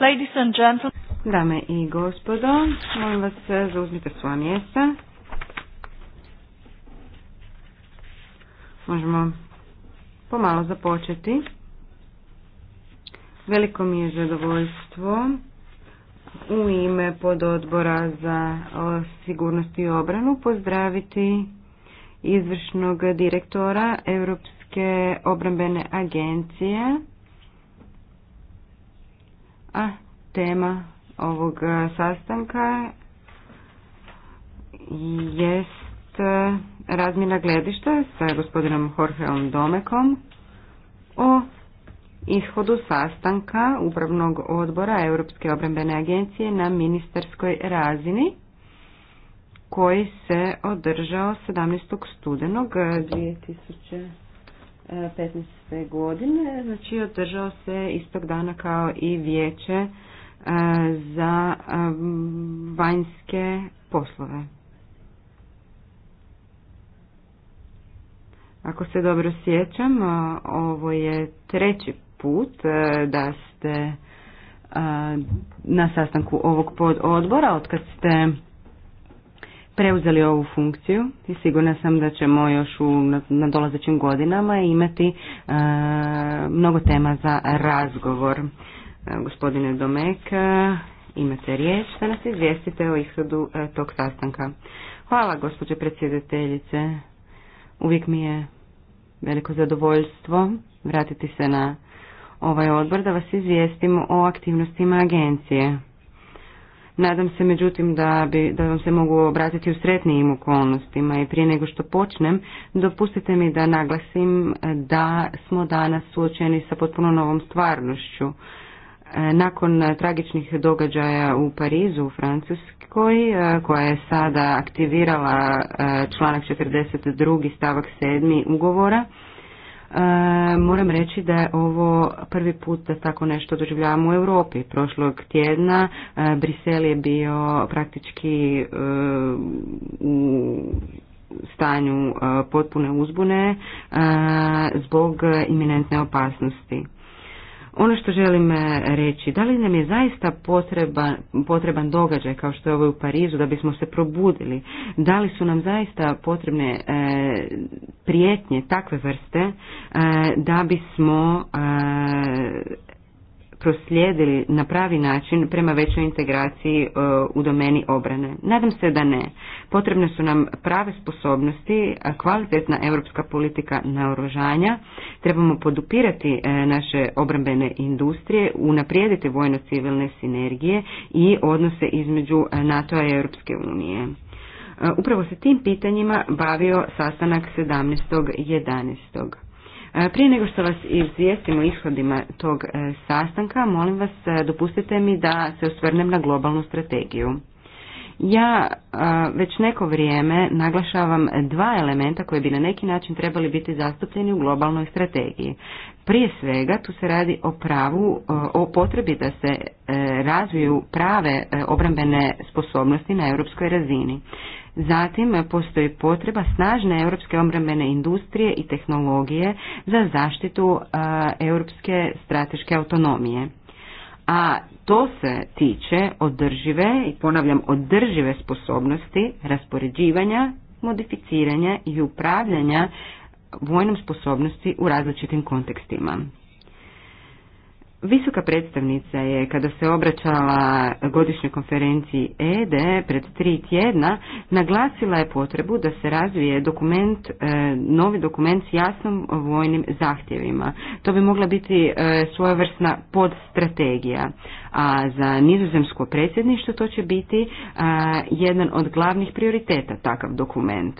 Ladies and gentlemen. Dame i gospodo, molim vas e, zauzmite svoje mjesta. Možemo pomalo započeti. Veliko mi je zadovoljstvo u ime pododbora za sigurnost i obranu pozdraviti izvršnog direktora Europske Europske obrambene agencije. A tema ovog e, sastanka jest e, razmjena gledišta sa gospodinom Jorgeom Domekom o ishodu sastanka Upravnog odbora Europske obrambene agencije na ministarskoj razini koji se održao 17. studenog 2000. E, 15. godine, znači održao se istog dana kao i vijeće e, za e, vanjske poslove. Ako se dobro sjećam, e, ovo je treći put da ste na sastanku ovog pododbora, kad ste preuzeli ovu funkciju i sigurna sam da ćemo još u nadolazećim godinama imati e, mnogo tema za razgovor. E, gospodine Domek, e, imate riječ da nas izvijestite o ishodu tog sastanka. Hvala gospođe predsjedateljice. Uvijek mi je veliko zadovoljstvo vratiti se na ovaj odbor da vas izvijestim o aktivnostima agencije. Nadam se međutim da, bi, da vam se mogu obratiti u sretnijim okolnostima i prije nego što počnem, dopustite mi da naglasim e, da smo danas suočeni sa potpuno novom stvarnošću. E, nakon tragičnih događaja u Parizu, u Francuskoj, e, koja je sada aktivirala članak 42. stavak 7. ugovora, E, moram reći da je ovo prvi put da tako nešto doživljavamo u Europi. Prošlog tjedna e, Brisel je bio praktički e, u stanju potpune uzbune zbog iminentne opasnosti. Ono što želim e, reći, da li nam je zaista potreban, potreban događaj kao što je ovo ovaj u Parizu da bismo se probudili, da li su nam zaista potrebne e, prijetnje takve vrste e, da bismo e, proslijedili na pravi način prema većoj integraciji e, u domeni obrane? Nadam se da ne. Potrebne su nam prave sposobnosti, kvalitetna europska politika naoružanja, trebamo podupirati e, naše obrambene industrije, unaprijediti vojno-civilne sinergije i odnose između e, NATO-a i Europske unije. Upravo se tim pitanjima bavio sastanak 17.11. Prije nego što vas izvijestim o ishodima tog e, sastanka, molim vas e, dopustite mi da se osvrnem na globalnu strategiju. Ja e, već neko vrijeme naglašavam dva elementa koji bi na neki način trebali biti zastupljeni u globalnoj strategiji. Prije svega tu se radi o pravu, o potrebi da se razviju prave obrambene sposobnosti na europskoj razini. Zatim postoji potreba snažne europske obrambene industrije i tehnologije za zaštitu e, europske strateške autonomije. A to se tiče održive i ponavljam održive sposobnosti raspoređivanja, modificiranja i upravljanja vojnom sposobnosti u različitim kontekstima. Visoka predstavnica je kada se obraćala godišnjoj konferenciji EDE e pred tri tjedna naglasila je potrebu da se razvije dokument, e, novi dokument s jasnom vojnim zahtjevima. To bi mogla biti e, svojevrsna podstrategija, a za nizozemsko predsjedništvo to će biti jedan od glavnih prioriteta takav dokument.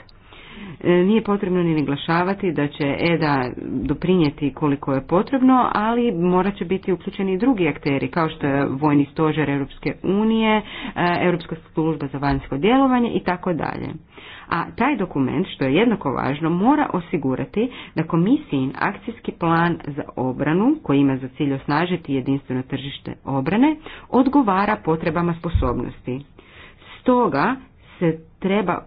E, nije potrebno ni naglašavati da će EDA doprinijeti koliko je potrebno, ali morat će biti uključeni i drugi akteri kao što je Vojni stožer Europske unije, e, Europska služba za vanjsko djelovanje i tako dalje. A taj dokument, što je jednako važno, mora osigurati da komisijin akcijski plan za obranu, koji ima za cilj osnažiti jedinstveno tržište obrane, odgovara potrebama sposobnosti. Stoga se treba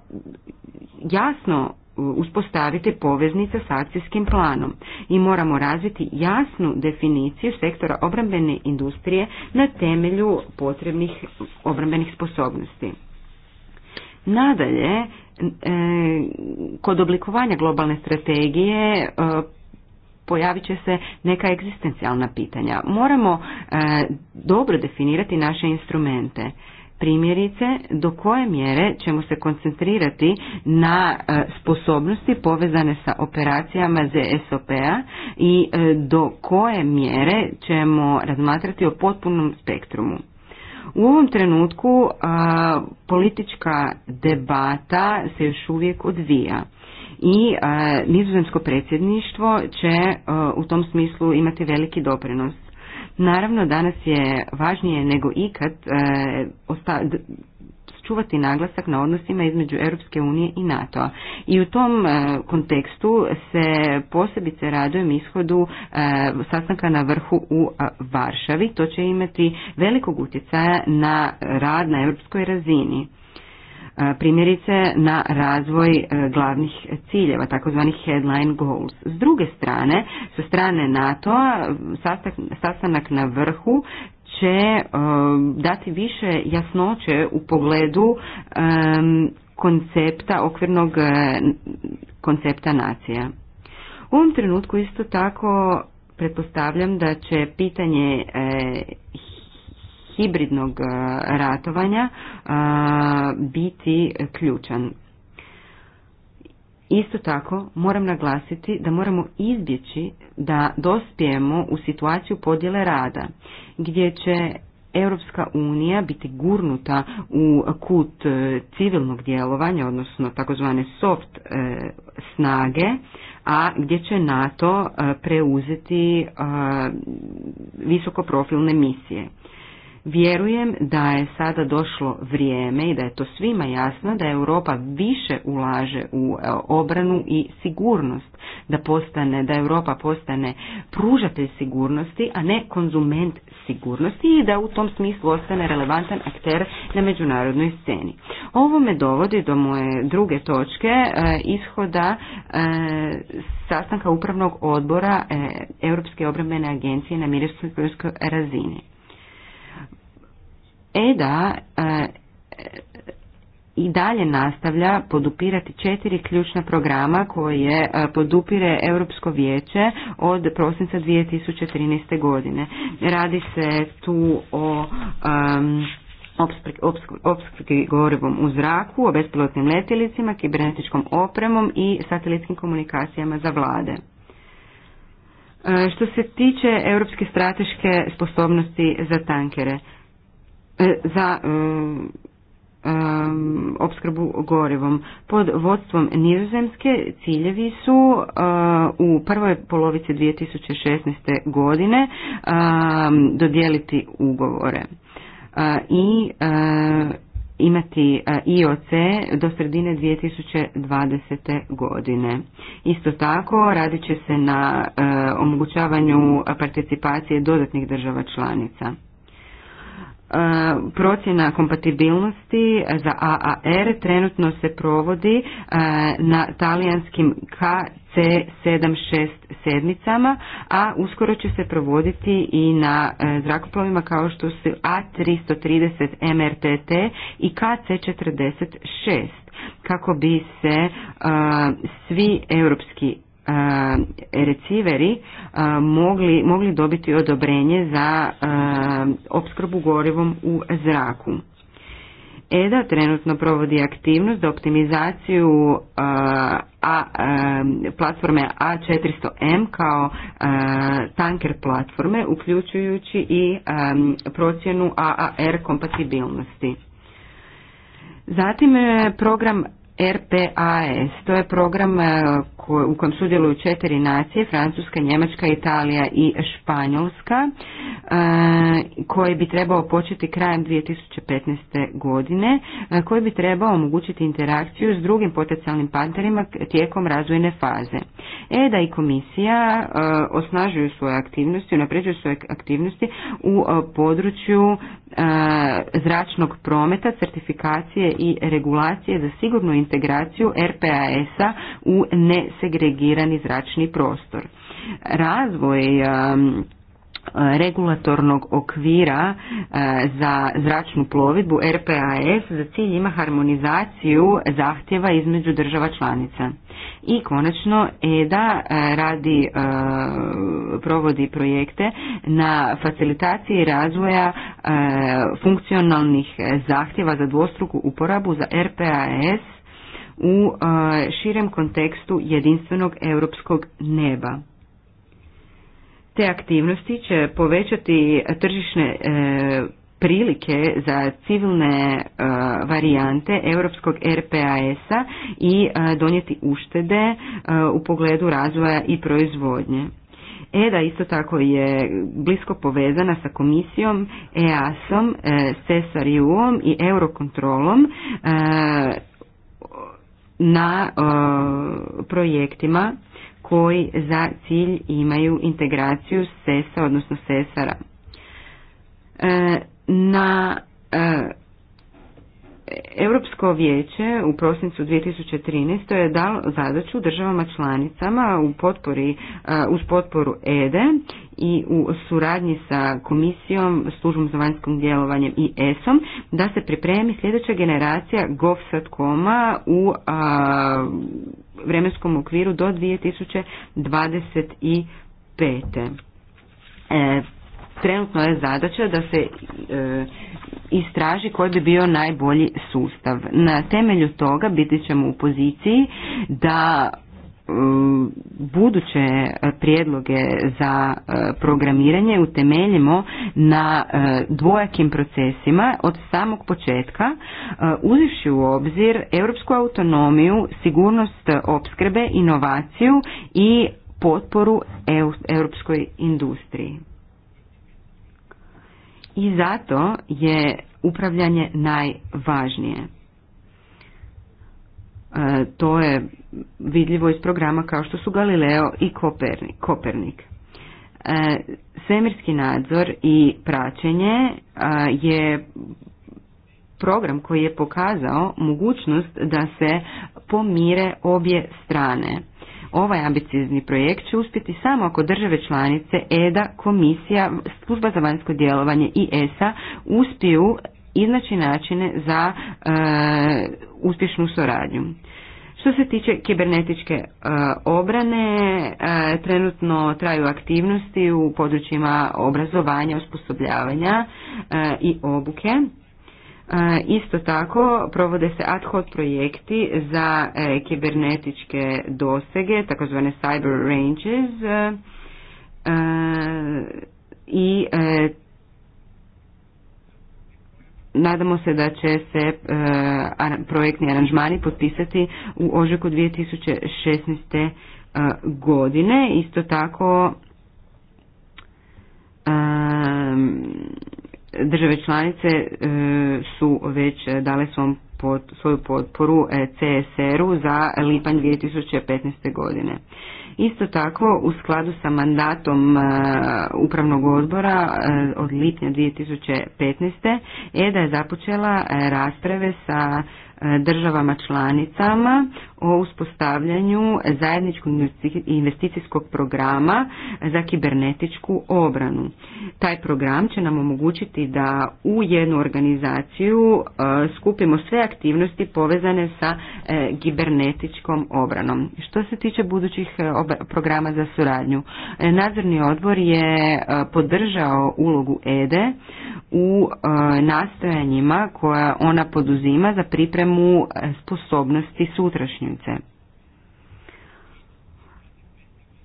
jasno uspostaviti poveznica s akcijskim planom i moramo razviti jasnu definiciju sektora obrambene industrije na temelju potrebnih obrambenih sposobnosti. Nadalje, e, kod oblikovanja globalne strategije e, pojavit će se neka egzistencijalna pitanja. Moramo e, dobro definirati naše instrumente primjerice do koje mjere ćemo se koncentrirati na e, sposobnosti povezane sa operacijama ZSOP-a i e, do koje mjere ćemo razmatrati o potpunom spektrumu. U ovom trenutku e, politička debata se još uvijek odvija i nizozemsko predsjedništvo će u tom smislu imati veliki doprinos. Naravno, danas je važnije nego ikad e, čuvati naglasak na odnosima između Europske unije i NATO-a. I u tom e, kontekstu se posebice radujem ishodu e, sastanka na vrhu u Varšavi. To će imati velikog utjecaja na rad na europskoj razini primjerice na razvoj e, glavnih ciljeva, takozvanih headline goals. S druge strane, sa strane NATO-a, sastanak na vrhu će e, dati više jasnoće u pogledu e, koncepta, okvirnog koncepta nacija. U ovom trenutku isto tako pretpostavljam da će pitanje hibridnog e, ratovanja e, biti ključan. Isto tako moram naglasiti da moramo izbjeći da dospijemo u situaciju podjele rada gdje će Europska unija biti gurnuta u kut e, civilnog djelovanja, odnosno takozvane soft snage, a gdje će NATO preuzeti visokoprofilne misije. Vjerujem da je sada došlo vrijeme i da je to svima jasno da Europa više ulaže u e, obranu i sigurnost, da postane, da Europa postane pružatelj sigurnosti, a ne konzument sigurnosti i da u tom smislu ostane relevantan akter na međunarodnoj sceni. Ovo me dovodi do moje druge točke e, ishoda e, sastanka upravnog odbora Europske obrambene agencije na mirovskoj razini. EDA e, i dalje nastavlja podupirati četiri ključna programa koje e, podupire Europsko vijeće od prosinca 2013. godine. Radi se tu o um, opskrbi gorivom u zraku, o bespilotnim letjelicima, kibernetičkom opremom i satelitskim komunikacijama za vlade. E, što se tiče europske strateške sposobnosti za tankere, E, za mm, mm, opskrbu gorivom. Pod vodstvom Nizozemske ciljevi su mm, u prvoj polovici 2016. godine dodijeliti ugovore i imati IOC do sredine 2020. godine. Isto tako radit će se na omogućavanju participacije dodatnih država članica procjena kompatibilnosti za AAR trenutno se provodi na talijanskim kc 76 sedmicama, a uskoro će se provoditi i na e, zrakoplovima kao što su A330 MRTT i KC46 kako bi se svi europski reciveri mogli, mogli dobiti odobrenje za opskrbu gorivom u zraku. EDA trenutno provodi aktivnost za optimizaciju a, platforme A400M kao tanker platforme, uključujući i procjenu AAR kompatibilnosti. Zatim e, program RPAS, to je program e, u kojem sudjeluju četiri nacije, Francuska, Njemačka, Italija i Španjolska, e, koji bi trebao početi krajem 2015. godine, e, koji bi trebao omogućiti interakciju s drugim potencijalnim partnerima tijekom razvojne faze. EDA i komisija e, osnažuju svoje aktivnosti, unapređuju svoje aktivnosti u području zračnog prometa, certifikacije i regulacije za sigurnu integraciju RPAS-a u ne segregirani zračni prostor. Razvoj um, regulatornog okvira uh, za zračnu plovidbu RPAS za cilj ima harmonizaciju zahtjeva između država članica. I konačno EDA uh, radi uh, provodi projekte na facilitaciji razvoja funkcionalnih zahtjeva za dvostruku uporabu za RPAS u širem kontekstu jedinstvenog europskog neba. Te aktivnosti će povećati tržišne e, prilike za civilne e, varijante europskog RPAS-a i e, donijeti uštede u pogledu razvoja i proizvodnje. EDA isto tako je blisko povezana sa komisijom, EAS-om, CSRU-om i Eurokontrolom na e, projektima koji za cilj imaju integraciju SESA, odnosno SESARA. E, na e, Europsko vijeće u prosincu 2013. je dalo zadaću državama članicama u potpori, uz potporu EDE e i u suradnji sa komisijom, službom za vanjskom djelovanjem i ESom da se pripremi sljedeća generacija GovSatcoma u a, vremenskom okviru do 2025. E, Trenutno je zadaća da se e, istraži koji bi bio najbolji sustav. Na temelju toga biti ćemo u poziciji da e, buduće prijedloge za e, programiranje utemeljimo na e, dvojakim procesima od samog početka uzivši u obzir europsku autonomiju, sigurnost opskrbe, inovaciju i potporu europskoj industriji i zato je upravljanje najvažnije. E, to je vidljivo iz programa kao što su Galileo i Kopernik. Kopernik. svemirski nadzor i praćenje e, je program koji je pokazao mogućnost da se pomire obje strane. Ovaj ambicizni projekt će uspjeti samo ako države članice, EDA, Komisija, Služba za vanjsko djelovanje i ESA uspiju iznaći načine za e, uspješnu suradnju. Što se tiče kibernetičke e, obrane, e, trenutno traju aktivnosti u područjima obrazovanja, osposobljavanja i obuke. Isto tako provode se ad hoc projekti za e, kibernetičke dosege, takozvane cyber ranges e, e, i nadamo se da će se projektni aranžmani potpisati u ožujku 2016. godine. Isto tako države članice e, su već dale svom pod, svoju potporu e, CSR-u za lipanj 2015. godine. Isto tako, u skladu sa mandatom e, upravnog odbora od lipnja 2015. EDA je započela rasprave sa državama članicama o uspostavljanju zajedničkog investicijskog programa za kibernetičku obranu. Taj program će nam omogućiti da u jednu organizaciju e, skupimo sve aktivnosti povezane sa e, kibernetičkom obranom. Što se tiče budućih e, programa za suradnju, nadzorni odbor je podržao ulogu EDE u nastojanjima koja ona poduzima za pripremu sposobnosti sutrašnje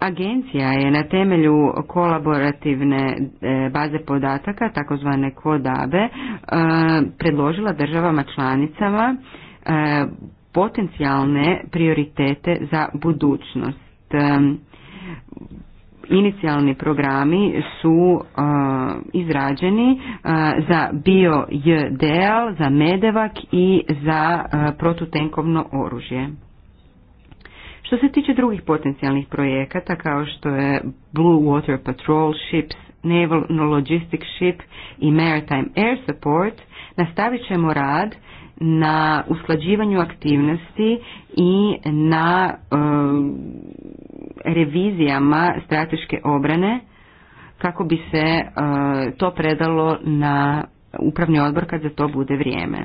Agencija je na temelju kolaborativne e, baze podataka, takozvane kodabe, e, predložila državama članicama e, potencijalne prioritete za budućnost. Inicijalni programi su izrađeni za bio za Medevak i za protutenkovno oružje. Što se tiče drugih potencijalnih projekata kao što je Blue Water Patrol Ships, Naval Logistic Ship i Maritime Air Support, nastavit ćemo rad na usklađivanju aktivnosti i na um, revizijama strateške obrane kako bi se uh, to predalo na upravni odbor kad za to bude vrijeme.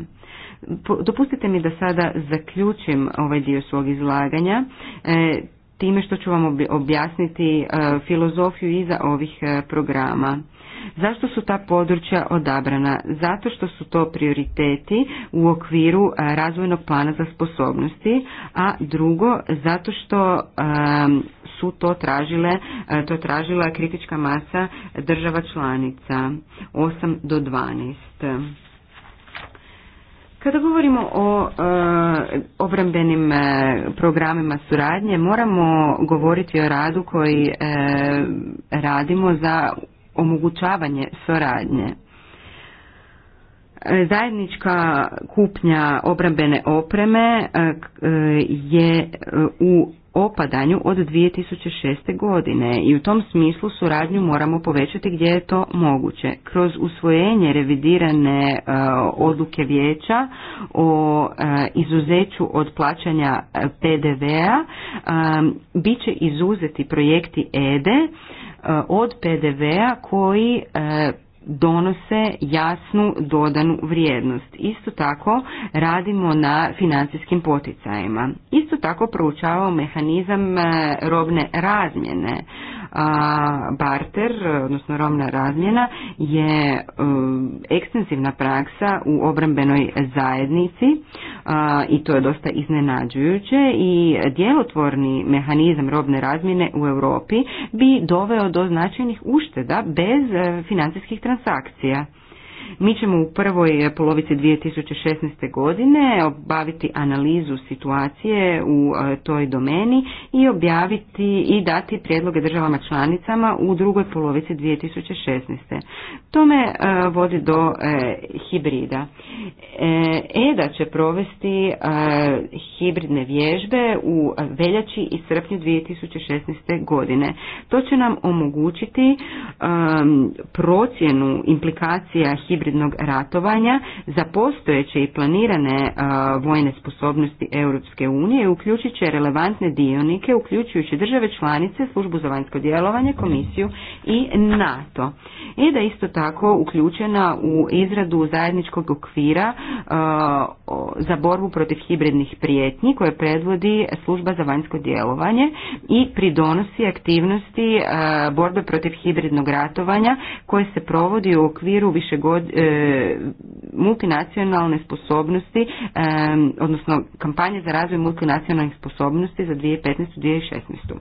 Dopustite mi da sada zaključim ovaj dio svog izlaganja e, time što ću vam objasniti e, filozofiju iza ovih e, programa. Zašto su ta područja odabrana? Zato što su to prioriteti u okviru razvojnog plana za sposobnosti, a drugo zato što su to tražile, to tražila kritička masa država članica 8 do 12. Kada govorimo o eh, obrambenim eh, programima suradnje, moramo govoriti o radu koji eh, radimo za omogućavanje suradnje. Zajednička kupnja obrambene opreme je u opadanju od 2006. godine i u tom smislu suradnju moramo povećati gdje je to moguće. Kroz usvojenje revidirane e, odluke vijeća o e, izuzeću od plaćanja e, PDV-a bit će izuzeti projekti EDE od PDV-a koji donose jasnu dodanu vrijednost. Isto tako radimo na financijskim poticajima. Isto tako proučavamo mehanizam e, robne razmjene a barter, odnosno romna razmjena, je um, ekstensivna praksa u obrambenoj zajednici i to je dosta iznenađujuće i djelotvorni mehanizam robne razmjene u Europi bi doveo do značajnih ušteda bez eh, financijskih transakcija. Mi ćemo u prvoj polovici 2016. godine obaviti analizu situacije u e, toj domeni i objaviti i dati prijedloge državama članicama u drugoj polovici 2016. To me e, vodi do e, hibrida. EDA će provesti hibridne vježbe u veljači i srpnju 2016. godine. To će nam omogućiti procjenu implikacija hibridnog ratovanja za postojeće i planirane e, vojne sposobnosti Europske unije uključit će relevantne dionike uključujući države članice, službu za vanjsko djelovanje, komisiju i NATO. I da isto tako uključena u izradu zajedničkog okvira e, za borbu protiv hibridnih prijetnji koje predvodi služba za vanjsko djelovanje i pridonosi aktivnosti e, borbe protiv hibridnog ratovanja koje se provodi u okviru višegod E, multinacionalne sposobnosti, e, odnosno kampanje za razvoj multinacionalnih sposobnosti za 2015. i 2016.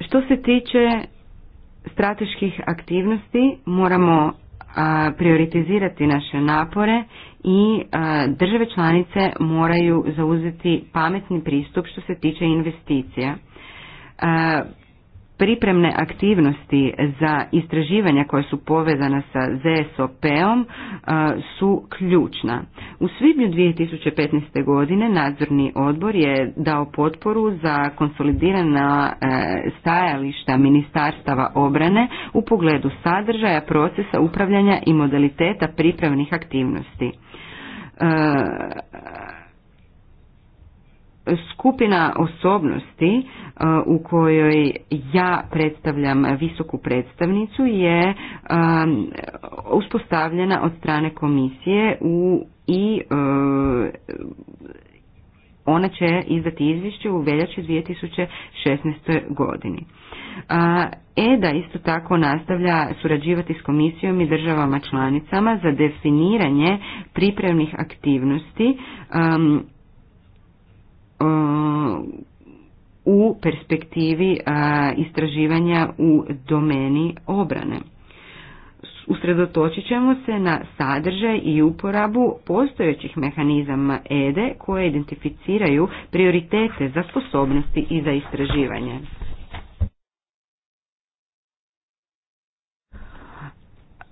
Što se tiče strateških aktivnosti, moramo prioritizirati naše napore i države članice moraju zauzeti pametni pristup što se tiče investicija pripremne aktivnosti za istraživanja koja su povezana sa ZSOP-om su ključna. U svibnju 2015. godine nadzorni odbor je dao potporu za konsolidirana e, stajališta ministarstava obrane u pogledu sadržaja, procesa upravljanja i modaliteta pripremnih aktivnosti. E, skupina osobnosti e, u kojoj ja predstavljam visoku predstavnicu je e, uspostavljena od strane komisije u i e, ona će izdati izvješće u veljači 2016. godini. EDA isto tako nastavlja surađivati s komisijom i državama članicama za definiranje pripremnih aktivnosti u perspektivi istraživanja u domeni obrane. Usredotočit ćemo se na sadržaj i uporabu postojećih mehanizama EDE e koje identificiraju prioritete za sposobnosti i za istraživanje.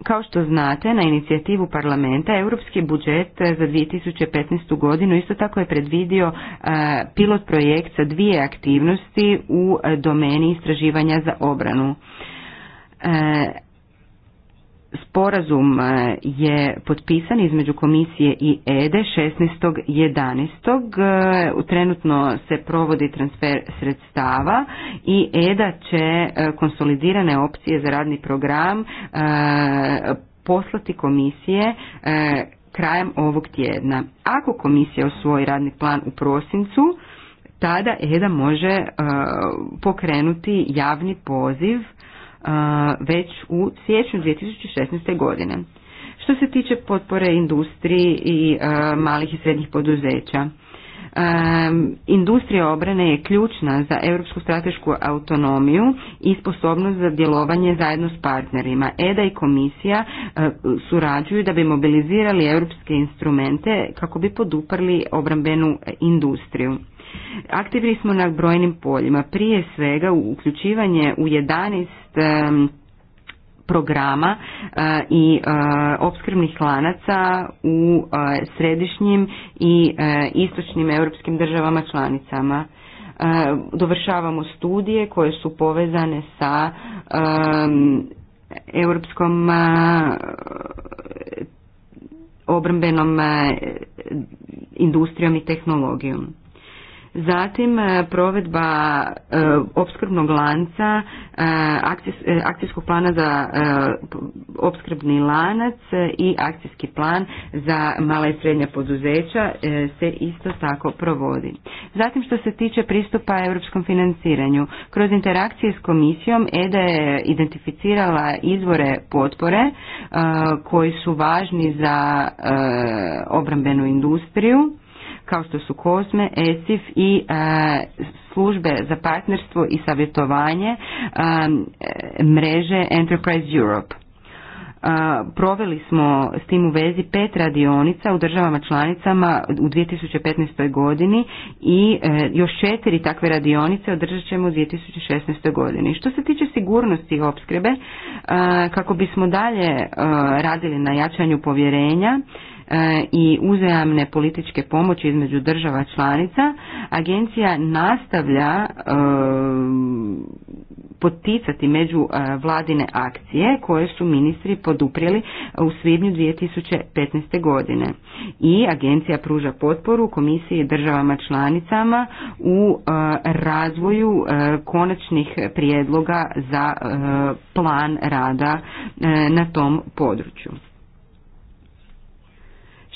Kao što znate, na inicijativu parlamenta Europski budžet za 2015. godinu isto tako je predvidio e, pilot projekt sa dvije aktivnosti u e, domeni istraživanja za obranu. E, Sporazum e, je potpisan između komisije i e e EDE 16.11. Trenutno se provodi transfer sredstava i EDA će konsolidirane opcije za radni program poslati komisije krajem ovog tjedna. Ako komisija osvoji radni plan u prosincu, tada EDA može pokrenuti javni poziv već u siječnju 2016. godine. Što se tiče potpore industriji i malih i srednjih poduzeća, industrija obrane je ključna za europsku stratešku autonomiju i sposobnost za djelovanje zajedno s partnerima. EDA i komisija surađuju da bi mobilizirali europske instrumente kako bi poduprli obrambenu industriju. Aktivni smo na brojnim poljima, prije svega uključivanje u 11 programa eh, i eh, opskrbnih lanaca u eh, središnjim i istočnim europskim državama članicama. Dovršavamo studije koje su povezane sa europskom obrambenom industrijom i tehnologijom. Zatim e, provedba e, opskrbnog lanca, e, akcijskog plana za opskrbni lanac i akcijski plan za mala i srednja poduzeća se isto tako provodi. Zatim što se tiče pristupa europskom financiranju, kroz interakcije s komisijom EDA je identificirala izvore potpore koji su važni za obrambenu industriju kao što su Kozme, ESIF i e, službe za partnerstvo i savjetovanje e, mreže Enterprise Europe. E, proveli smo s tim u vezi pet radionica u državama članicama u 2015. godini i još četiri takve radionice održat ćemo u 2016. godini. Što se tiče sigurnosti opskrbe, kako bismo dalje radili na jačanju povjerenja, E, i uzajamne političke pomoći između država članica, agencija nastavlja e, poticati među e, vladine akcije koje su ministri poduprijeli u svibnju 2015. godine. I agencija pruža potporu komisiji državama članicama u razvoju konačnih prijedloga za plan rada na tom području.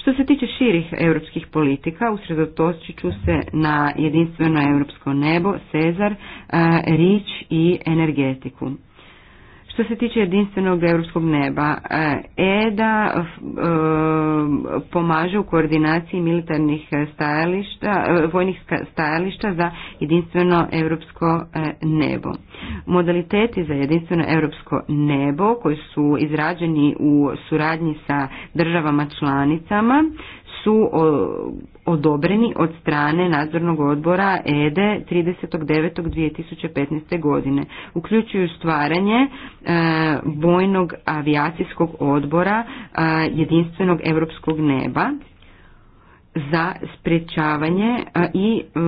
Što se tiče širih europskih politika, usredotočit ću se na jedinstveno europsko nebo, Cezar, eh, Rič i energetiku. Što se tiče jedinstvenog europskog neba, EDA eh, e eh, pomaže u koordinaciji militarnih stajališta, vojnih stajališta za jedinstveno europsko nebo. Modaliteti za jedinstveno europsko nebo koji su izrađeni u suradnji sa državama članicama su odobreni od strane nadzornog odbora EDE e petnaest godine. Uključuju stvaranje bojnog e, avijacijskog odbora e, jedinstvenog europskog neba za sprječavanje i e,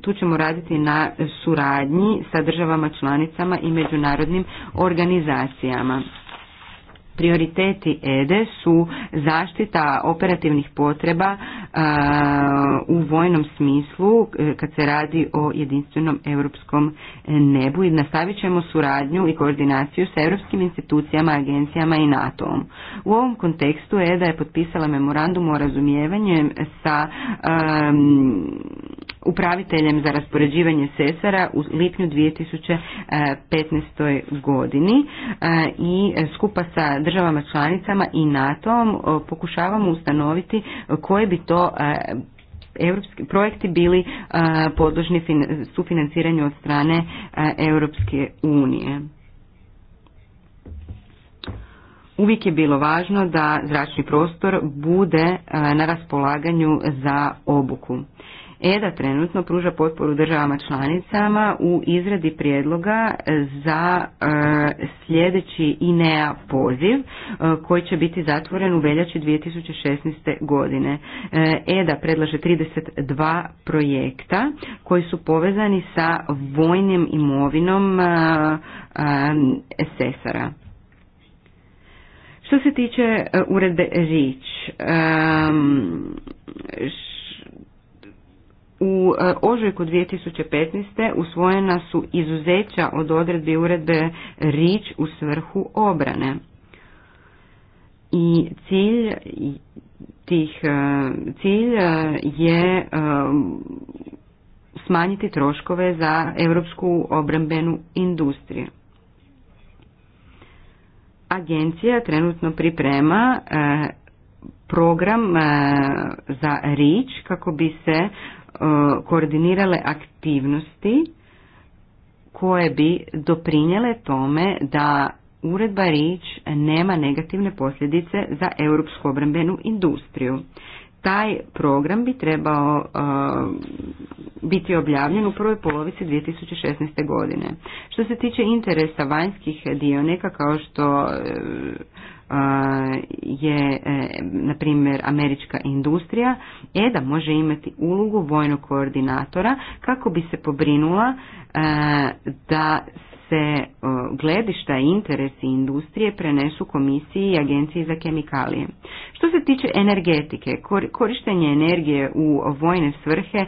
tu ćemo raditi na suradnji sa državama članicama i međunarodnim organizacijama. Prioriteti EDE e su zaštita operativnih potreba u vojnom smislu e, kad se radi o jedinstvenom europskom nebu i nastavit ćemo suradnju i koordinaciju sa europskim institucijama, agencijama i NATO-om. U ovom kontekstu EDA e je potpisala memorandum o razumijevanju sa upraviteljem za raspoređivanje Sesara u lipnju 2015. godini e, i skupa sa državama članicama i NATO-om e, pokušavamo ustanoviti koje bi to europski projekti bili e, podložni sufinanciranju od strane Europske unije. Uvijek je bilo važno da zračni prostor bude na raspolaganju za obuku. EDA trenutno pruža potporu državama članicama u izradi prijedloga za e, sljedeći INEA poziv e, koji će biti zatvoren u veljači 2016. godine. EDA e predlaže 32 projekta koji su povezani sa vojnim imovinom SSR-a. Što se tiče uredbe Rič, u e, ožujku 2015. usvojena su izuzeća od odredbi uredbe Rič u svrhu obrane. I cilj tih e, cilj e, je smanjiti troškove za europsku obrambenu industriju. Agencija trenutno priprema program za rič kako bi se E, koordinirale aktivnosti koje bi doprinjele tome da uredba Rič nema negativne posljedice za europsku obrambenu industriju. Taj program bi trebao e, biti objavljen u prvoj polovici 2016. godine. Što se tiče interesa vanjskih dionika kao što e, je, e, na primjer, američka industrija, EDA da može imati ulogu vojnog koordinatora kako bi se pobrinula e, da se gledišta i interesi industrije prenesu komisiji i agenciji za kemikalije. Što se tiče energetike, korištenje energije u vojne svrhe e,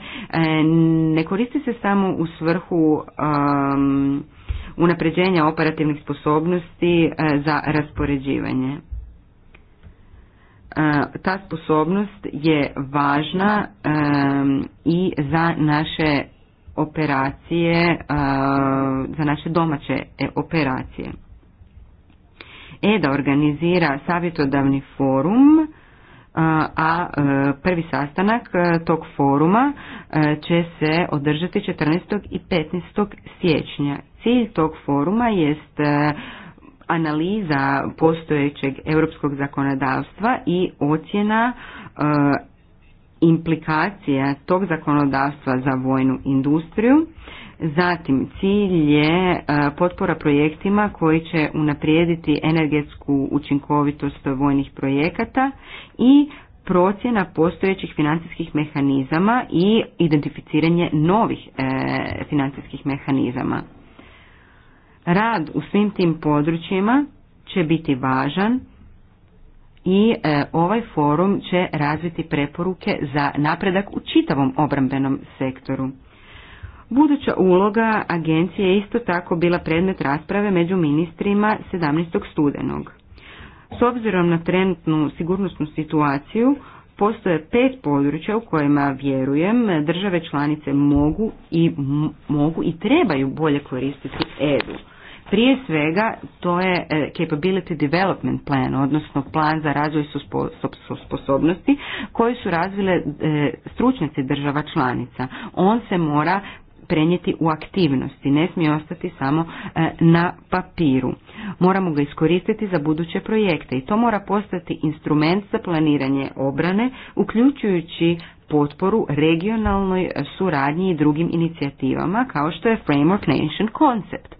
ne koristi se samo u svrhu unapređenja operativnih sposobnosti e, za raspoređivanje. E, ta sposobnost je važna e, i za naše operacije, za naše domaće operacije. EDA organizira savjetodavni forum, a prvi sastanak tog foruma će se održati 14. i 15. siječnja Cilj tog foruma jest e, analiza postojećeg europskog zakonodavstva i ocjena e, implikacija tog zakonodavstva za vojnu industriju. Zatim cilj je e, potpora projektima koji će unaprijediti energetsku učinkovitost vojnih projekata i procjena postojećih financijskih mehanizama i identificiranje novih financijskih mehanizama. Rad u svim tim područjima će biti važan i e, ovaj forum će razviti preporuke za napredak u čitavom obrambenom sektoru. Buduća uloga agencije je isto tako bila predmet rasprave među ministrima 17. studenog. S obzirom na trenutnu sigurnosnu situaciju, postoje pet područja u kojima vjerujem države članice mogu i, mogu i trebaju bolje koristiti EU. Prije svega to je e, Capability Development Plan, odnosno plan za razvoj sposobnosti koji su razvile e, stručnjaci država članica. On se mora prenijeti u aktivnosti, ne smije ostati samo e, na papiru. Moramo ga iskoristiti za buduće projekte i to mora postati instrument za planiranje obrane, uključujući potporu regionalnoj suradnji i drugim inicijativama kao što je Framework Nation Concept.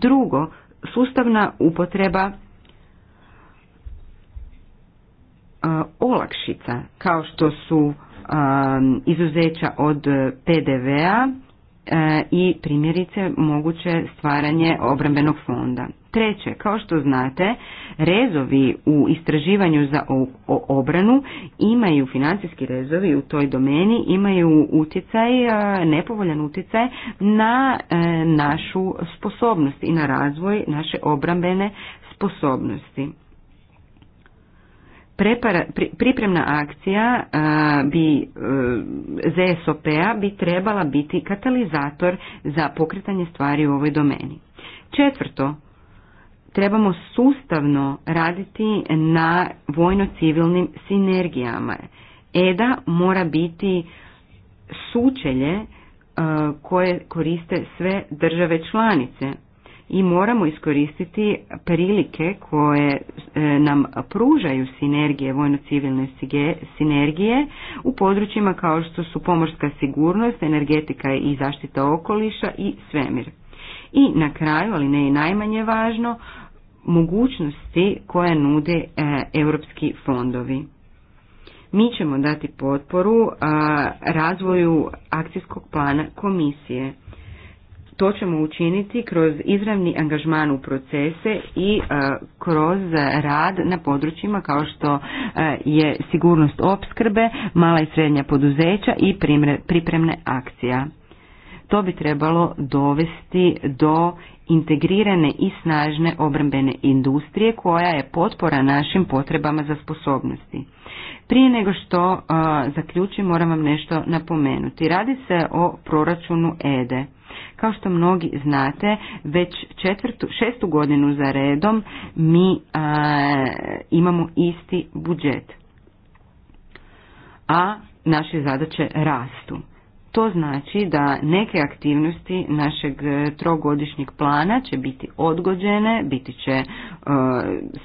Drugo, sustavna upotreba olakšica kao što su izuzeća od PDV-a e, i primjerice moguće stvaranje obrambenog fonda. Treće, kao što znate, rezovi u istraživanju za obranu imaju financijski rezovi u toj domeni, imaju utjecaj, e, nepovoljan utjecaj na e, našu sposobnost i na razvoj naše obrambene sposobnosti. Prepara, pripremna akcija e, bi ZSOP-a bi trebala biti katalizator za pokretanje stvari u ovoj domeni. Četvrto, trebamo sustavno raditi na vojno-civilnim sinergijama. EDA mora biti sučelje e, koje koriste sve države članice i moramo iskoristiti prilike koje e, nam pružaju sinergije, vojno-civilne sinergije u područjima kao što su pomorska sigurnost, energetika i zaštita okoliša i svemir. I na kraju, ali ne i najmanje važno, mogućnosti koje nude e, europski fondovi. Mi ćemo dati potporu e, razvoju akcijskog plana komisije. To ćemo učiniti kroz izravni angažman u procese i e, kroz rad na područjima kao što je sigurnost opskrbe, mala i srednja poduzeća i pripremne akcija. To bi trebalo dovesti do integrirane i snažne obrambene industrije koja je potpora našim potrebama za sposobnosti. Prije nego što uh, zaključim moram vam nešto napomenuti. Radi se o proračunu EDE. Kao što mnogi znate, već četvrtu, šestu godinu za redom mi uh, imamo isti budžet. A naše zadaće rastu. To znači da neke aktivnosti našeg e, trogodišnjeg plana će biti odgođene, biti će e,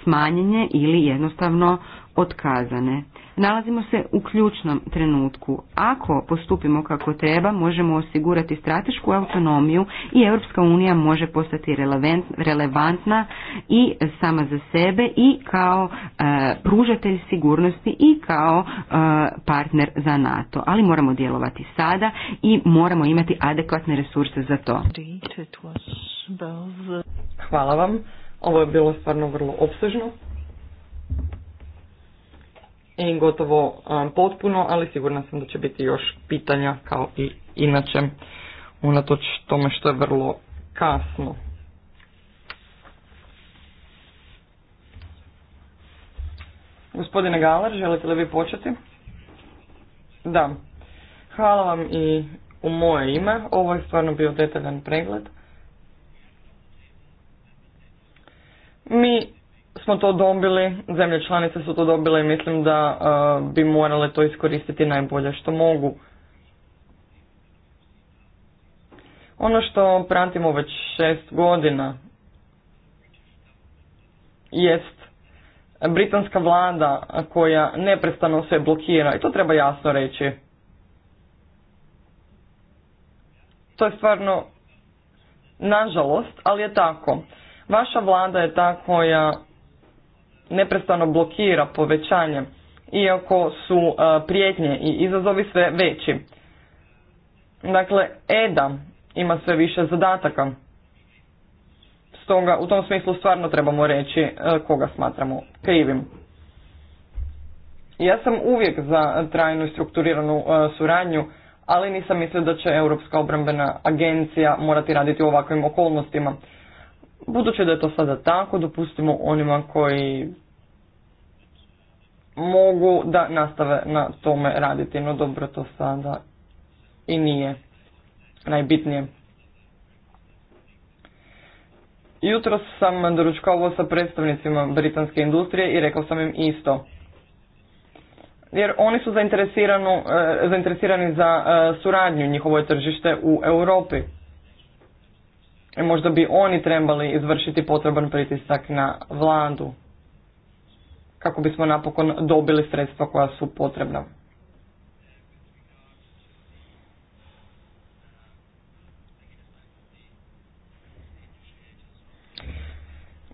smanjenje ili jednostavno otkazane. Nalazimo se u ključnom trenutku. Ako postupimo kako treba, možemo osigurati stratešku autonomiju i Europska unija može postati relevantna i sama za sebe i kao e, pružatelj sigurnosti i kao e, partner za NATO. Ali moramo djelovati sada i moramo imati adekvatne resurse za to. Hvala vam. Ovo je bilo stvarno vrlo obsežno i gotovo um, potpuno, ali sigurna sam da će biti još pitanja kao i inače, unatoč tome što je vrlo kasno. Gospodine Galar, želite li vi početi? Da. Hvala vam i u moje ime. Ovo je stvarno bio detaljan pregled. Mi smo to dobili, zemlje članice su to dobile i mislim da uh, bi morale to iskoristiti najbolje što mogu. Ono što pratimo već šest godina jest britanska vlada koja neprestano sve blokira i to treba jasno reći. To je stvarno nažalost, ali je tako. Vaša vlada je ta koja neprestano blokira povećanje, iako su e, prijetnje i izazovi sve veći. Dakle, EDA ima sve više zadataka. Stoga u tom smislu stvarno trebamo reći e, koga smatramo krivim. Ja sam uvijek za trajnu i strukturiranu e, suradnju, ali nisam mislio da će Europska obrambena agencija morati raditi u ovakvim okolnostima. Budući da je to sada tako, dopustimo onima koji mogu da nastave na tome raditi. No dobro, to sada i nije najbitnije. Jutro sam doručkovao sa predstavnicima britanske industrije i rekao sam im isto. Jer oni su eh, zainteresirani za eh, suradnju njihovo tržište u Europi. Možda bi oni trebali izvršiti potreban pritisak na vladu kako bismo napokon dobili sredstva koja su potrebna.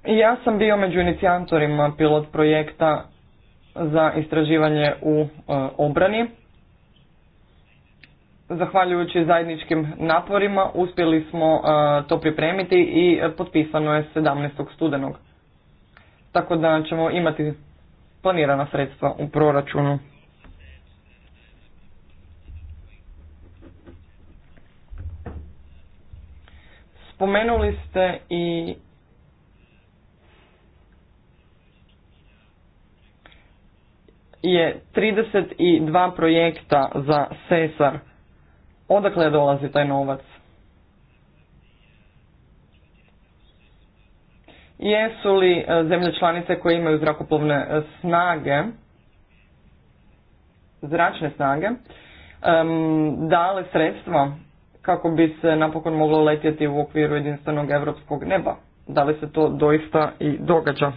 Ja sam bio među inicijatorima pilot projekta za istraživanje u e, obrani. Zahvaljujući zajedničkim naporima uspjeli smo e, to pripremiti i e, potpisano je 17. studenog. Tako da ćemo imati planirana sredstva u proračunu. Spomenuli ste i je 32 projekta za Cesar odakle dolazi taj novac. Jesu li e, zemlje članice koje imaju zrakoplovne e, snage, zračne snage, dale sredstva kako bi se napokon moglo letjeti u okviru jedinstvenog evropskog neba? Da li se to doista i događa?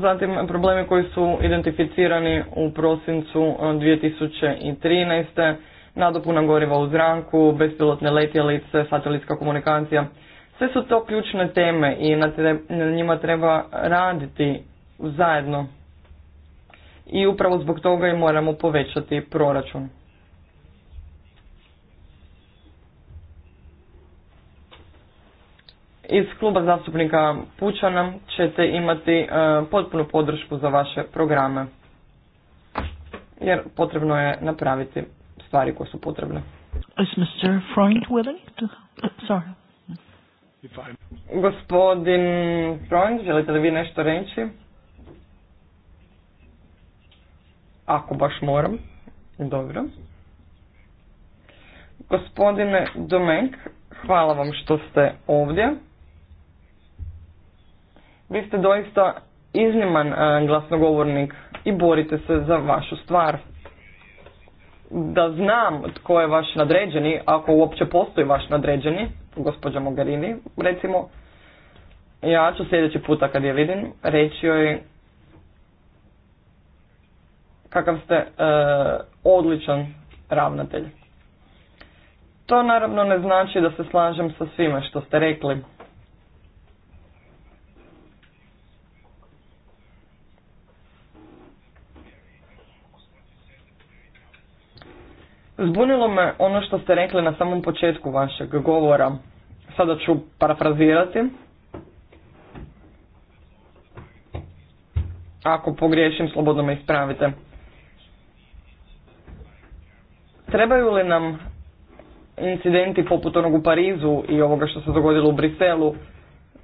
Zatim problemi koji su identificirani u prosincu 2013. E, Nadopuna goriva u zranku, bespilotne letjelice, satelitska komunikacija. Sve su to ključne teme i na, na njima treba raditi zajedno. I upravo zbog toga i moramo povećati proračun. iz kluba zastupnika Pučana ćete imati e, potpunu podršku za vaše programe. Jer potrebno je napraviti stvari koje su potrebne. Uh, Gospodin Freund, želite li vi nešto reći? Ako baš moram. Dobro. Gospodine Domenk, hvala vam što ste ovdje vi ste doista izniman e, glasnogovornik i borite se za vašu stvar. Da znam tko je vaš nadređeni, ako uopće postoji vaš nadređeni, gospođa Mogarini, recimo, ja ću sljedeći puta kad je vidim reći joj kakav ste e, odličan ravnatelj. To naravno ne znači da se slažem sa svime što ste rekli. Zbunilo me ono što ste rekli na samom početku vašeg govora. Sada ću parafrazirati. Ako pogriješim, slobodno me ispravite. Trebaju li nam incidenti poput onog u Parizu i ovoga što se dogodilo u Briselu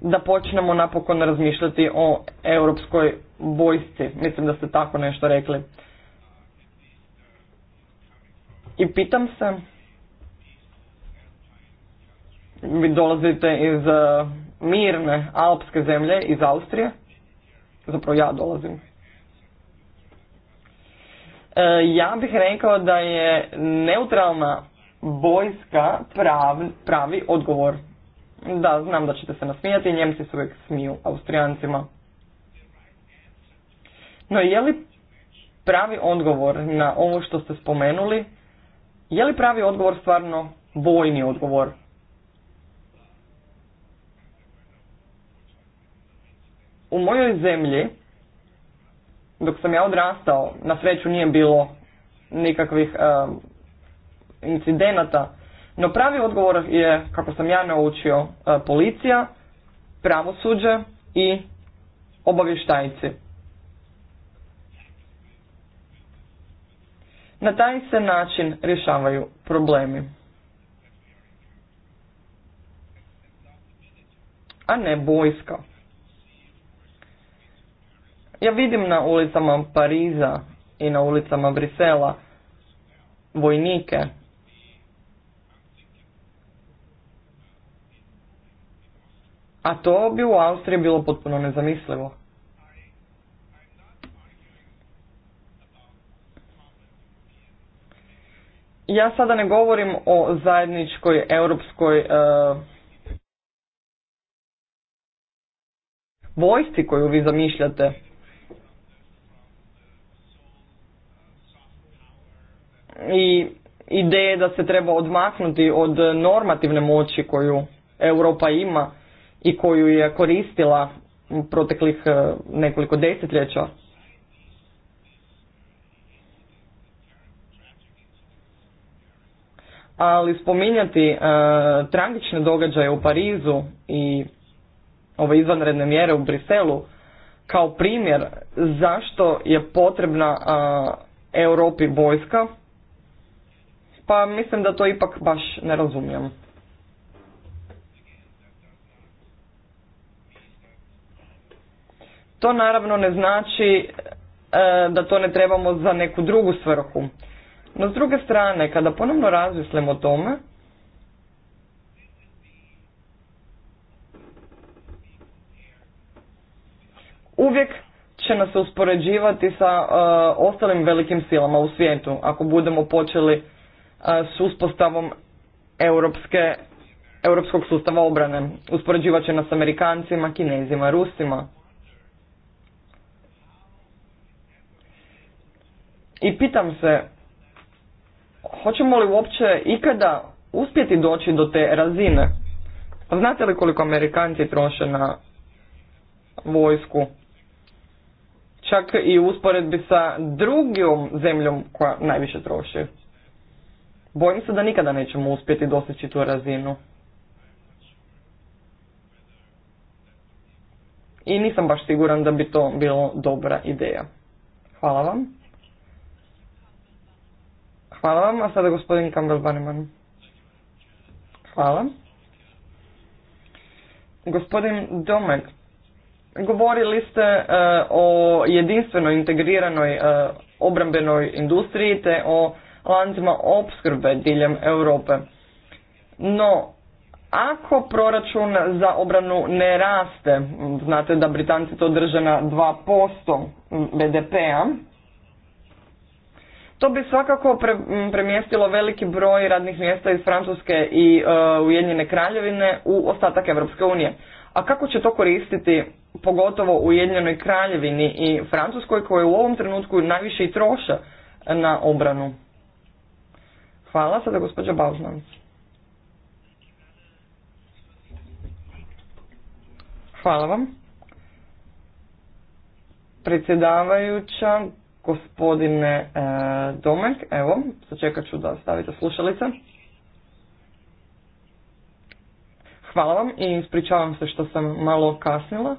da počnemo napokon razmišljati o europskoj vojsci? Mislim da ste tako nešto rekli. I pitam se, vi dolazite iz eh, mirne alpske zemlje, iz Austrije, zapravo ja dolazim. Eh, ja bih rekao da je neutralna vojska pravi, pravi odgovor. Da, znam da ćete se nasmijati, Njemci se uvijek smiju Austrijancima. No je li pravi odgovor na ovo što ste spomenuli je li pravi odgovor stvarno vojni odgovor? U mojoj zemlji, dok sam ja odrastao, na sreću nije bilo nikakvih incidenata, no pravi odgovor je, kako sam ja naučio, e, policija, pravosuđe i obavještajci. Na taj se način rješavaju problemi. A ne bojska. Ja vidim na ulicama Pariza i na ulicama Brisela vojnike a to bi u Austriji bilo potpuno nezamislivo. ja sada ne govorim o zajedničkoj europskoj e, vojsci koju vi zamišljate. I ideje da se treba odmaknuti od normativne moći koju Europa ima i koju je koristila proteklih e, nekoliko desetljeća ali spominjati e, tragične događaje u Parizu i ove izvanredne mjere u Briselu kao primjer zašto je potrebna e, Europi vojska, pa mislim da to ipak baš ne razumijem. To naravno ne znači e, da to ne trebamo za neku drugu svrhu. No s druge strane, kada ponovno razmislimo o tome, uvijek će nas se uspoređivati sa e, ostalim velikim silama u svijetu ako budemo počeli e, s uspostavom europske, europskog sustava obrane. Uspoređivat će nas Amerikancima, Kinezima, Rusima. I pitam se hoćemo li uopće ikada uspjeti doći do te razine? Pa znate li koliko Amerikanci troše na vojsku? Čak i usporedbi sa drugom zemljom koja najviše troši. Bojim se da nikada nećemo uspjeti doseći tu razinu. I nisam baš siguran da bi to bilo dobra ideja. Hvala vam. Hvala vam, a sada gospodin Campbell Banneman. Hvala. Gospodin Domek, govorili ste e, o jedinstvenoj integriranoj e, obrambenoj industriji te o lancima opskrbe diljem Europe. No, ako proračun za obranu ne raste, znate da Britanci to drže na 2% BDP-a, to bi svakako premjestilo veliki broj radnih mjesta iz Francuske i e, Ujedinjene kraljevine u ostatak Europske unije. A kako će to koristiti pogotovo u Ujedinjenoj kraljevini i Francuskoj koje u ovom trenutku najviše i troše na obranu? Hvala sada gospođa Bausman. Hvala vam. Predsjedavajuća, gospodine e, evo, sačekat ću da stavite slušalice. Hvala vam i ispričavam se što sam malo kasnila.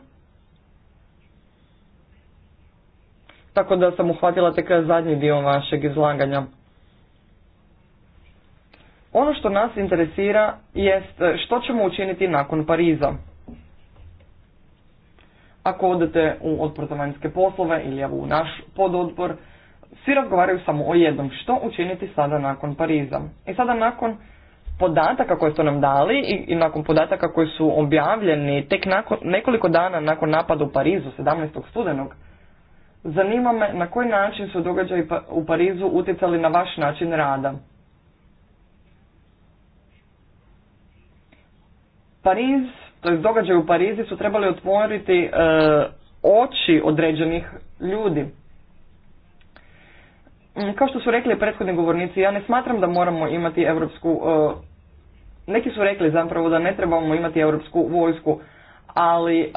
Tako da sam uhvatila tek zadnji dio vašeg izlaganja. Ono što nas interesira jest što ćemo učiniti nakon Pariza. Ako odete u odbor za vanjske poslove ili u naš pododbor, svi razgovaraju samo o jednom, što učiniti sada nakon Pariza. I sada nakon podataka koje su nam dali i, nakon podataka koji su objavljeni tek nakon, nekoliko dana nakon napada u Parizu 17. studenog, zanima me na koji način su događaji pa, u Parizu utjecali na vaš način rada. Pariz to jest događaj u Parizi su trebali otvoriti e, oči određenih ljudi. Mm, kao što su rekli prethodni govornici, ja ne smatram da moramo imati europsku, e, neki su rekli zapravo da ne trebamo imati europsku vojsku, ali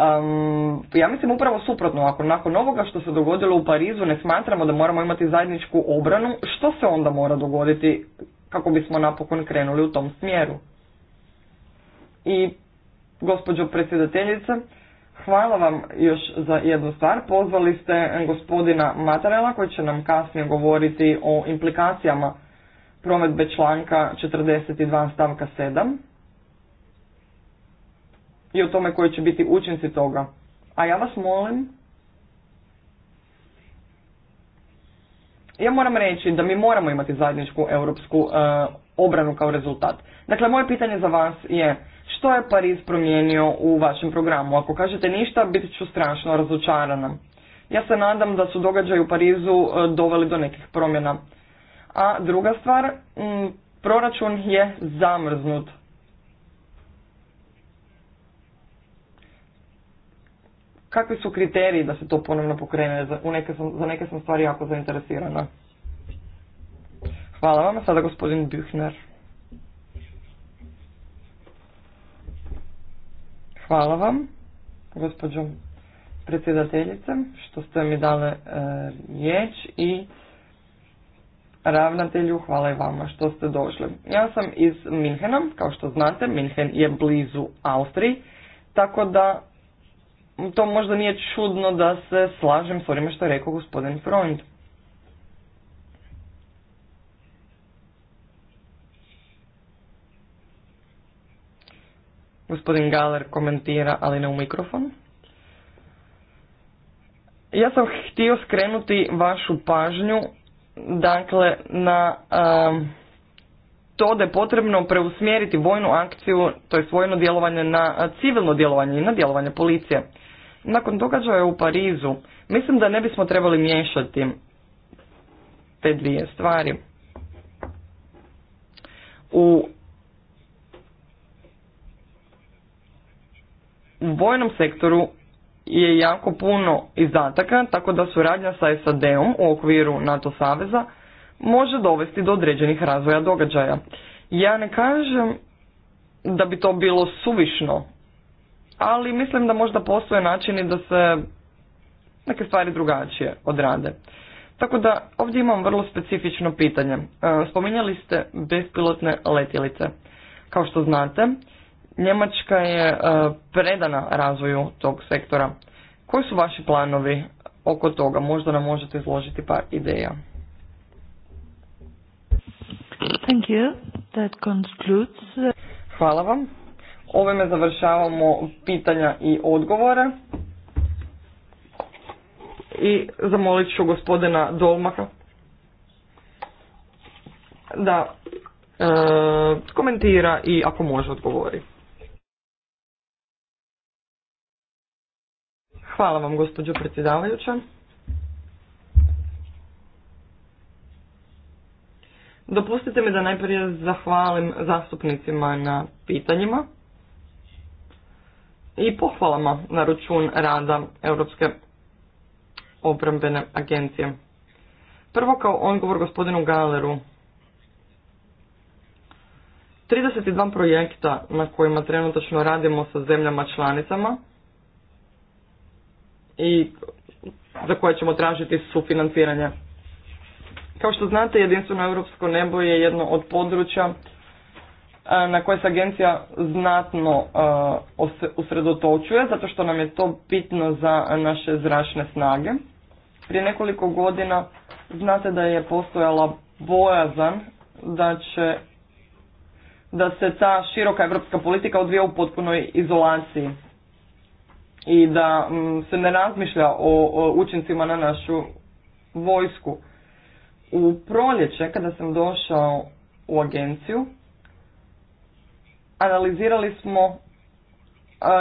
ja mislim upravo suprotno, ako nakon ovoga što se dogodilo u Parizu ne smatramo da moramo imati zajedničku obranu, što se onda mora dogoditi kako bismo napokon krenuli u tom smjeru? I Gospođo predsjedateljice, hvala vam još za jednu stvar. Pozvali ste gospodina Matarela koji će nam kasnije govoriti o implikacijama prometbe članka 42 stavka 7 i o tome koji će biti učinci toga. A ja vas molim, ja moram reći da mi moramo imati zajedničku europsku e, obranu kao rezultat. Dakle, moje pitanje za vas je što je Pariz promijenio u vašem programu? Ako kažete ništa, bit ću strašno razočarana. Ja se nadam da su događaji u Parizu e, doveli do nekih promjena. A druga stvar, proračun je zamrznut. Kakvi su kriteriji da se to ponovno pokrene? Za, u neke sam, za neke sam stvari jako zainteresirana. Hvala vam, sada gospodin Büchner. Hvala vam, gospođo predsjedateljice, što ste mi dali e, riječ i ravnatelju, hvala i vama što ste došli. Ja sam iz Minhena, kao što znate, Minhen je blizu Austriji, tako da to možda nije čudno da se slažem s onime što je rekao gospodin Freund. Gospodin Galer komentira, ali ne u mikrofon. Ja sam htio skrenuti vašu pažnju dakle na um, to da je potrebno preusmjeriti vojnu akciju, to je vojno djelovanje na civilno djelovanje i na djelovanje policije. Nakon događaja u Parizu, mislim da ne bismo trebali miješati te dvije stvari. U U vojnom sektoru je jako puno izdataka, tako da suradnja sa SAD-om u okviru NATO saveza može dovesti do određenih razvoja događaja. Ja ne kažem da bi to bilo suvišno, ali mislim da možda postoje načini da se neke stvari drugačije odrade. Tako da ovdje imam vrlo specifično pitanje. E, spominjali ste bespilotne letjelice. Kao što znate, Njemačka je e, predana razvoju tog sektora. Koji su vaši planovi oko toga? Možda nam možete izložiti par ideja. Thank you. That concludes. Hvala vam. Ovime završavamo pitanja i odgovore. I zamolit ću gospodina Dolmaka da e, komentira i ako može odgovori. Hvala vam, gospođo predsjedavajuća. Dopustite mi da najprije zahvalim zastupnicima na pitanjima i pohvalama na račun rada Europske obrambene agencije. Prvo kao odgovor gospodinu Galeru. 32 projekta na kojima trenutačno radimo sa zemljama članicama i za koje ćemo tražiti sufinanciranje. Kao što znate, jedinstveno europsko nebo je jedno od područja e, na koje se agencija znatno e, usredotočuje, zato što nam je to bitno za naše zračne snage. Prije nekoliko godina znate da je postojala bojazan da će da se ta široka europska politika odvija u potpunoj izolaciji i da mm, se ne razmišlja o, o učincima na našu vojsku. U proljeće kada sam došao u agenciju analizirali smo e,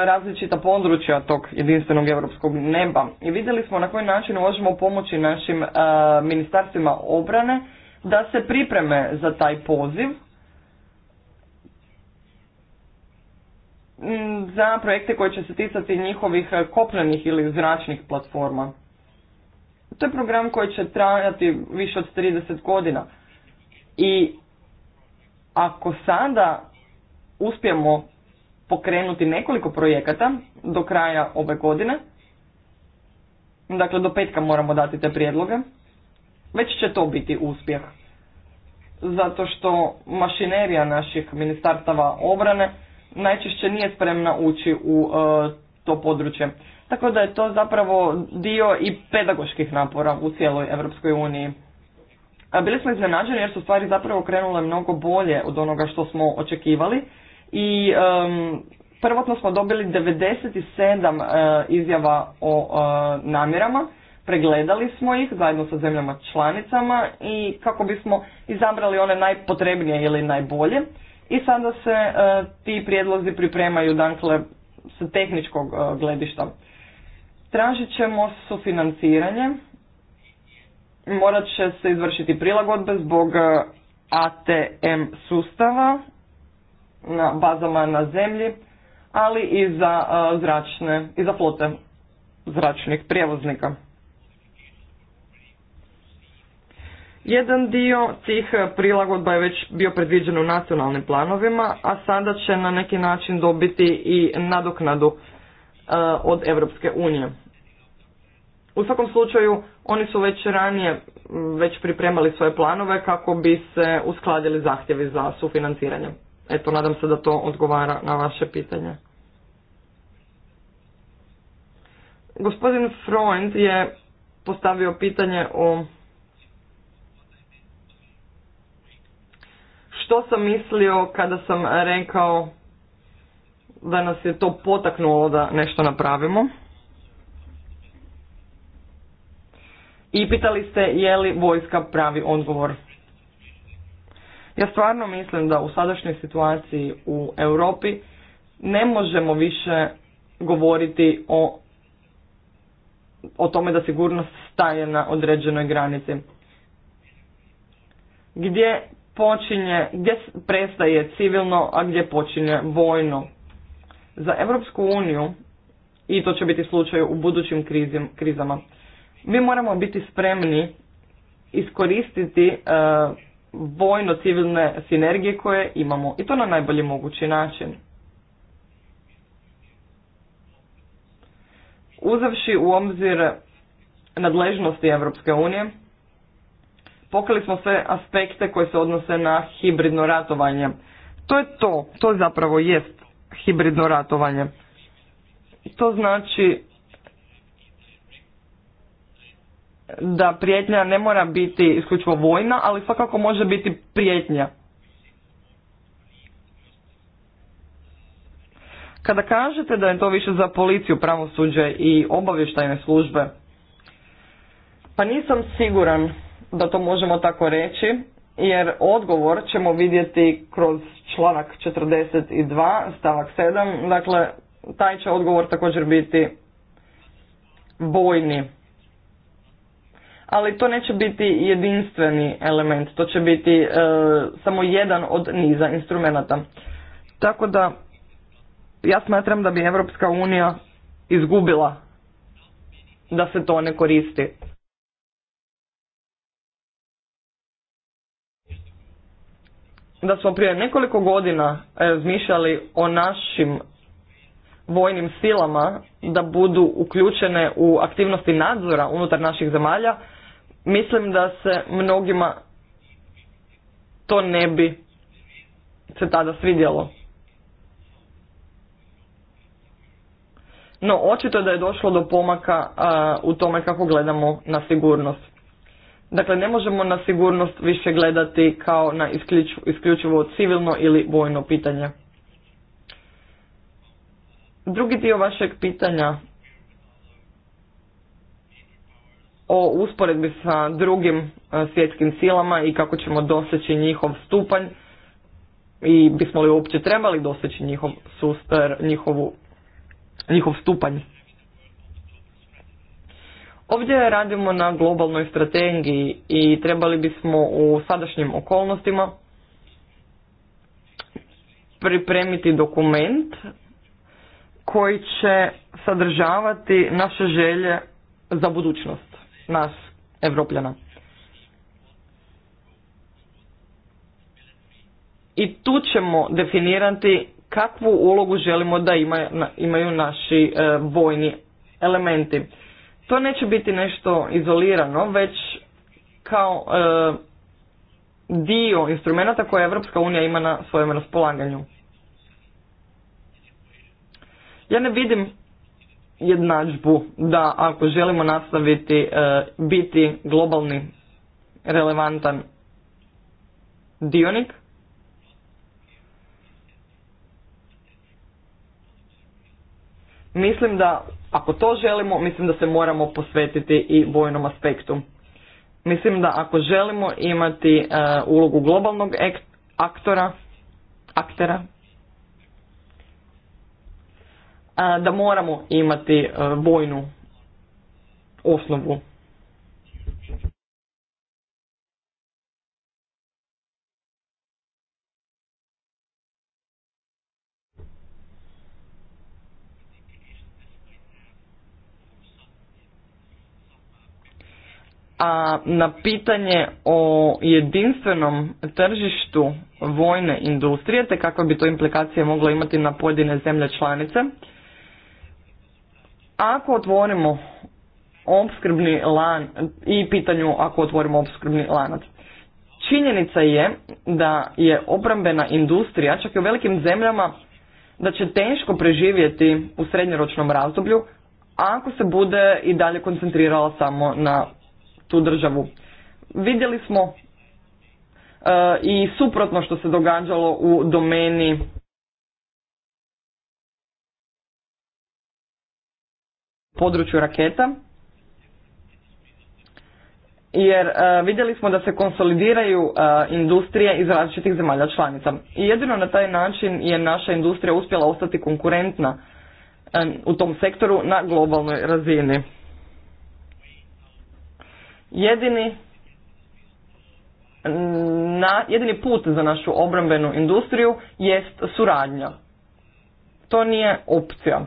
različita područja tog jedinstvenog europskog neba i vidjeli smo na koji način možemo pomoći našim e, ministarstvima obrane da se pripreme za taj poziv Mm, za projekte koji će se ticati njihovih e, kopnenih ili zračnih platforma. To je program koji će trajati više od 30 godina. I ako sada uspijemo pokrenuti nekoliko projekata do kraja ove godine, dakle do petka moramo dati te prijedloge, već će to biti uspjeh. Zato što mašinerija naših ministarstava obrane najčešće nije spremna ući u e, to područje. Tako da je to zapravo dio i pedagoških napora u cijeloj Europskoj uniji. Bili smo iznenađeni jer su stvari zapravo krenule mnogo bolje od onoga što smo očekivali i prvotno smo dobili 97 e, izjava o e, namjerama, pregledali smo ih zajedno sa zemljama članicama i kako bismo izabrali one najpotrebnije ili najbolje i sada se e, ti prijedlozi pripremaju dakle sa tehničkog e, gledišta. Tražit ćemo sufinanciranje, morat će se izvršiti prilagodbe zbog e, ATM sustava na bazama na zemlji, ali i za zračne i za flote zračnih prijevoznika. Jedan dio tih e, prilagodba je već bio predviđen u nacionalnim planovima, a sada će na neki način dobiti i nadoknadu e, od Europske unije. U svakom slučaju, oni su već ranije već pripremali svoje planove kako bi se uskladili zahtjevi za sufinanciranje. Eto, nadam se da to odgovara na vaše pitanje. Gospodin Freund je postavio pitanje o što sam mislio kada sam rekao da nas je to potaknulo da nešto napravimo. I pitali ste je li vojska pravi odgovor. Ja stvarno mislim da u sadašnjoj situaciji u Europi ne možemo više govoriti o, o tome da sigurnost staje na određenoj granici. Gdje počinje, gdje prestaje civilno, a gdje počinje vojno. Za Europsku uniju, i to će biti slučaj u budućim krizama, mi moramo biti spremni iskoristiti e, vojno-civilne sinergije koje imamo i to na najbolji mogući način. Uzavši u obzir nadležnosti Europske unije, Pokrili smo sve aspekte koje se odnose na hibridno ratovanje. To je to, to zapravo jest hibridno ratovanje. To znači da prijetnja ne mora biti isključivo vojna, ali svakako može biti prijetnja. Kada kažete da je to više za policiju, pravosuđe i obavještajne službe, pa nisam siguran da to možemo tako reći, jer odgovor ćemo vidjeti kroz članak 42 stavak 7, dakle taj će odgovor također biti bojni. Ali to neće biti jedinstveni element, to će biti e, samo jedan od niza instrumenata. Tako da ja smatram da bi Europska unija izgubila da se to ne koristi. da smo prije nekoliko godina e, razmišljali o našim vojnim silama da budu uključene u aktivnosti nadzora unutar naših zemalja, mislim da se mnogima to ne bi se tada svidjelo. No, očito je da je došlo do pomaka u tome kako gledamo na sigurnost. Dakle, ne možemo na sigurnost više gledati kao na isključivo civilno ili vojno pitanje. Drugi dio vašeg pitanja o usporedbi sa drugim e, svjetskim silama i kako ćemo doseći njihov stupanj i bismo li uopće trebali doseći njihov suster, njihovu, njihov stupanj. Ovdje radimo na globalnoj strategiji i trebali bismo u sadašnjim okolnostima pripremiti dokument koji će sadržavati naše želje za budućnost nas, Evropljana. I tu ćemo definirati kakvu ulogu želimo da imaju naši e, vojni elementi. To neće biti nešto izolirano, već kao e, dio instrumenta koje Evropska unija ima na svojem raspolaganju. Ja ne vidim jednadžbu da ako želimo nastaviti e, biti globalni relevantan dionik, Mislim da ako to želimo, mislim da se moramo posvetiti i vojnom aspektu. Mislim da ako želimo imati e, ulogu globalnog aktora, aktera, e, da moramo imati e, vojnu osnovu a na pitanje o jedinstvenom tržištu vojne industrije te kakve bi to implikacije moglo imati na pojedine zemlje članice. Ako otvorimo opskrbni lan i pitanju ako otvorimo opskrbni lanac. Činjenica je da je obrambena industrija čak i u velikim zemljama da će teško preživjeti u srednjoročnom razdoblju ako se bude i dalje koncentrirala samo na tu državu. Vidjeli smo e, i suprotno što se događalo u domeni području raketa jer e, vidjeli smo da se konsolidiraju e, industrije iz različitih zemalja članica. I jedino na taj način je naša industrija uspjela ostati konkurentna u tom sektoru na globalnoj razini jedini na, jedini put za našu obrambenu industriju jest suradnja. To nije opcija.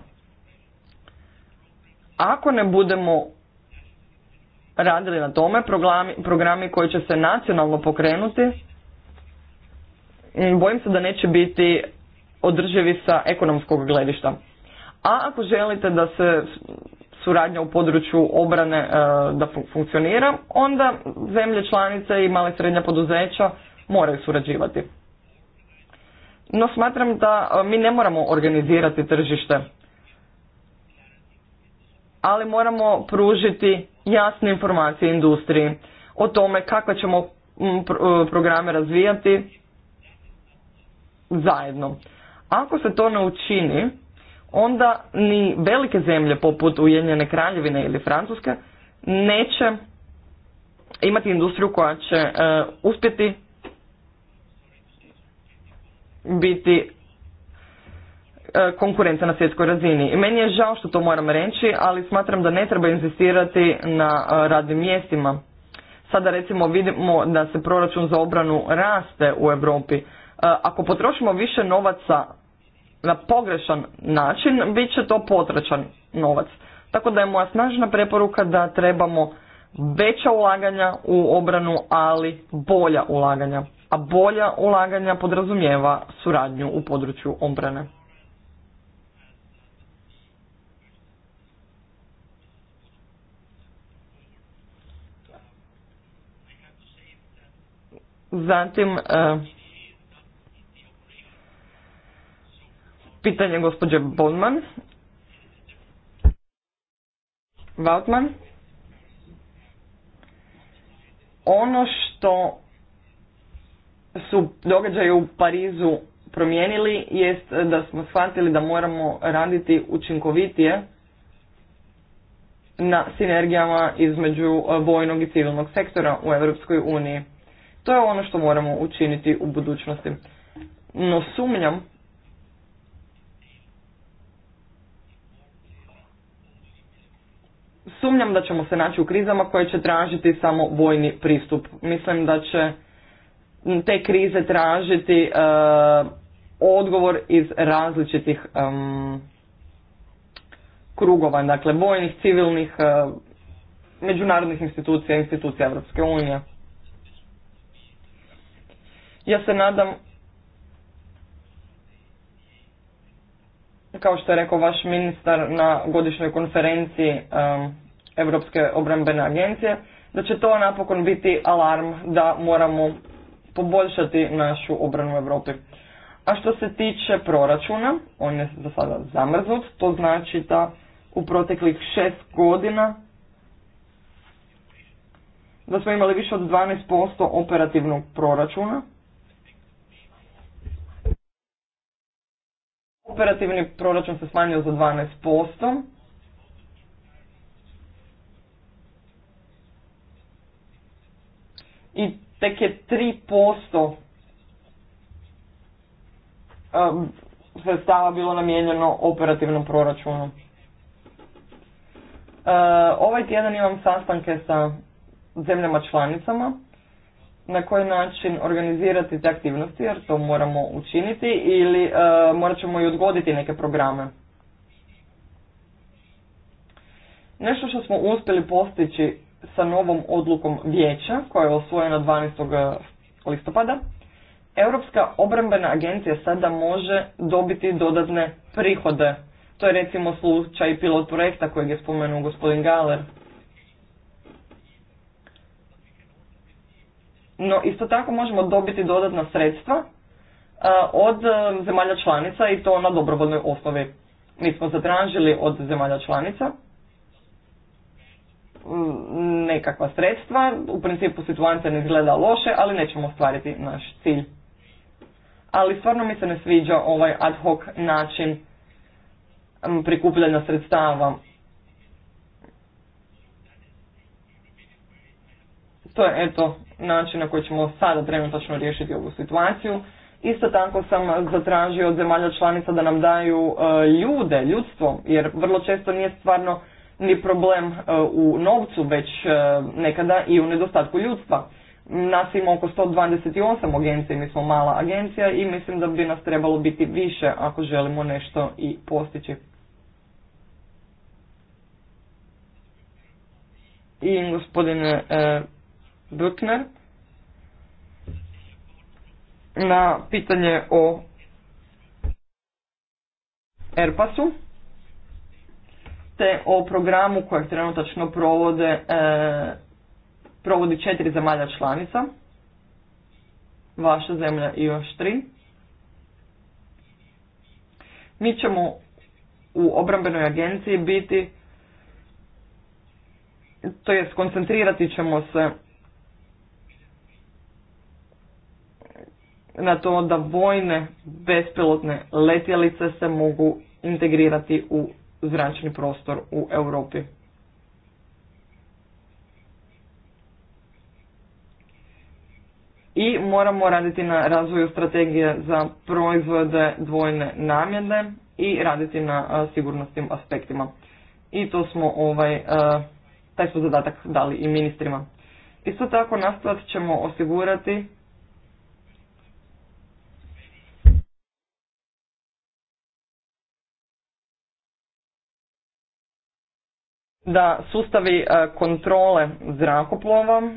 Ako ne budemo radili na tome, programi, programi koji će se nacionalno pokrenuti, bojim se da neće biti održivi sa ekonomskog gledišta. A ako želite da se suradnja u području obrane e, da funkcionira, onda zemlje članice i male srednja poduzeća moraju surađivati. No smatram da e, mi ne moramo organizirati tržište, ali moramo pružiti jasne informacije industriji o tome kakve ćemo e, programe razvijati zajedno. Ako se to ne učini, onda ni velike zemlje poput Ujedinjene kraljevine ili Francuske neće imati industriju koja će e, uspjeti biti e, konkurentna na svjetskoj razini. I meni je žao što to moram reći, ali smatram da ne treba insistirati na e, radnim mjestima. Sada recimo vidimo da se proračun za obranu raste u Europi. Ako potrošimo više novaca na pogrešan način, bit će to potračan novac. Tako da je moja snažna preporuka da trebamo veća ulaganja u obranu, ali bolja ulaganja. A bolja ulaganja podrazumijeva suradnju u području obrane. Zatim, eh, pitanje gospođe Bonman. Vautman. Ono što su događaje u Parizu promijenili jest da smo shvatili da moramo raditi učinkovitije na sinergijama između vojnog i civilnog sektora u Europskoj uniji. To je ono što moramo učiniti u budućnosti. No sumnjam sumnjam da ćemo se naći u krizama koje će tražiti samo vojni pristup. Mislim da će te krize tražiti e, odgovor iz različitih krugova, dakle vojnih, civilnih, e, međunarodnih institucija, institucija Europske unije. Ja se nadam kao što je rekao vaš ministar na godišnjoj konferenciji um, Europske obrambene agencije, da će to napokon biti alarm da moramo poboljšati našu obranu u Europi. A što se tiče proračuna, on je za sada zamrznut, to znači da u proteklih šest godina da smo imali više od 12% operativnog proračuna, Operativni proračun se smanjio za 12%. I tek je 3% sredstava bilo namijenjeno operativnom proračunu. Ovaj tjedan imam sastanke sa zemljama članicama na koji način organizirati te aktivnosti jer to moramo učiniti ili e, morat ćemo i odgoditi neke programe. Nešto što smo uspjeli postići sa novom odlukom vijeća koja je osvojena 12. E, listopada, Europska obrambena agencija sada može dobiti dodatne prihode. To je recimo slučaj pilot projekta kojeg je spomenuo gospodin Galer. No isto tako možemo dobiti dodatna sredstva od e, zemalja članica i to na dobrovoljnoj osnovi. Mi smo zatražili od zemalja članica mm, nekakva sredstva, u principu situacija ne izgleda loše, ali nećemo ostvariti naš cilj. Ali stvarno mi se ne sviđa ovaj ad hoc način prikupljanja sredstava To je eto način na koji ćemo sada trenutačno riješiti ovu situaciju. Isto tako sam zatražio od zemalja članica da nam daju e, ljude, ljudstvo, jer vrlo često nije stvarno ni problem e, u novcu, već e, nekada i u nedostatku ljudstva. Nas ima oko 128 agencija, mi smo mala agencija i mislim da bi nas trebalo biti više ako želimo nešto i postići. I gospodine Dutner na pitanje o Erpasu te o programu kojeg trenutačno provode, e, provodi četiri zemalja članica, vaša zemlja i još tri. Mi ćemo u obrambenoj agenciji biti, to jest koncentrirati ćemo se na to da vojne bespilotne letjelice se mogu integrirati u zračni prostor u Europi. I moramo raditi na razvoju strategije za proizvode dvojne namjene i raditi na sigurnosnim aspektima. I to smo ovaj, taj su zadatak dali i ministrima. Isto tako nastavat ćemo osigurati da sustavi e, kontrole zrakoplova, e,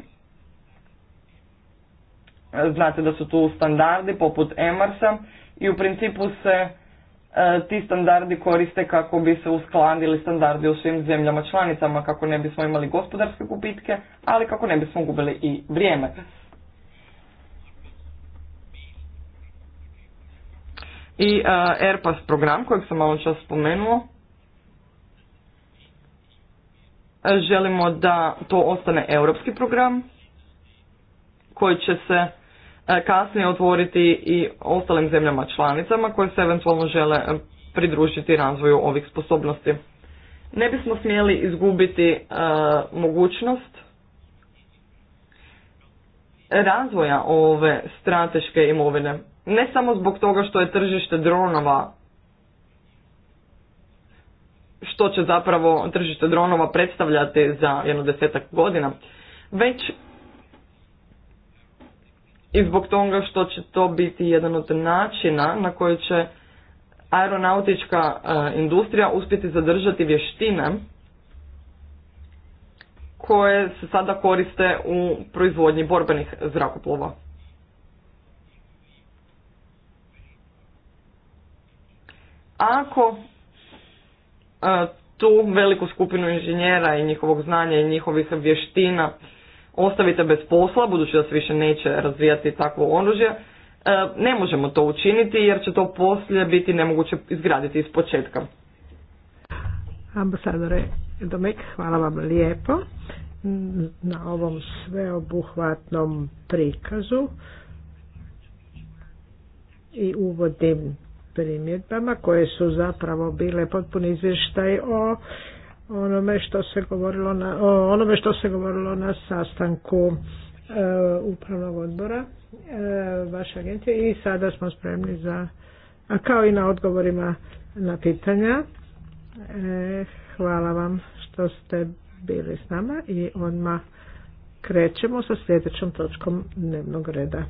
znate da su tu standardi poput EMARS-a i u principu se e, ti standardi koriste kako bi se uskladili standardi u svim zemljama članicama, kako ne bismo imali gospodarske gubitke, ali kako ne bismo gubili i vrijeme. I uh, AirPass program kojeg sam malo čas spomenuo, želimo da to ostane europski program koji će se e, kasnije otvoriti i ostalim zemljama članicama koje se eventualno žele e, pridružiti razvoju ovih sposobnosti. Ne bismo smjeli izgubiti e, mogućnost razvoja ove strateške imovine. Ne samo zbog toga što je tržište dronova što će zapravo tržište dronova predstavljati za jedno desetak godina, već i zbog toga što će to biti jedan od načina na koji će aeronautička eh, industrija uspjeti zadržati vještine koje se sada koriste u proizvodnji borbenih zrakoplova. Ako tu veliku skupinu inženjera i njihovog znanja i njihovih vještina ostavite bez posla, budući da se više neće razvijati takvo oružje, e, ne možemo to učiniti jer će to poslije biti nemoguće izgraditi iz početka. Ambasadore Domek, hvala vam lijepo na ovom sveobuhvatnom prikazu i uvodim primjedbama koje su zapravo bile potpuni izvještaj o onome što se govorilo na, o onome što se govorilo na sastanku e, upravnog odbora e, vaše agencije i sada smo spremni za a kao i na odgovorima na pitanja e, hvala vam što ste bili s nama i odmah krećemo sa sljedećom točkom dnevnog reda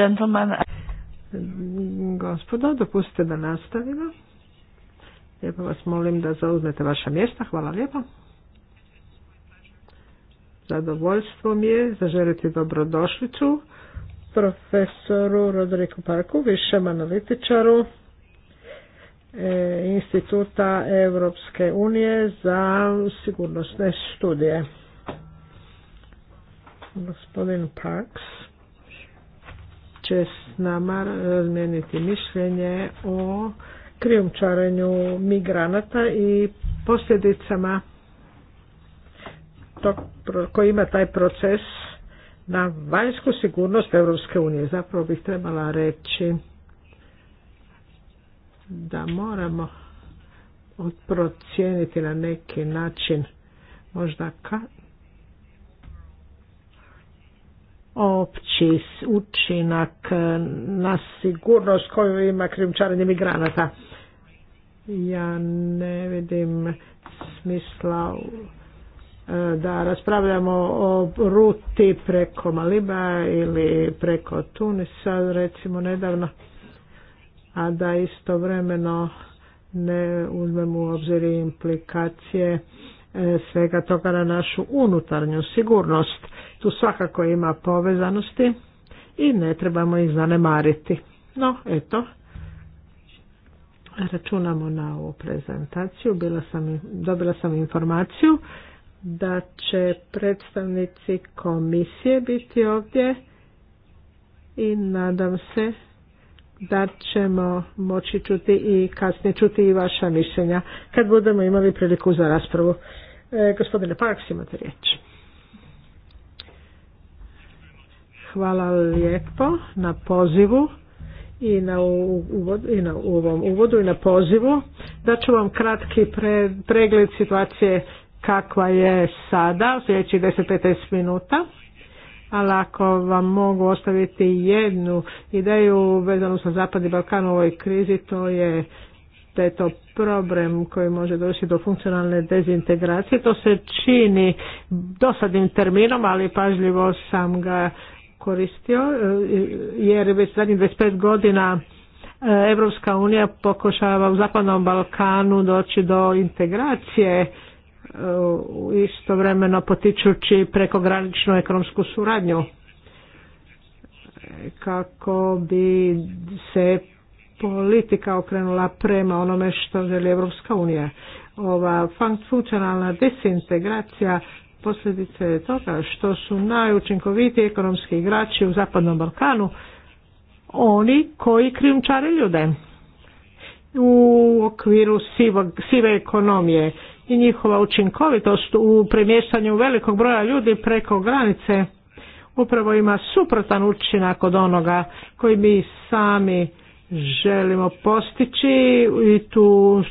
gentlemen. Gospodo, dopustite da nastavimo. Lijepo vas molim da zauzmete vaša mjesta. Hvala lijepo. Zadovoljstvo mi je zaželiti dobrodošlicu profesoru Rodriku Parku, višem analitičaru e, Instituta Europske unije za sigurnosne studije. Gospodin Parks će s nama razmijeniti mišljenje o krijumčarenju migranata i posljedicama koji ima taj proces na vanjsku sigurnost Europske unije. Zapravo bih trebala reći da moramo procijeniti na neki način možda ka, opći učinak na sigurnost koju ima krijumčarenje migranata. Ja ne vidim smisla eh, da raspravljamo o ruti preko Maliba ili preko Tunisa recimo nedavno, a da istovremeno ne uzmemo u obzir implikacije eh, svega toga na našu unutarnju sigurnost tu svakako ima povezanosti i ne trebamo ih zanemariti. No, eto, računamo na ovu prezentaciju. Bila sam, dobila sam informaciju da će predstavnici komisije biti ovdje i nadam se da ćemo moći čuti i kasnije čuti i vaša mišljenja kad budemo imali priliku za raspravu. E, gospodine Paks, imate riječ. Hvala lijepo na pozivu i na, uvod, i na ovom uvodu i na pozivu. Da ću vam kratki pregled situacije kakva je sada u sljedećih 10-15 minuta. Ali ako vam mogu ostaviti jednu ideju vezanu sa Zapadni Balkan u ovoj krizi, to je da je to problem koji može doći do funkcionalne dezintegracije. To se čini dosadnim terminom, ali pažljivo sam ga koristio e, jer već zadnjih 25 godina e, Evropska unija pokušava u Zapadnom Balkanu doći do integracije e, istovremeno potičući prekograničnu ekonomsku suradnju kako bi se politika okrenula prema onome što želi Evropska unija. Ova funkcionalna desintegracija posljedice toga što su najučinkovitiji ekonomski igrači u Zapadnom Balkanu oni koji krijumčare ljude u okviru sive ekonomije i njihova učinkovitost u premještanju velikog broja ljudi preko granice upravo ima suprotan učinak od onoga koji mi sami želimo postići i tu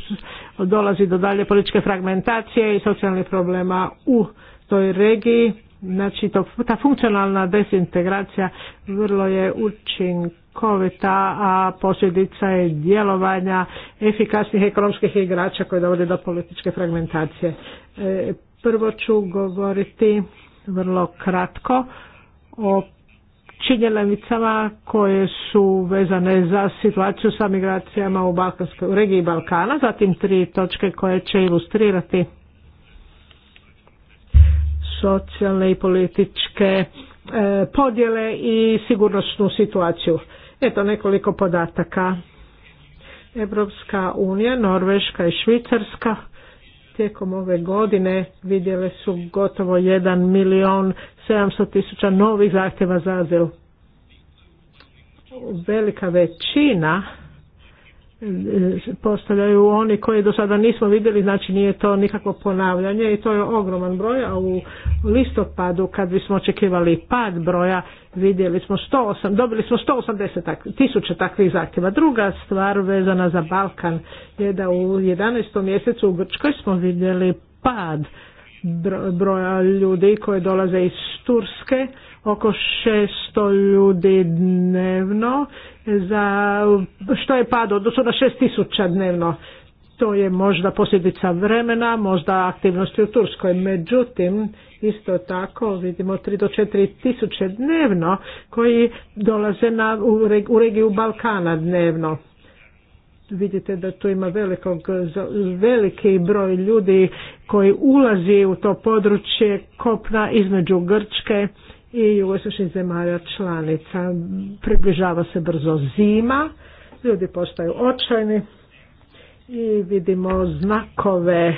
dolazi do dalje političke fragmentacije i socijalnih problema u toj regiji. Znači ta funkcionalna desintegracija vrlo je učinkovita, a posljedica je djelovanja efikasnih ekonomskih igrača koje dovode do političke fragmentacije. E, prvo ću govoriti vrlo kratko o činjenicama koje su vezane za situaciju sa migracijama u, Balkanskoj, u regiji Balkana, zatim tri točke koje će ilustrirati socijalne i političke e, podjele i sigurnosnu situaciju. Eto nekoliko podataka. Europska unija, Norveška i Švicarska tijekom ove godine vidjele su gotovo 1 milion 700 tisuća novih zahtjeva za azil. Velika većina postavljaju oni koje do sada nismo vidjeli, znači nije to nikakvo ponavljanje i to je ogroman broj, a u listopadu kad bismo očekivali pad broja vidjeli smo 108, dobili smo 180 tisuća takvih zahtjeva. Druga stvar vezana za Balkan je da u 11. mjesecu u Grčkoj smo vidjeli pad broja ljudi koje dolaze iz Turske, oko 600 ljudi dnevno, za, što je pad odnosno na 6000 dnevno. To je možda posljedica vremena, možda aktivnosti u Turskoj. Međutim, isto tako vidimo 3 do 4 tisuće dnevno koji dolaze na, u, regiju Balkana dnevno vidite da tu ima velikog, veliki broj ljudi koji ulazi u to područje kopna između Grčke i jugoistočnih zemalja članica. Približava se brzo zima, ljudi postaju očajni i vidimo znakove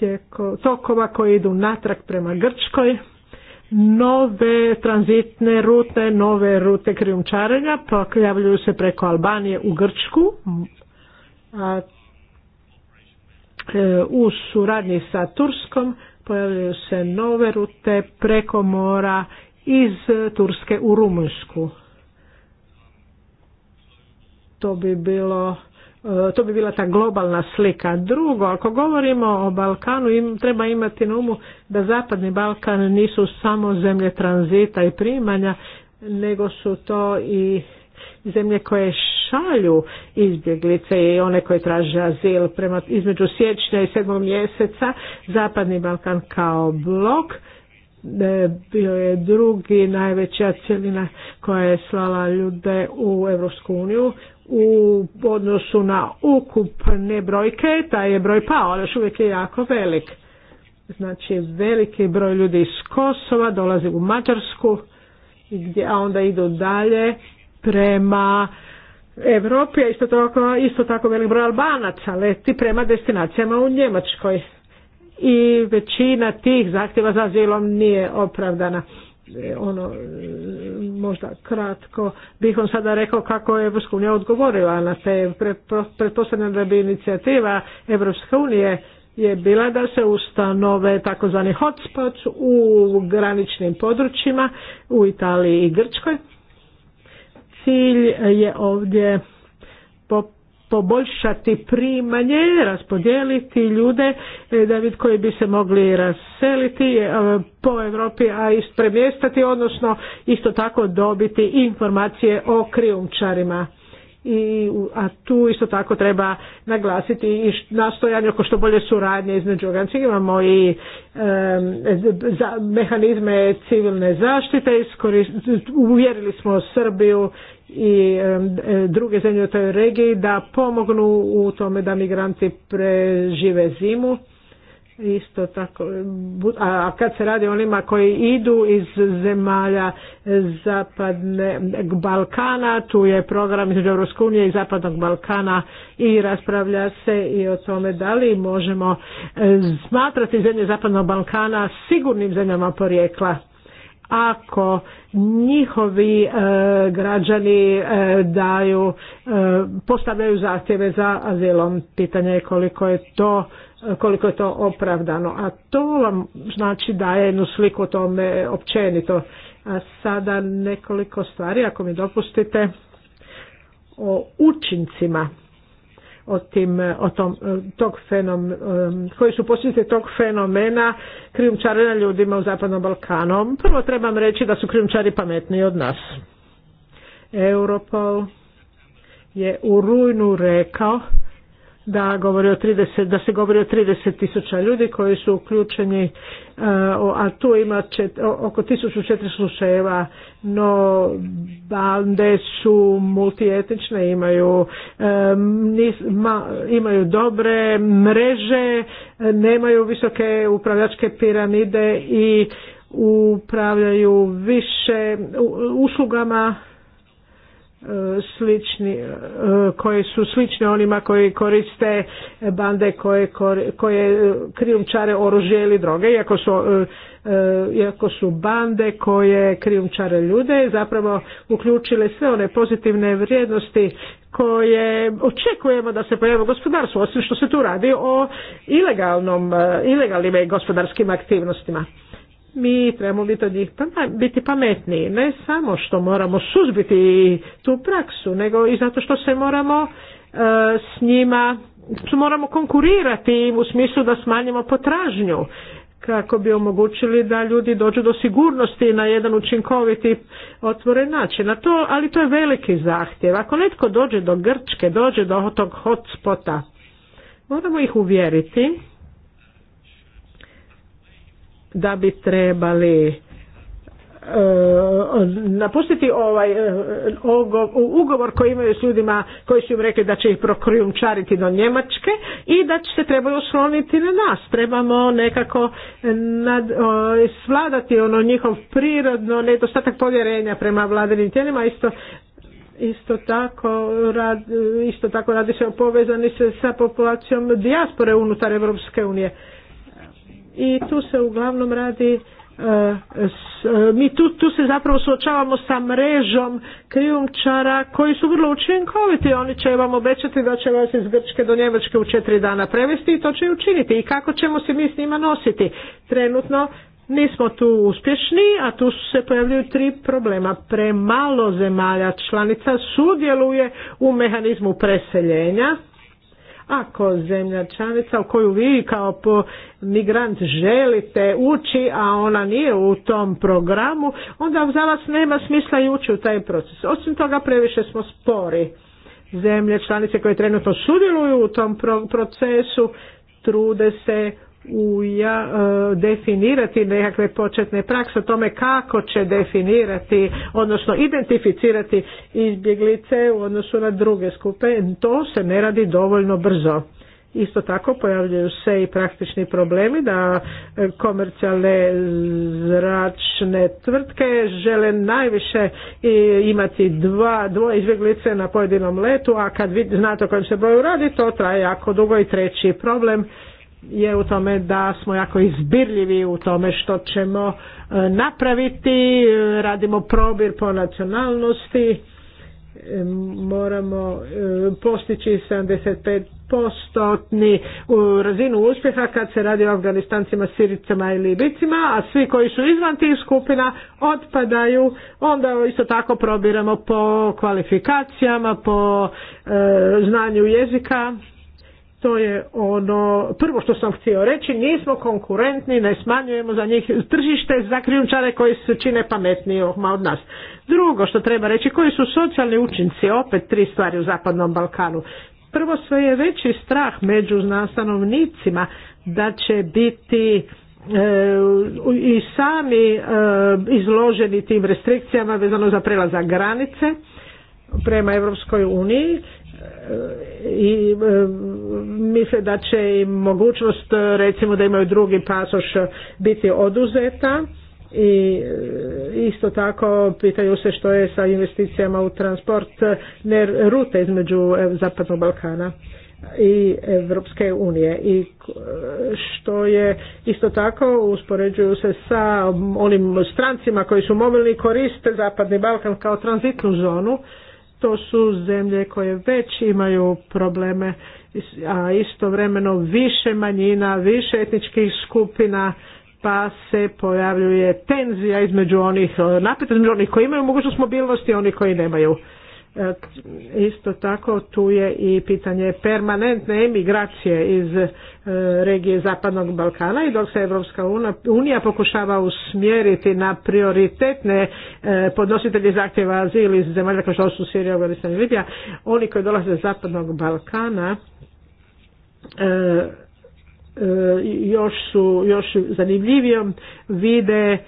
e, tokova koji idu natrag prema Grčkoj nove tranzitne rute, nove rute krijumčarenja, pojavljuju se preko Albanije u Grčku, a e, u suradnji sa Turskom pojavljuju se nove rute preko mora iz Turske u Rumunjsku. To bi bilo to bi bila ta globalna slika. Drugo, ako govorimo o Balkanu, im, treba imati na umu da Zapadni Balkan nisu samo zemlje tranzita i primanja, nego su to i zemlje koje šalju izbjeglice i one koje traže azil prema, između siječnja i sedmog mjeseca Zapadni Balkan kao blok e, bio je drugi najveća cijelina koja je slala ljude u Europsku uniju u odnosu na ukupne brojke, taj je broj pao, ali još uvijek je jako velik. Znači veliki broj ljudi iz Kosova dolazi u Mađarsku, gdje, a onda idu dalje prema Europi, a isto tako, isto tako velik broj Albanaca leti prema destinacijama u Njemačkoj. I većina tih zahtjeva za azilom nije opravdana. E, ono e, možda kratko bih on sada rekao kako je Evropska unija odgovorila na te pretpostavljam da bi inicijativa Evropske unije je bila da se ustanove takozvani hotspot u graničnim područjima u Italiji i Grčkoj. Cilj je ovdje poboljšati primanje, raspodijeliti ljude e, vid koji bi se mogli raseliti e, po Europi, a ispremjestati, odnosno isto tako dobiti informacije o krijumčarima. I, a tu isto tako treba naglasiti i nastojanje oko što bolje suradnje između Imamo i za, mehanizme civilne zaštite, uvjerili smo Srbiju i e, e, druge zemlje u toj regiji da pomognu u tome da migranti prežive zimu. Isto tako, a kad se radi o onima koji idu iz zemalja e, zapadne Balkana, tu je program između Europske i zapadnog Balkana i raspravlja se i o tome da li možemo smatrati zemlje zapadnog Balkana sigurnim zemljama porijekla ako njihovi e, građani e, daju e, postavljaju zahtjeve za azilom pitanje je koliko je to koliko je to opravdano a to vam znači daje jednu sliku o tome općenito a sada nekoliko stvari ako mi dopustite o učincima o tim, e, o tom, e, tog fenomen, koji su posljedice tog fenomena na ljudima u Zapadnom Balkanu. Prvo trebam reći da su krijumčari pametniji od nas. Europol je u rujnu rekao da, govori o 30, da se govori o 30 tisuća ljudi koji su uključeni, e, a tu ima čet, oko 1400 slučajeva, no bande su multietnične, imaju, e, imaju dobre mreže, nemaju visoke upravljačke piramide i upravljaju više uslugama slični, e, koje su slične onima koji koriste bande koje, koje krijumčare oružje ili droge, iako su, e, e, iako su bande koje krijumčare ljude zapravo uključile sve one pozitivne vrijednosti koje očekujemo da se pojave gospodarstvo osim što se tu radi o ilegalnom, ilegalnim gospodarskim aktivnostima mi trebamo biti od njih biti pametniji. Ne samo što moramo suzbiti tu praksu, nego i zato što se moramo e, s njima moramo konkurirati u smislu da smanjimo potražnju kako bi omogućili da ljudi dođu do sigurnosti na jedan učinkoviti otvoren način. A to, ali to je veliki zahtjev. Ako netko dođe do Grčke, dođe do tog hotspota, moramo ih uvjeriti da bi trebali e, napustiti ovaj e, ugovor koji imaju s ljudima koji su im rekli da će ih prokrijumčariti do Njemačke i da se trebaju osloniti na nas. Trebamo nekako nad, svladati ono njihov prirodno nedostatak povjerenja prema vladinim tijelima, isto Isto tako, isto tako radi se o povezani se sa populacijom dijaspore unutar Europske unije i tu se uglavnom radi e, mi tu, tu se zapravo suočavamo sa mrežom krijumčara koji su vrlo učinkoviti oni će vam obećati da će vas iz Grčke do Njemačke u četiri dana prevesti i to će učiniti i kako ćemo se mi s njima nositi trenutno nismo tu uspješni a tu se pojavljuju tri problema premalo zemalja članica sudjeluje u mehanizmu preseljenja ako zemlja članica u koju vi kao po migrant želite ući, a ona nije u tom programu, onda za vas nema smisla i ući u taj proces. Osim toga previše smo spori. Zemlje članice koje trenutno sudjeluju u tom procesu trude se ja e, definirati nekakve početne prakse o tome kako će definirati, odnosno identificirati izbjeglice u odnosu na druge skupe. To se ne radi dovoljno brzo. Isto tako pojavljaju se i praktični problemi da e, komercijalne zračne tvrtke žele najviše e, imati dva, dvoje izbjeglice na pojedinom letu, a kad vi znate o kojem se boju radi, to traje jako dugo i treći problem je u tome da smo jako izbirljivi u tome što ćemo e, napraviti, e, radimo probir po nacionalnosti, e, moramo postići 75% u razinu uspjeha kad se radi o Afganistancima, Siricama i Libicima, a svi koji su izvan tih skupina otpadaju, onda isto tako probiramo po kvalifikacijama, po znanju jezika, to je ono prvo što sam htio reći, nismo konkurentni, ne smanjujemo za njih tržište za krijumčare koji se čine pametniji od nas. Drugo što treba reći, koji su socijalni učinci, opet tri stvari u Zapadnom Balkanu. Prvo sve je veći strah među stanovnicima da će biti e, i sami e, izloženi tim restrikcijama vezano za prelazak granice prema Europskoj uniji i e, misle da će im mogućnost recimo da imaju drugi pasoš biti oduzeta i e, isto tako pitaju se što je sa investicijama u transport rute između e, Zapadnog Balkana i Europske unije i što je isto tako uspoređuju se sa onim strancima koji su mobilni koriste Zapadni Balkan kao tranzitnu zonu to su zemlje koje već imaju probleme, a istovremeno više manjina, više etničkih skupina, pa se pojavljuje tenzija između onih, napet između onih koji imaju mogućnost mobilnosti i onih koji nemaju. Isto tako tu je i pitanje permanentne emigracije iz e, regije Zapadnog Balkana i dok se Evropska unija pokušava usmjeriti na prioritetne e, podnositelje zahtjeva azil iz zemalja kao što su Sirija, Afganistan i Libija, oni koji dolaze iz Zapadnog Balkana e, još su još zanimljivijom vide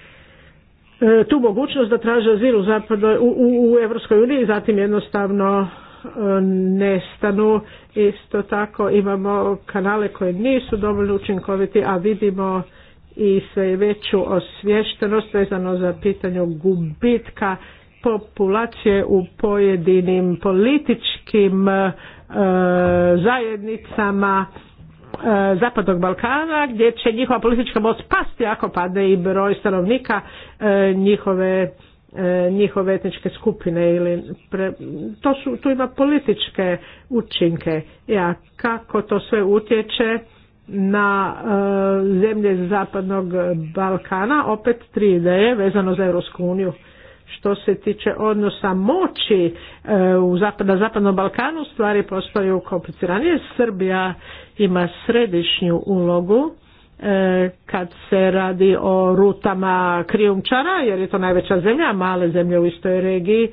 E, tu mogućnost da traže azil u, zapadno, u, u Evropskoj uniji zatim jednostavno e, nestanu. Isto tako imamo kanale koji nisu dovoljno učinkoviti, a vidimo i sve veću osviještenost vezano za pitanje gubitka populacije u pojedinim političkim e, zajednicama E, zapadnog Balkana gdje će njihova politička moć pasti ako pade i broj stanovnika e, njihove e, njihove etničke skupine ili pre, to su, tu ima političke učinke ja, kako to sve utječe na zemlje zapadnog Balkana opet tri ideje vezano za Europsku uniju što se tiče odnosa moći e, u zapad, na Zapadnom Balkanu stvari postaju kompliciranije. Srbija ima središnju ulogu e, kad se radi o rutama krijumčara jer je to najveća zemlja, male zemlje u istoj regiji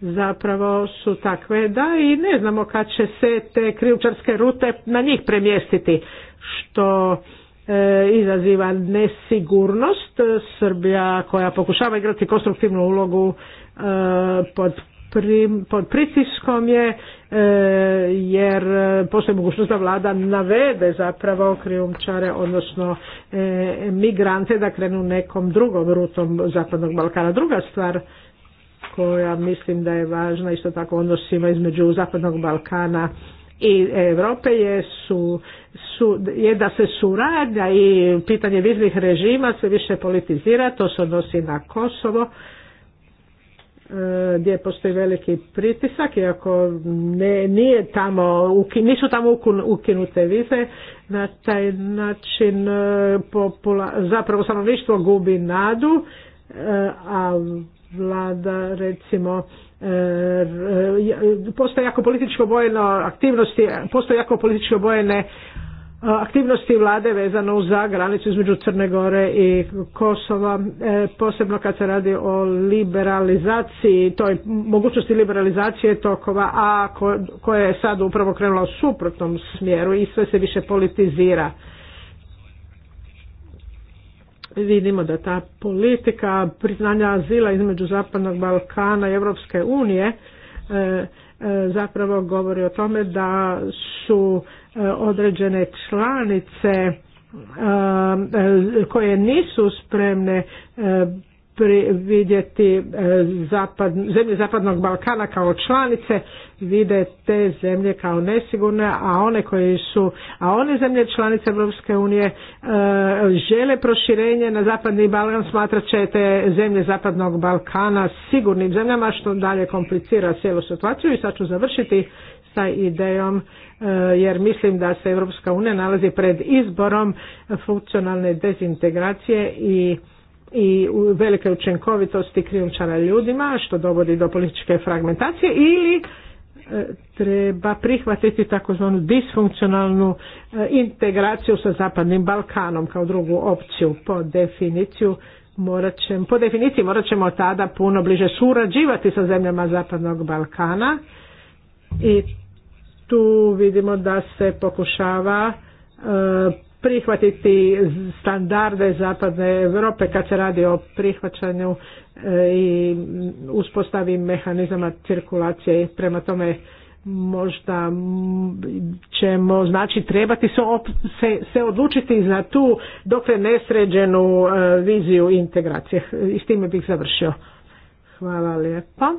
zapravo su takve da i ne znamo kad će se te krijumčarske rute na njih premjestiti što E, izaziva nesigurnost. Srbija koja pokušava igrati konstruktivnu ulogu e, pod pod pritiskom je e, jer postoji mogućnost da vlada navede zapravo krijumčare odnosno migrante da krenu nekom drugom rutom Zapadnog Balkana. Druga stvar koja mislim da je važna isto tako odnosima između Zapadnog Balkana i Europe je, su, su, je da se suradnja i pitanje viznih režima se više politizira, to se odnosi na Kosovo e, gdje postoji veliki pritisak iako ne, nije tamo nisu tamo ukinute vize na taj način e, popula, zapravo stanovništvo gubi nadu e, a vlada recimo E, e, postoje jako političko bojeno aktivnosti, postoje jako političko bojene e, aktivnosti vlade vezano za granicu između Crne Gore i Kosova, posebno kad se radi o liberalizaciji, toj mogućnosti liberalizacije tokova, a koja je sad upravo krenula u suprotnom smjeru i sve se više politizira vidimo da ta politika priznanja azila između Zapadnog Balkana i Europske unije e, e, zapravo govori o tome da su e, određene članice koje nisu spremne vidjeti e, zapad, zemlje Zapadnog Balkana kao članice, vide te zemlje kao nesigurne, a one koje su, a one zemlje članice Europske unije e, žele proširenje na Zapadni Balkan, smatrat će te zemlje Zapadnog Balkana sigurnim zemljama, što dalje komplicira cijelu situaciju i sad ću završiti sa idejom e, jer mislim da se Europska unija nalazi pred izborom funkcionalne dezintegracije i i velike učinkovitosti krijumčara ljudima što dovodi do političke fragmentacije ili e, treba prihvatiti takozvanu disfunkcionalnu e, integraciju sa Zapadnim Balkanom kao drugu opciju po definiciju morat ćemo, po definiciji morat ćemo tada puno bliže surađivati sa zemljama Zapadnog Balkana i tu vidimo da se pokušava e, prihvatiti standarde zapadne Europe kad se radi o prihvaćanju e, i uspostavi mehanizama cirkulacije. Prema tome možda ćemo znači trebati se, se, se odlučiti za tu dokle nesređenu e, viziju integracije. I s time bih završio. Hvala lijepa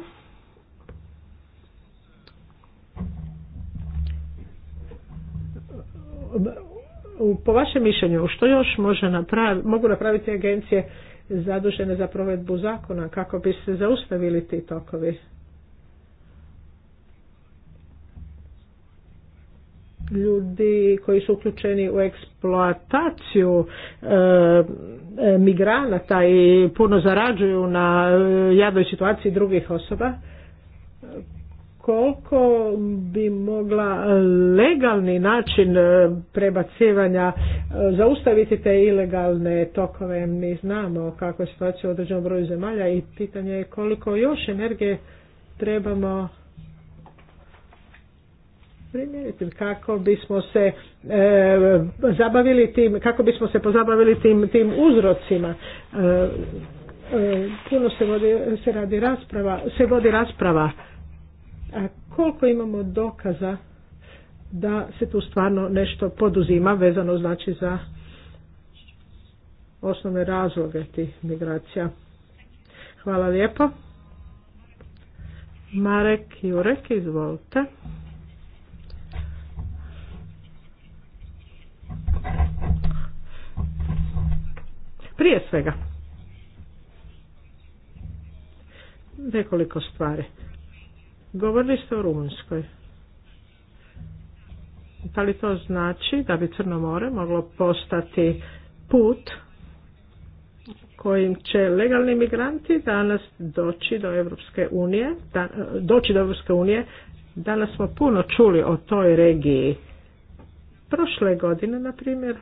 po vašem mišljenju što još može napravi, mogu napraviti agencije zadužene za provedbu zakona kako bi se zaustavili ti tokovi? ljudi koji su uključeni u eksploataciju e, e, migranata i puno zarađuju na e, jadnoj situaciji drugih osoba koliko bi mogla legalni način e, prebacivanja e, zaustaviti te ilegalne tokove. Mi znamo kako je situacija u određenom broju zemalja i pitanje je koliko još energije trebamo primjeriti, kako bismo se e, zabavili tim, kako bismo se pozabavili tim, tim uzrocima. puno se vodi, se radi rasprava, se vodi rasprava koliko imamo dokaza da se tu stvarno nešto poduzima vezano znači za osnovne razloge tih migracija. Hvala lijepo. Marek Jurek, izvolite. Prije svega, nekoliko stvari. Govorili ste o Rumunjskoj. Da li to znači da bi Crno more moglo postati put kojim će legalni migranti danas doći do Evropske unije, e, doći do Europske unije. Danas smo puno čuli o toj regiji. Prošle godine, na primjer,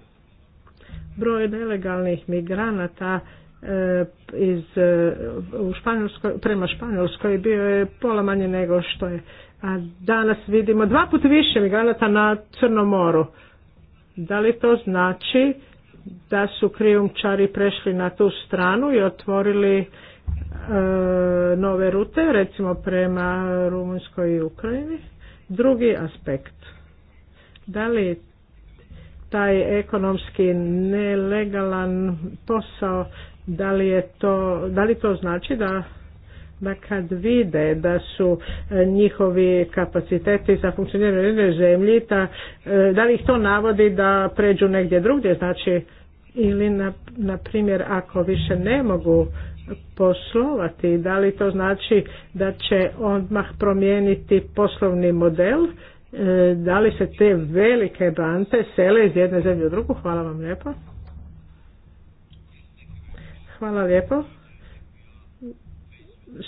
broj nelegalnih migranata E, iz, e, u Španjolskoj, prema Španjolskoj bio je pola manje nego što je. A danas vidimo dva put više migranata na Crnom moru. Da li to znači da su krijumčari prešli na tu stranu i otvorili e, nove rute, recimo prema Rumunjskoj i Ukrajini? Drugi aspekt. Da li taj ekonomski nelegalan posao da li, je to, da li to znači da da kad vide da su e, njihovi kapaciteti za funkcioniranje u jednoj zemlji, da, e, da li ih to navodi da pređu negdje drugdje, znači ili na, na primjer ako više ne mogu poslovati, da li to znači da će odmah promijeniti poslovni model, e, da li se te velike banke sele iz jedne zemlje u drugu, hvala vam lijepa. Hvala lijepo.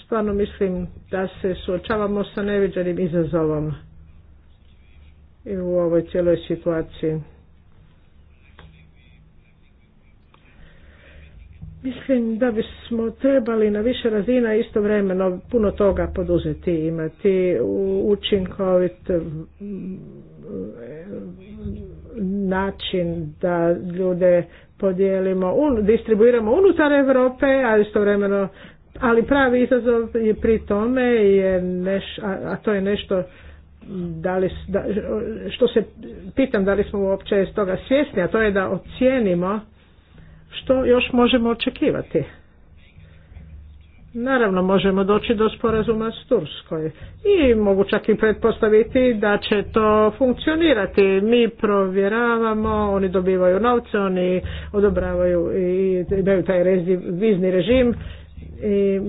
Stvarno mislim da se suočavamo sa neviđenim izazovom i u ovoj cijeloj situaciji. Mislim da bismo trebali na više razina istovremeno puno toga poduzeti, imati učinkovit način da ljude podijelimo, un, distribuiramo unutar Europe, a istovremeno ali pravi izazov je pri tome je neš, a, a to je nešto da li, da, što se pitam da li smo uopće iz toga svjesni, a to je da ocijenimo što još možemo očekivati. Naravno, možemo doći do sporazuma s Turskoj i mogu čak i pretpostaviti da će to funkcionirati. Mi provjeravamo, oni dobivaju novce, oni odobravaju i imaju taj vizni režim. I,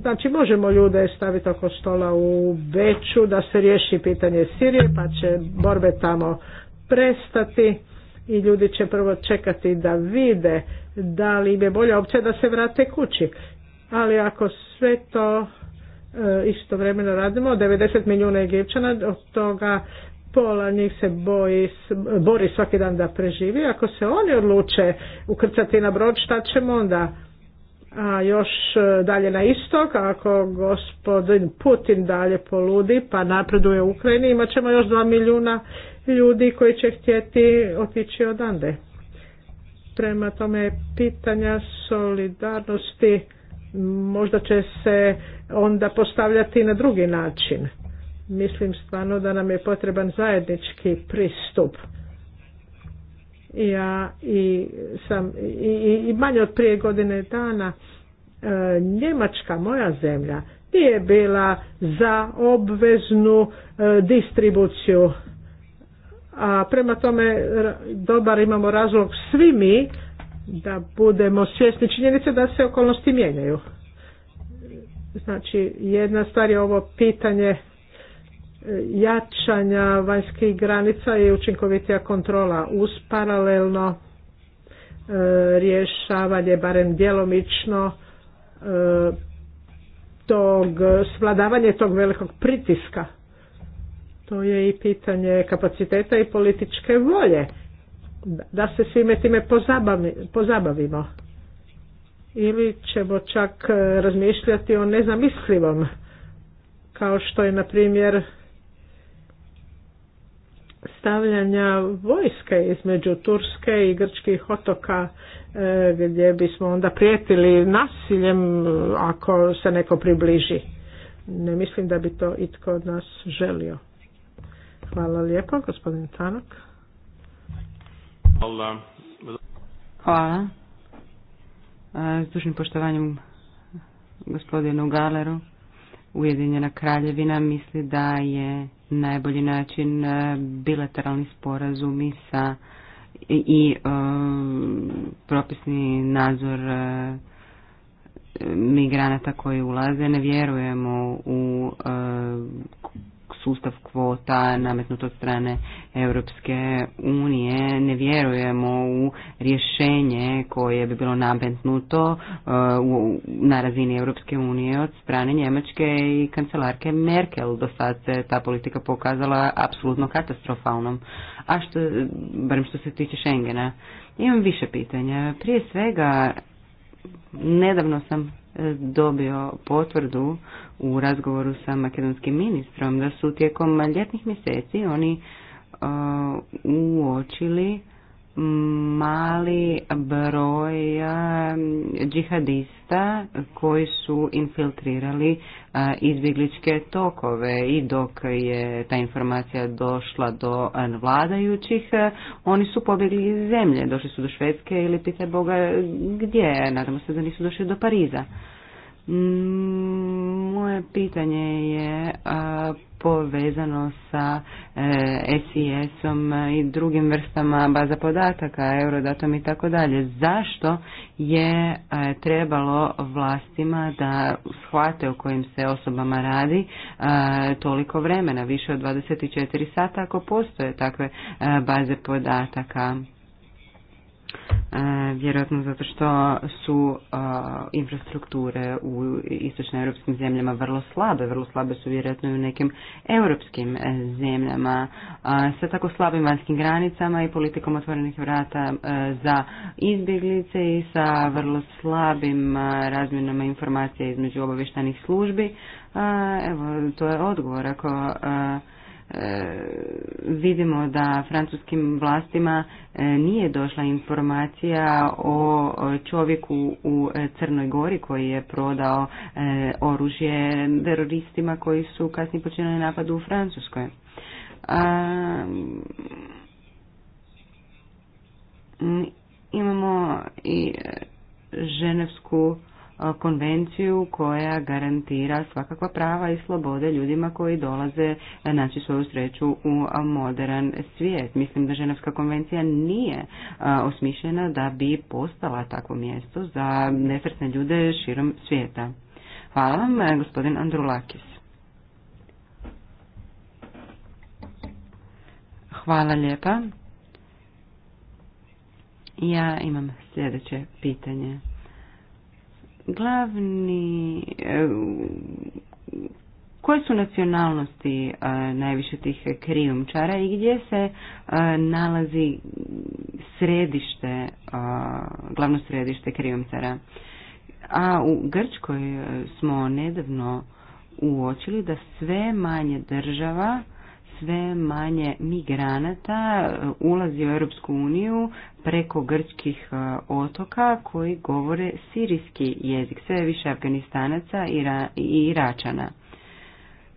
znači, možemo ljude staviti oko stola u veću da se riješi pitanje Sirije, pa će borbe tamo prestati i ljudi će prvo čekati da vide da li im je bolja opcija da se vrate kući ali ako sve to e, istovremeno radimo, 90 milijuna Egipćana, od toga pola njih se boji, bori svaki dan da preživi. Ako se oni odluče ukrcati na brod, šta ćemo onda? A još e, dalje na istok, ako gospodin Putin dalje poludi pa napreduje u Ukrajini, imat ćemo još 2 milijuna ljudi koji će htjeti otići odande. Prema tome pitanja solidarnosti možda će se onda postavljati na drugi način. Mislim stvarno da nam je potreban zajednički pristup. Ja i, sam, i, i manje od prije godine dana e, Njemačka, moja zemlja, nije bila za obveznu e, distribuciju. A prema tome dobar imamo razlog svi mi da budemo svjesni činjenice da se okolnosti mijenjaju. Znači, jedna stvar je ovo pitanje e, jačanja vanjskih granica i učinkovitija kontrola uz paralelno e, rješavanje barem djelomično e, tog svladavanje tog velikog pritiska. To je i pitanje kapaciteta i političke volje da se svime time pozabavi, pozabavimo ili ćemo čak e, razmišljati o nezamislivom kao što je na primjer stavljanja vojske između Turske i Grčkih otoka e, gdje bismo onda prijetili nasiljem e, ako se neko približi. Ne mislim da bi to itko od nas želio. Hvala lijepo, gospodin Tanok. Hvala. S dužnim poštovanjem gospodinu Galeru, Ujedinjena kraljevina misli da je najbolji način e, bilateralni sporazumi sa i, i e, propisni nadzor e, migranata koji ulaze. Ne vjerujemo u sustav kvota nametnut od strane Europske unije. Ne vjerujemo u rješenje koje bi bilo nametnuto uh, na razini Europske unije od strane Njemačke i kancelarke Merkel. Do sad se ta politika pokazala apsolutno katastrofalnom. A što, barem što se tiče Schengena, imam više pitanja. Prije svega, Nedavno sam e, dobio potvrdu u razgovoru sa makedonskim ministrom da su tijekom ljetnih mjeseci oni e, uočili mali broj džihadista koji su infiltrirali izbjegličke tokove i dok je ta informacija došla do vladajućih, oni su pobjegli iz zemlje, došli su do Švedske ili pitaj Boga gdje, nadamo se da nisu došli do Pariza. Moje pitanje je povezano sa e, SIS-om i drugim vrstama baza podataka, Eurodatom i tako dalje. Zašto je e, trebalo vlastima da shvate o kojim se osobama radi e, toliko vremena, više od 24 sata ako postoje takve baze podataka? E, vjerojatno zato što su e, infrastrukture u istočnoeuropskim zemljama vrlo slabe, vrlo slabe su vjerojatno i u nekim europskim e, zemljama sa tako slabim vanjskim granicama i politikom otvorenih vrata za izbjeglice i sa vrlo slabim razmjenama informacija između obavještajnih službi. Evo, to je odgovor ako Eh, vidimo da francuskim vlastima eh, nije došla informacija o čovjeku u eh, Crnoj Gori koji je prodao oružje teroristima koji su kasnije počinili napad u Francuskoj. imamo i ženevsku konvenciju koja garantira svakakva prava i slobode ljudima koji dolaze e, naći svoju sreću u modern svijet. Mislim da Ženevska konvencija nije osmišljena da bi postala takvo mjesto za nesretne ljude širom svijeta. Hvala vam, e, gospodin Andrulakis. Hvala lijepa. Ja imam sljedeće pitanje. Glavni, e, koje su nacionalnosti e, najviše tih krijumčara i gdje se e, nalazi središte, glavno središte krijumčara? A u Grčkoj smo nedavno uočili da sve manje država sve manje migranata e, ulazi u Europsku uniju preko grčkih e, otoka koji govore sirijski jezik, sve više Afganistanaca i Iračana.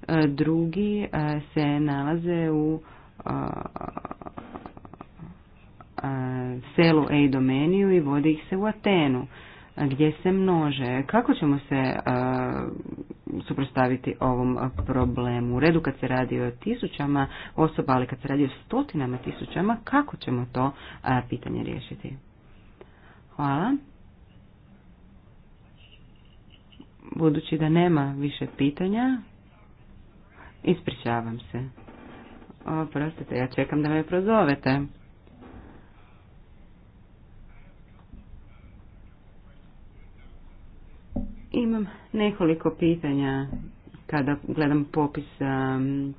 E, drugi se nalaze u selu Eidomeniju i vodi ih se u Atenu gdje se množe. Kako ćemo se e, suprostaviti ovom problemu? U redu kad se radi o tisućama osoba, ali kad se radi o stotinama tisućama, kako ćemo to e, pitanje riješiti? Hvala. Budući da nema više pitanja, ispričavam se. prostite, ja čekam da me prozovete. Imam nekoliko pitanja kada gledam popis um,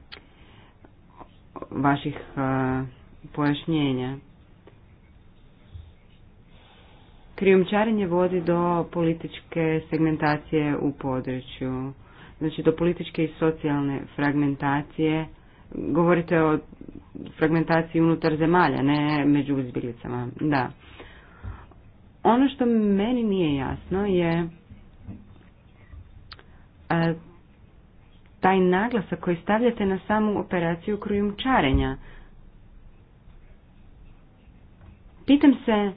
vaših uh, pojašnjenja. Krijumčarenje vodi do političke segmentacije u području, znači do političke i socijalne fragmentacije. Govorite o fragmentaciji unutar zemalja, ne među izbjeglicama. Da. Ono što meni nije jasno je taj naglasak koji stavljate na samu operaciju krijumčarenja. Pitam se,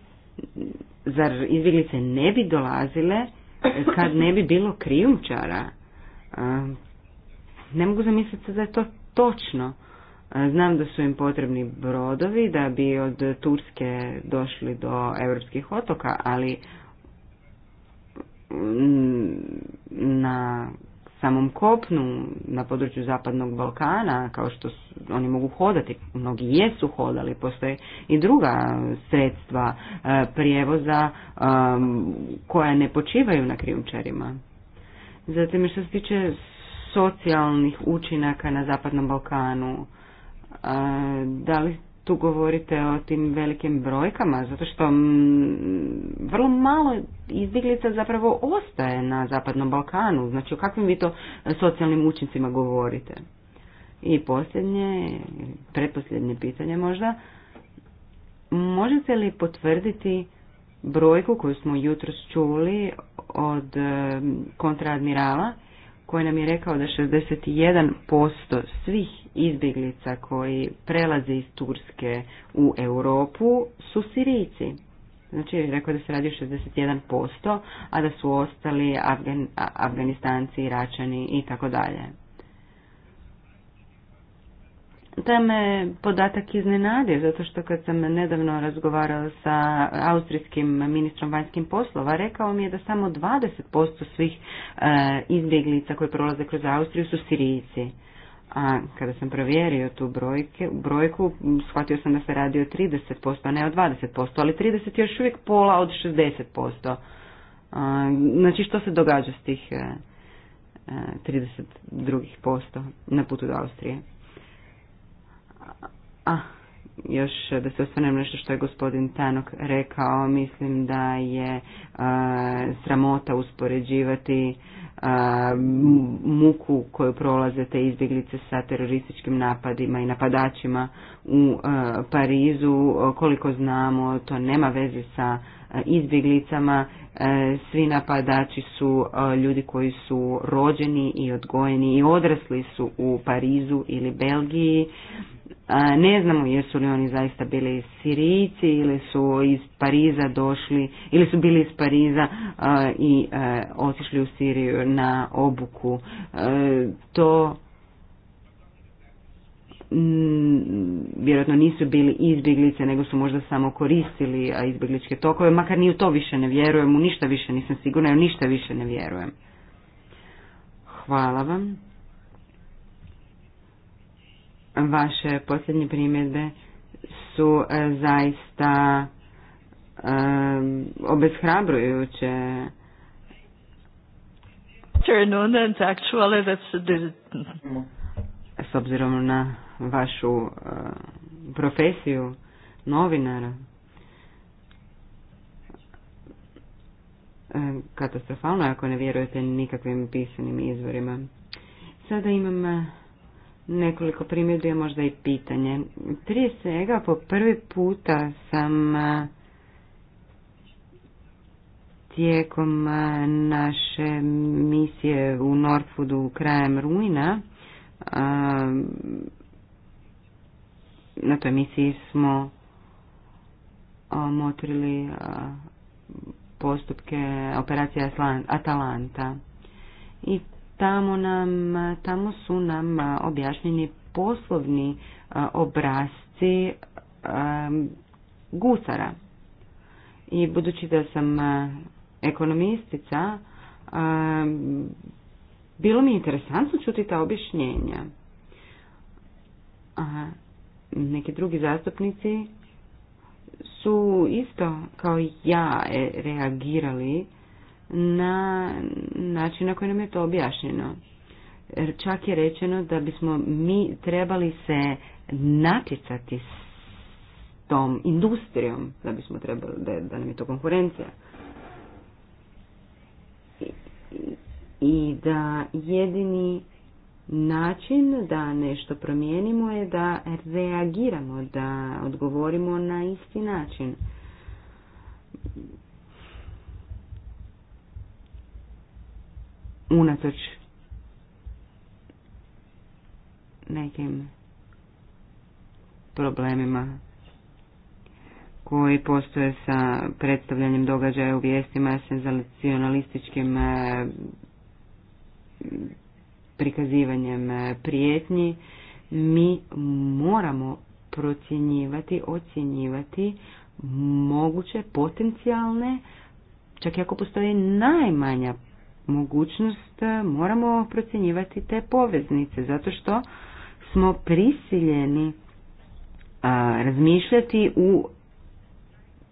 zar izviglice ne bi dolazile kad ne bi bilo krijumčara? Ne mogu zamisliti da je to točno. Znam da su im potrebni brodovi da bi od Turske došli do europskih otoka, ali na samom kopnu, na području Zapadnog Balkana, kao što oni mogu hodati, mnogi jesu hodali, postoje i druga sredstva e, prijevoza e, koja ne počivaju na krijumčarima. Zatim što se tiče socijalnih učinaka na Zapadnom Balkanu, e, da li tu govorite o tim velikim brojkama, zato što mm, vrlo malo izbjeglica zapravo ostaje na Zapadnom Balkanu. Znači o kakvim vi to socijalnim učincima govorite? I posljednje, pretposljednje pitanje možda, možete li potvrditi brojku koju smo jutros čuli od e, kontraadmirala koji nam je rekao da 61% svih izbjeglica koji prelazi iz Turske u Europu su Sirijci. Znači, rekao da se radi o 61%, a da su ostali Afgan, Afganistanci, Iračani i tako dalje. to me podatak iznenadio, zato što kad sam nedavno razgovarao sa austrijskim ministrom vanjskim poslova, rekao mi je da samo 20% svih e, izbjeglica koji prolaze kroz Austriju su Sirijci a kada sam provjerio tu brojke, brojku, shvatio sam da se radi o 30%, a ne o 20%, ali 30 još uvijek pola od 60%. A, znači što se događa s tih a, e, e, posto na putu do Austrije? A, još da se osvrnem nešto što je gospodin Tanok rekao, mislim da je e, sramota uspoređivati a, muku koju prolaze te izbjeglice sa terorističkim napadima i napadačima u e, Parizu. Koliko znamo, to nema veze sa e, izbjeglicama. E, svi napadači su ljudi koji su rođeni i odgojeni i odrasli su u Parizu ili Belgiji ne znamo jesu li oni zaista bili iz Sirijci ili su iz Pariza došli ili su bili iz Pariza i e, otišli u Siriju na obuku e, to mm, vjerojatno nisu bili izbjeglice nego su možda samo koristili izbjegličke tokove makar ni u to više ne vjerujem u ništa više nisam sigurna u ništa više ne vjerujem hvala vam vaše posljednje primjedbe su e, zaista um, e, obezhrabrujuće. S obzirom na vašu e, profesiju novinara, katastrofalno ako ne vjerujete nikakvim pisanim izvorima. Sada imam nekoliko primjedbi, možda i pitanje. Prije svega, po prvi puta sam tijekom naše misije u Norfudu krajem rujna, na toj misiji smo omotrili postupke operacije Atalanta i Tamo, nam, tamo su nam objašnjeni poslovni obrazci gusara. I budući da sam ekonomistica, bilo mi je interesantno čuti ta objašnjenja. A neki drugi zastupnici su isto kao ja e, reagirali na način na koji nam je to objašnjeno. Er, čak je rečeno da bismo mi trebali se natjecati s tom industrijom, da bismo trebali, da, da nam je to konkurencija. I, I da jedini način da nešto promijenimo je da reagiramo, da odgovorimo na isti način unatoč nekim problemima koji postoje sa predstavljanjem događaja u vijestima, senzacionalističkim eh, prikazivanjem eh, prijetnji, mi moramo procjenjivati, ocjenjivati moguće potencijalne, čak i ako postoji najmanja mogućnost e, moramo procjenjivati te poveznice zato što smo prisiljeni e, razmišljati u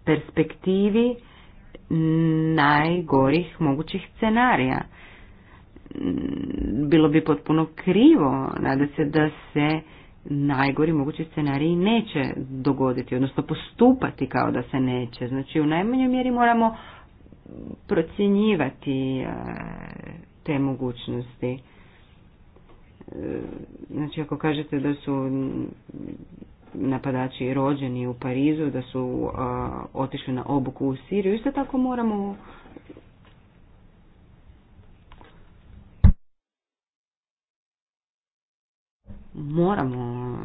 perspektivi najgorih mogućih scenarija. Mm, bilo bi potpuno krivo, nada se da se najgori mogući scenariji neće dogoditi, odnosno postupati kao da se neće. Znači u najmanjoj mjeri moramo procjenjivati e, te mogućnosti. E, znači ako kažete da su napadači rođeni u Parizu, da su e, otišli na obuku u Siriju, isto tako moramo moramo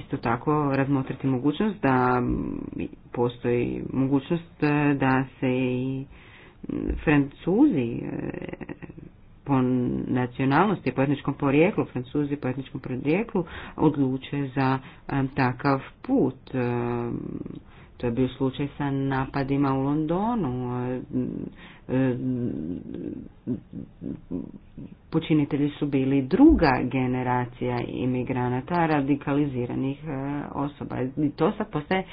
isto tako razmotriti mogućnost da postoji mogućnost e, da se i francuzi e, po nacionalnosti, po etničkom porijeklu, francuzi po etničkom porijeklu odluče za e, takav put to je bio slučaj sa napadima u Londonu. E, e, počinitelji su bili druga generacija imigranata, radikaliziranih e, osoba. I to sad postaje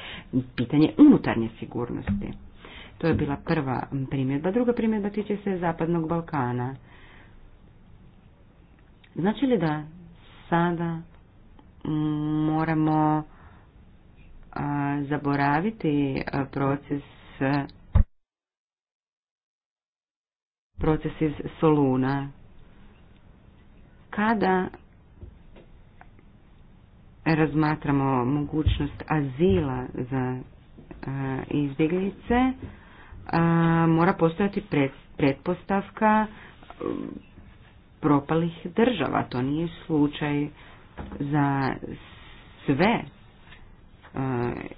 pitanje unutarnje sigurnosti. To je bila prva primjedba. Druga primjedba tiče se Zapadnog Balkana. Znači li da sada mm, moramo zaboraviti proces proces iz Soluna. Kada razmatramo mogućnost azila za izbjeglice, mora postojati pretpostavka propalih država. To nije slučaj za sve E,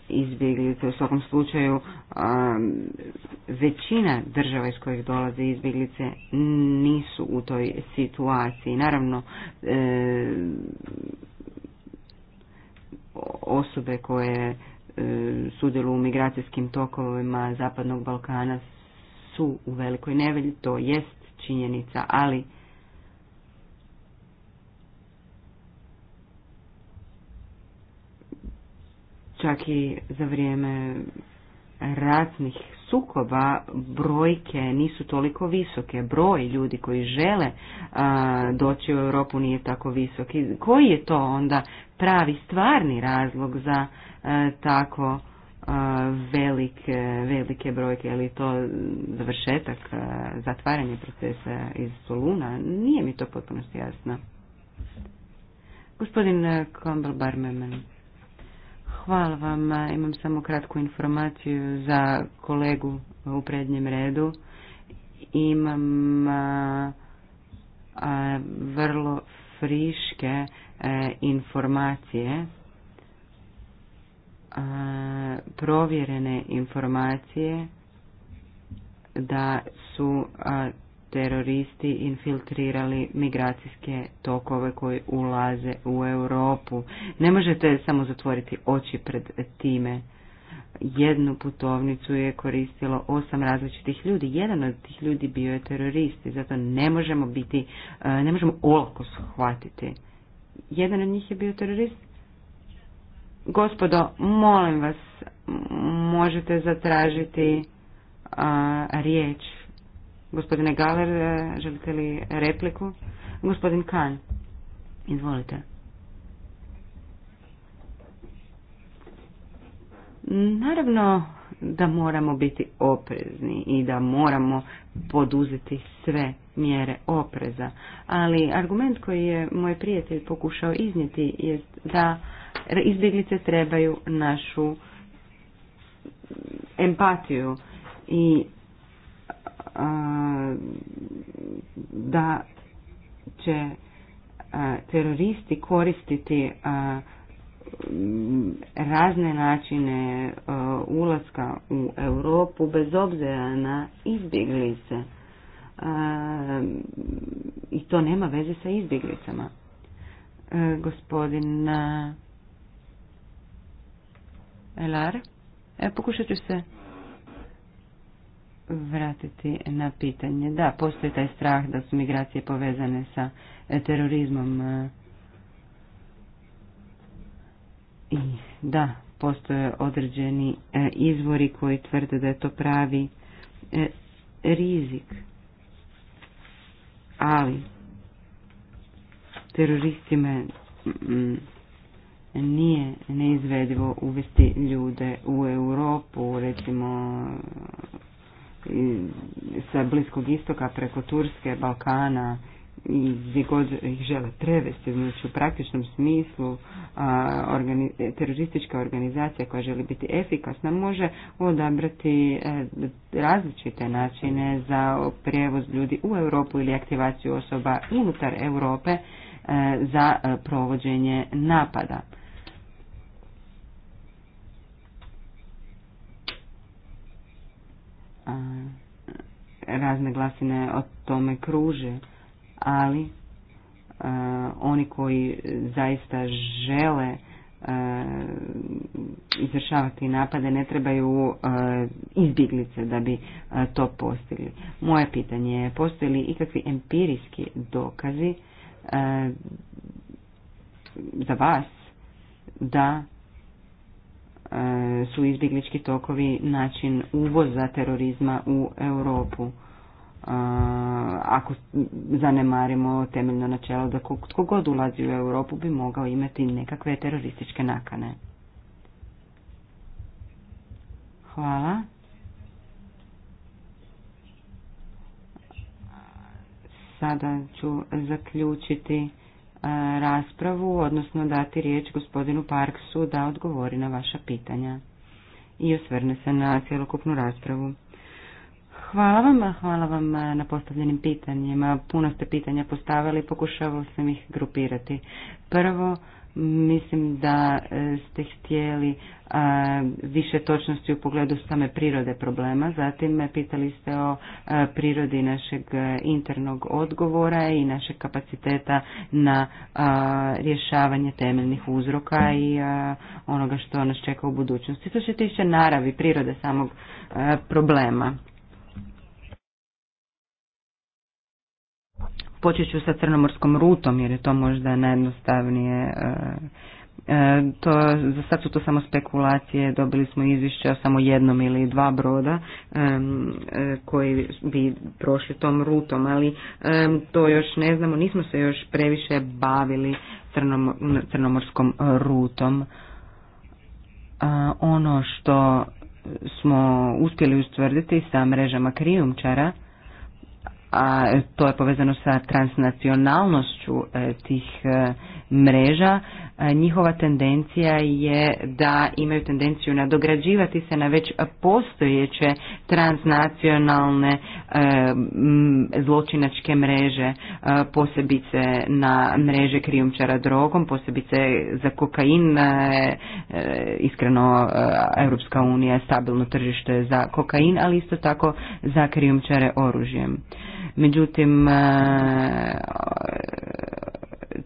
izbjeglice. U svakom slučaju e, većina država iz kojih dolaze izbjeglice nisu u toj situaciji. Naravno e, osobe koje sudjelu u migracijskim tokovima Zapadnog Balkana su u velikoj nevelji, to jest činjenica, ali Čak i za vrijeme ratnih sukoba brojke nisu toliko visoke. Broj ljudi koji žele doći u Europu nije tako visoki. Koji je to onda pravi stvarni razlog za tako velike brojke? Je li to završetak, zatvaranje procesa iz Soluna? Nije mi to potpuno jasno. Gospodin Kambel Barmemen. Hvala vam. Imam samo kratku informaciju za kolegu u prednjem redu. Imam vrlo friške e, informacije, provjerene informacije da su teroristi infiltrirali migracijske tokove koji ulaze u Europu. Ne možete samo zatvoriti oči pred time. Jednu putovnicu je koristilo osam različitih ljudi. Jedan od tih ljudi bio je terorist zato ne možemo biti, e, ne možemo olako shvatiti. Jedan od njih je bio terorist, Gospodo, molim vas, možete zatražiti riječ. Gospodine Galer, eh, želite li repliku? Gospodin Kan, izvolite. Naravno da moramo biti oprezni i da moramo poduzeti sve mjere opreza, ali argument koji je moj prijatelj pokušao iznijeti je da izbjeglice trebaju našu empatiju i da će teroristi koristiti razne načine ulaska u Europu bez obzira na izbjeglice i to nema veze sa izbjeglicama. Gospodin Elar, pokušat ću se vratiti na pitanje. Da, postoji taj strah da su migracije povezane sa e, terorizmom. E, I da, postoje određeni e, izvori koji tvrde da je to pravi rizik. Ali teroristima mm, nije neizvedivo uvesti ljude u Europu, recimo sa Bliskog istoka preko Turske, Balkana i gdje god ih žele prevesti, znači u praktičnom smislu teroristička organizacija koja želi biti efikasna može odabrati e, različite načine za prijevoz ljudi u Europu ili aktivaciju osoba unutar Europe e, za e, provođenje napada. razne glasine o tome kruže, ali oni koji zaista žele izvršavati napade ne trebaju izbjeglice da bi to postigli. Moje pitanje je postoje li ikakvi empirijski dokazi za vas da E, su izbjeglički tokovi način uvoza terorizma u Europu. E, ako zanemarimo temeljno načelo da tko god ulazi u Europu bi mogao imati nekakve terorističke nakane. Hvala. Sada ću zaključiti E, raspravu, odnosno dati riječ gospodinu Parksu da odgovori na vaša pitanja i osvrne se na cjelokupnu raspravu. Hvala vam, hvala vam na postavljenim pitanjima. Puno ste pitanja postavili, pokušavao sam ih grupirati. Prvo, Mislim da e, ste htjeli e, više točnosti u pogledu same prirode problema. Zatim me pitali ste o e, prirodi našeg internog odgovora i našeg kapaciteta na rješavanje temeljnih uzroka i onoga što nas čeka u budućnosti. To se tiče naravi, prirode samog problema. Počet ću sa crnomorskom rutom jer je to možda najjednostavnije. E, e, to, za sad su to samo spekulacije, dobili smo izvješće o samo jednom ili dva broda e, koji bi prošli tom rutom, ali to još ne znamo, nismo se još previše bavili crnom, crnomorskom rutom. A ono što smo uspjeli ustvrditi sa mrežama krijumčara a e, to je povezano sa transnacionalnošću e, tih e, mreža, njihova tendencija je da imaju tendenciju nadograđivati se na već postojeće transnacionalne zločinačke mreže, posebice na mreže krijumčara drogom, posebice za kokain, iskreno Europska unija je stabilno tržište za kokain, ali isto tako za krijumčare oružjem. Međutim, e,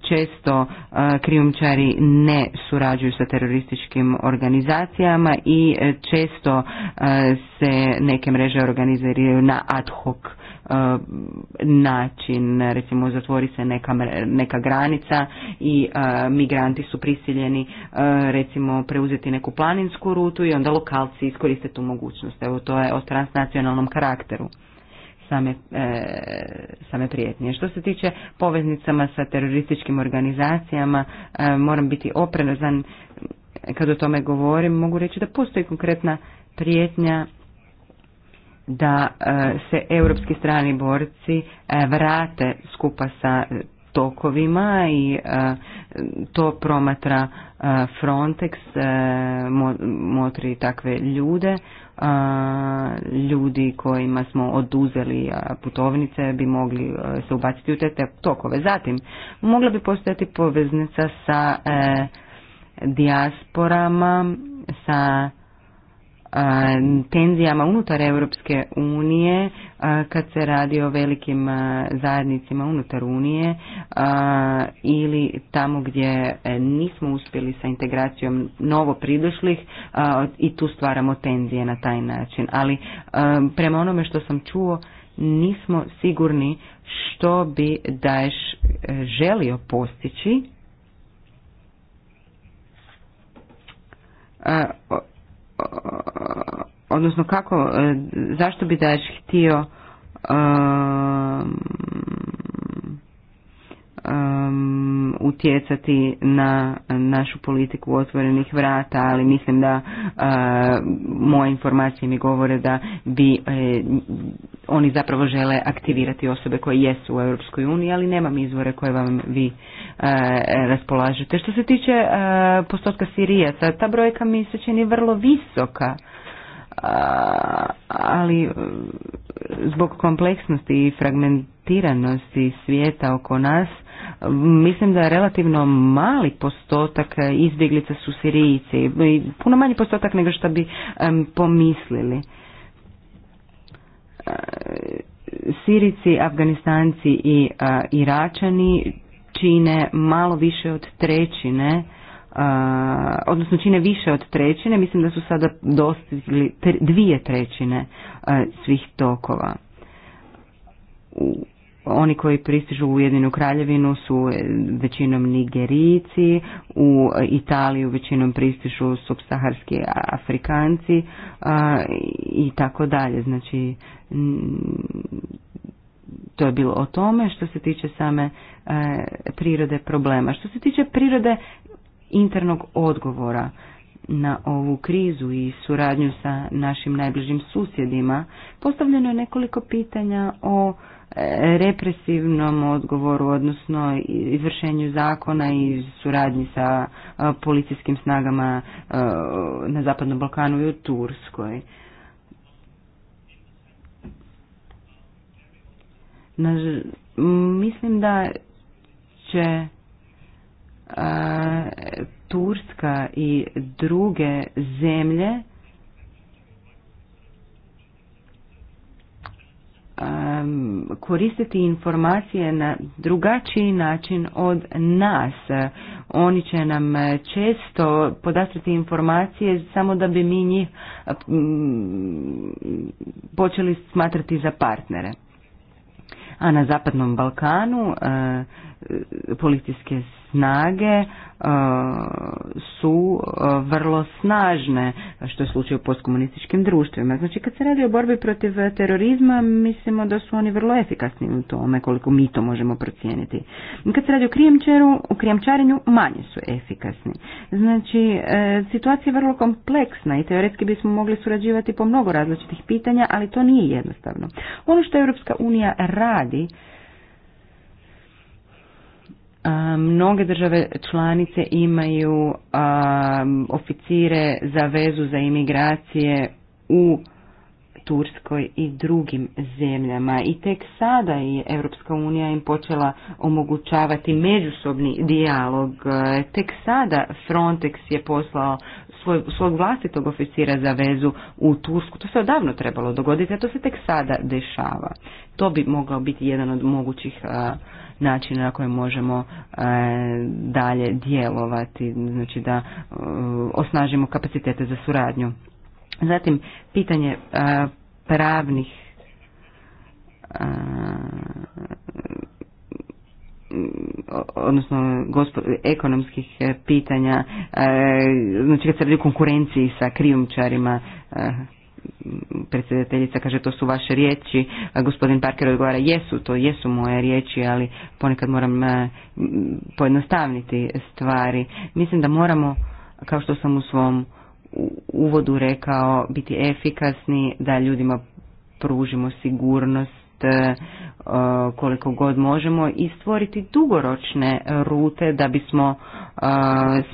često e, krijumčari ne surađuju sa terorističkim organizacijama i e, često se neke mreže organiziraju na ad hoc način, recimo zatvori se neka, neka granica i migranti su prisiljeni recimo preuzeti neku planinsku rutu i onda lokalci iskoriste tu mogućnost. Evo to je o transnacionalnom karakteru same, e, same prijetnje. Što se tiče poveznicama sa terorističkim organizacijama, e, moram biti oprezan kad o tome govorim, mogu reći da postoji konkretna prijetnja da e, se europski strani borci e, vrate skupa sa tokovima i to promatra Frontex, motri takve ljude ljudi kojima smo oduzeli putovnice bi mogli se ubaciti u te tokove. Zatim, mogla bi postojati poveznica sa e, dijasporama, sa tenzijama unutar Europske unije kad se radi o velikim zajednicima unutar unije ili tamo gdje e, nismo uspjeli sa integracijom novo pridošlih i tu stvaramo tenzije na taj način. Ali prema onome što sam čuo nismo sigurni što bi Daesh e, želio postići odnosno kako, e, zašto bi Daesh htio e, utjecati na našu politiku otvorenih vrata, ali mislim da e, moje informacije mi govore da bi oni zapravo žele aktivirati osobe koje jesu u Europskoj uniji, ali nemam izvore koje vam vi e, raspolažete. Što se tiče e, postotka Sirijaca, ta brojka mi se čini vrlo visoka, ali e, zbog kompleksnosti i fragmentiranosti svijeta oko nas, mislim da je relativno mali postotak izbjeglica su Sirijice i puno manji postotak nego što bi pomislili. Sirici, Afganistanci i Iračani čine malo više od trećine odnosno čine više od trećine, mislim da su sada dostigli dvije trećine svih tokova. Oni koji pristižu u Ujedinu kraljevinu su e, većinom Nigerijci, u Italiju većinom pristižu subsaharski Afrikanci i tako dalje. Znači, to je bilo o tome što se tiče same e, prirode problema. Što se tiče prirode internog odgovora na ovu krizu i suradnju sa našim najbližim susjedima, postavljeno je nekoliko pitanja o E, represivnom odgovoru, odnosno izvršenju zakona i suradnji sa e, policijskim snagama e, na Zapadnom Balkanu i u Turskoj. mislim da će Turska i druge zemlje koristiti informacije na drugačiji način od nas. Oni će nam e, često podastrati informacije samo da bi mi njih mm, počeli smatrati za partnere. A na Zapadnom Balkanu e, policijske snage e, su e, vrlo snažne, što je slučaj u postkomunističkim društvima. Znači kad se radi o borbi protiv terorizma, mislimo da su oni vrlo efikasni u tome koliko mi to možemo procijeniti. Kad se radi o krijemčaru, u krijemčarenju manje su efikasni. Znači e, situacija je vrlo kompleksna i teoretski bismo mogli surađivati po mnogo različitih pitanja, ali to nije jednostavno. Ono što Europska unija radi Mnoge države članice imaju oficire za vezu za imigracije u Turskoj i drugim zemljama i tek sada je Europska unija im počela omogućavati međusobni dijalog. E, tek sada Frontex je poslao svoj, svog vlastitog oficira za vezu u Tursku. To se odavno trebalo dogoditi, a to se tek sada dešava. To bi mogao biti jedan od mogućih e, načina na koje možemo e, dalje djelovati, znači da e, osnažimo kapacitete za suradnju. Zatim, pitanje pravnih odnosno gospod, ekonomskih e, pitanja, e, znači kad se radi konkurenciji sa krijumčarima, e, predsjedateljica kaže to su vaše riječi, gospodin Parker odgovara jesu, to jesu moje riječi, ali ponekad moram pojednostavniti stvari. Mislim da moramo, kao što sam u svom uvodu rekao, biti efikasni, da ljudima pružimo sigurnost, E, e, koliko god možemo i stvoriti dugoročne rute da bismo e,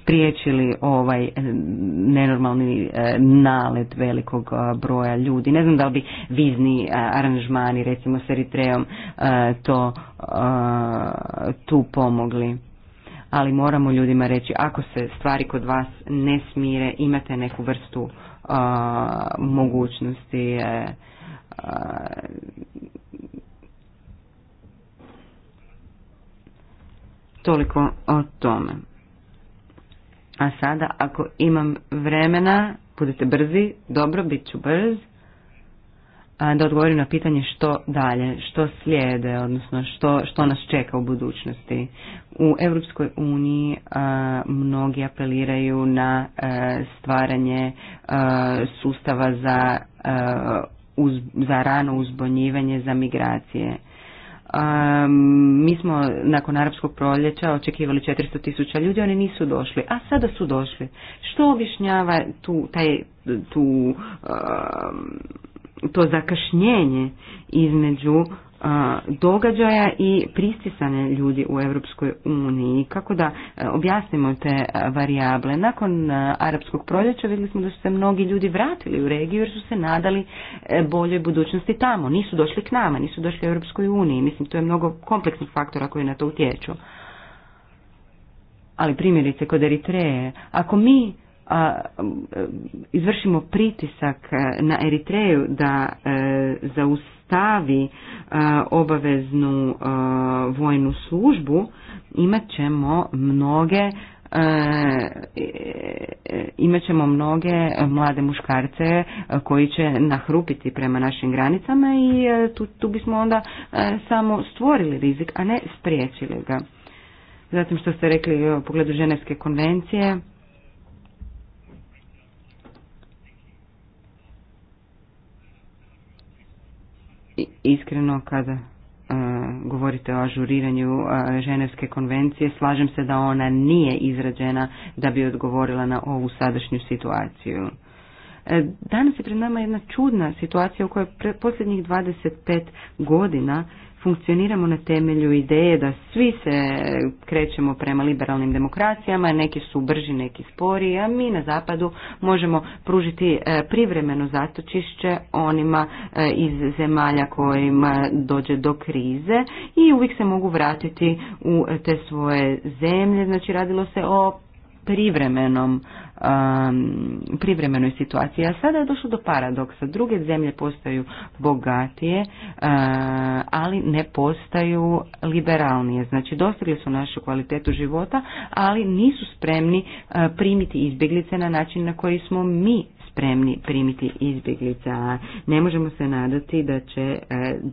spriječili ovaj nenormalni nalet velikog broja ljudi. Ne znam da li bi vizni aranžmani recimo s Eritrejom to tu pomogli ali moramo ljudima reći ako se stvari kod vas ne smire imate neku vrstu mogućnosti Toliko o tome. A sada, ako imam vremena, budite brzi, dobro, bit ću brz, da odgovorim na pitanje što dalje, što slijede, odnosno što, što nas čeka u budućnosti. U Europskoj uniji mnogi apeliraju na e, stvaranje e, sustava za, e, za rano uzbonjivanje za migracije mi smo nakon arapskog proljeća očekivali 400 tisuća ljudi, oni nisu došli, a sada su došli. Što objašnjava tu, taj, tu, to zakašnjenje između događaja i pristisane ljudi u Europskoj uniji. Kako da e, objasnimo te e, varijable? Nakon e, arapskog proljeća vidjeli smo da su se mnogi ljudi vratili u regiju jer su se nadali boljoj budućnosti tamo. Nisu došli k nama, nisu došli u Europskoj uniji. Mislim, to je mnogo kompleksnih faktora koji na to utječu. Ali primjerice kod Eritreje, ako mi izvršimo pritisak na Eritreju da za stavi e, obaveznu e, vojnu službu, imat ćemo mnoge e, imat ćemo mnoge mlade muškarce koji će nahrupiti prema našim granicama i tu, tu bismo onda samo stvorili rizik, a ne spriječili ga. Zatim što ste rekli u pogledu ženevske konvencije, iskreno kada e, govorite o ažuriranju e, Ženevske konvencije, slažem se da ona nije izrađena da bi odgovorila na ovu sadašnju situaciju. E, danas je pred nama jedna čudna situacija u kojoj posljednjih 25 godina funkcioniramo na temelju ideje da svi se krećemo prema liberalnim demokracijama, neki su brži, neki spori, a mi na zapadu možemo pružiti e, privremeno zatočišće onima e, iz zemalja kojima dođe do krize i uvijek se mogu vratiti u te svoje zemlje. Znači radilo se o privremenom um, privremenoj situaciji. A sada je došlo do paradoksa. Druge zemlje postaju bogatije, uh, ali ne postaju liberalnije. Znači, dostigli su našu kvalitetu života, ali nisu spremni uh, primiti izbjeglice na način na koji smo mi spremni primiti a Ne možemo se nadati da će uh,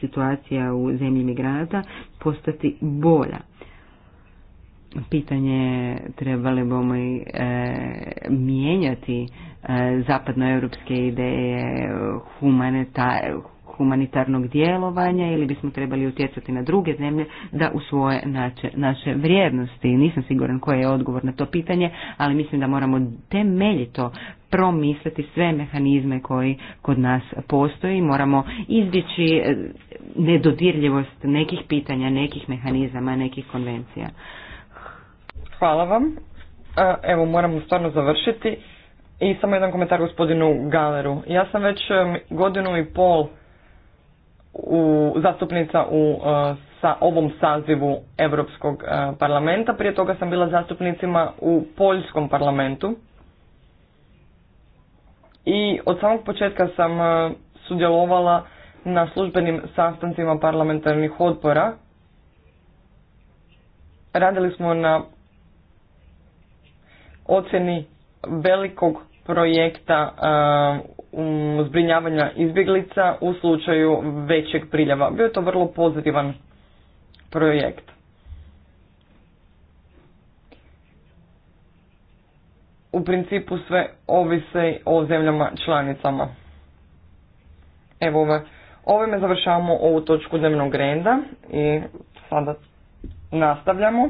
situacija u zemlji migranata postati bolja pitanje trebali bomo i e, mijenjati e, zapadnoevropske ideje humaneta humanitarnog djelovanja ili bismo trebali utjecati na druge zemlje da usvoje naše, naše vrijednosti. Nisam siguran koji je odgovor na to pitanje, ali mislim da moramo temeljito promisliti sve mehanizme koji kod nas postoji. Moramo izbjeći e, nedodirljivost nekih pitanja, nekih mehanizama, nekih konvencija. Hvala vam. E, evo, moram stvarno završiti. I samo jedan komentar gospodinu Galeru. Ja sam već godinu i pol u, zastupnica u, e, sa ovom sazivu Europskog e, parlamenta. Prije toga sam bila zastupnicima u Poljskom parlamentu. I od samog početka sam sudjelovala na službenim sastancima parlamentarnih odbora. Radili smo na ocjeni velikog projekta eh, um, zbrinjavanja izbjeglica u slučaju većeg priljava. Bio je to vrlo pozitivan projekt. U principu sve ovise o zemljama članicama. Evo ove. Ovime završavamo ovu točku dnevnog renda i sada nastavljamo.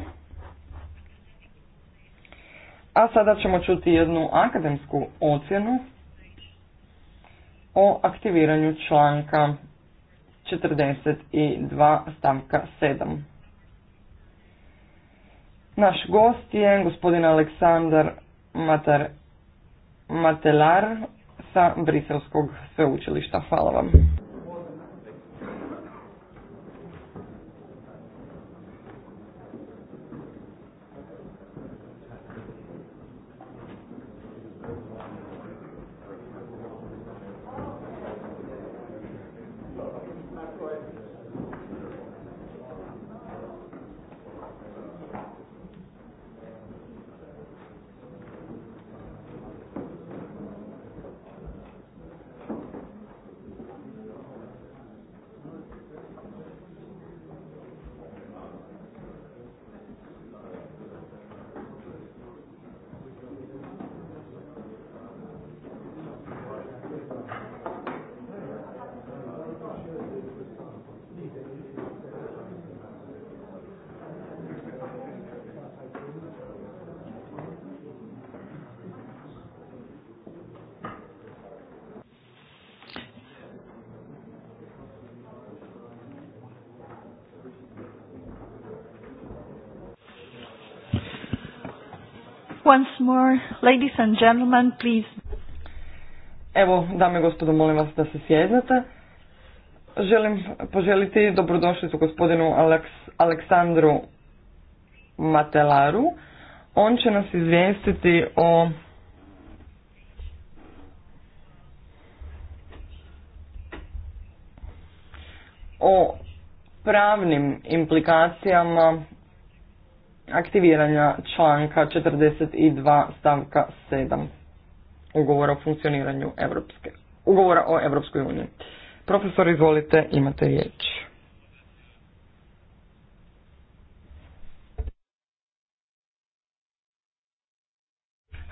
A sada ćemo čuti jednu akademsku ocjenu o aktiviranju članka 42 stavka 7. Naš gost je gospodin Aleksandar Matelar sa Briselskog sveučilišta. Hvala vam. more. Ladies and gentlemen, please. Evo, dame i gospodo, molim vas da se sjednete. Želim poželiti dobrodošlicu gospodinu Aleksandru Matelaru. On će nas izvijestiti o o pravnim implikacijama aktiviranja članka 42 stavka 7 ugovora o funkcioniranju Evropske, ugovora o Europskoj uniji. Profesor, izvolite, imate riječ.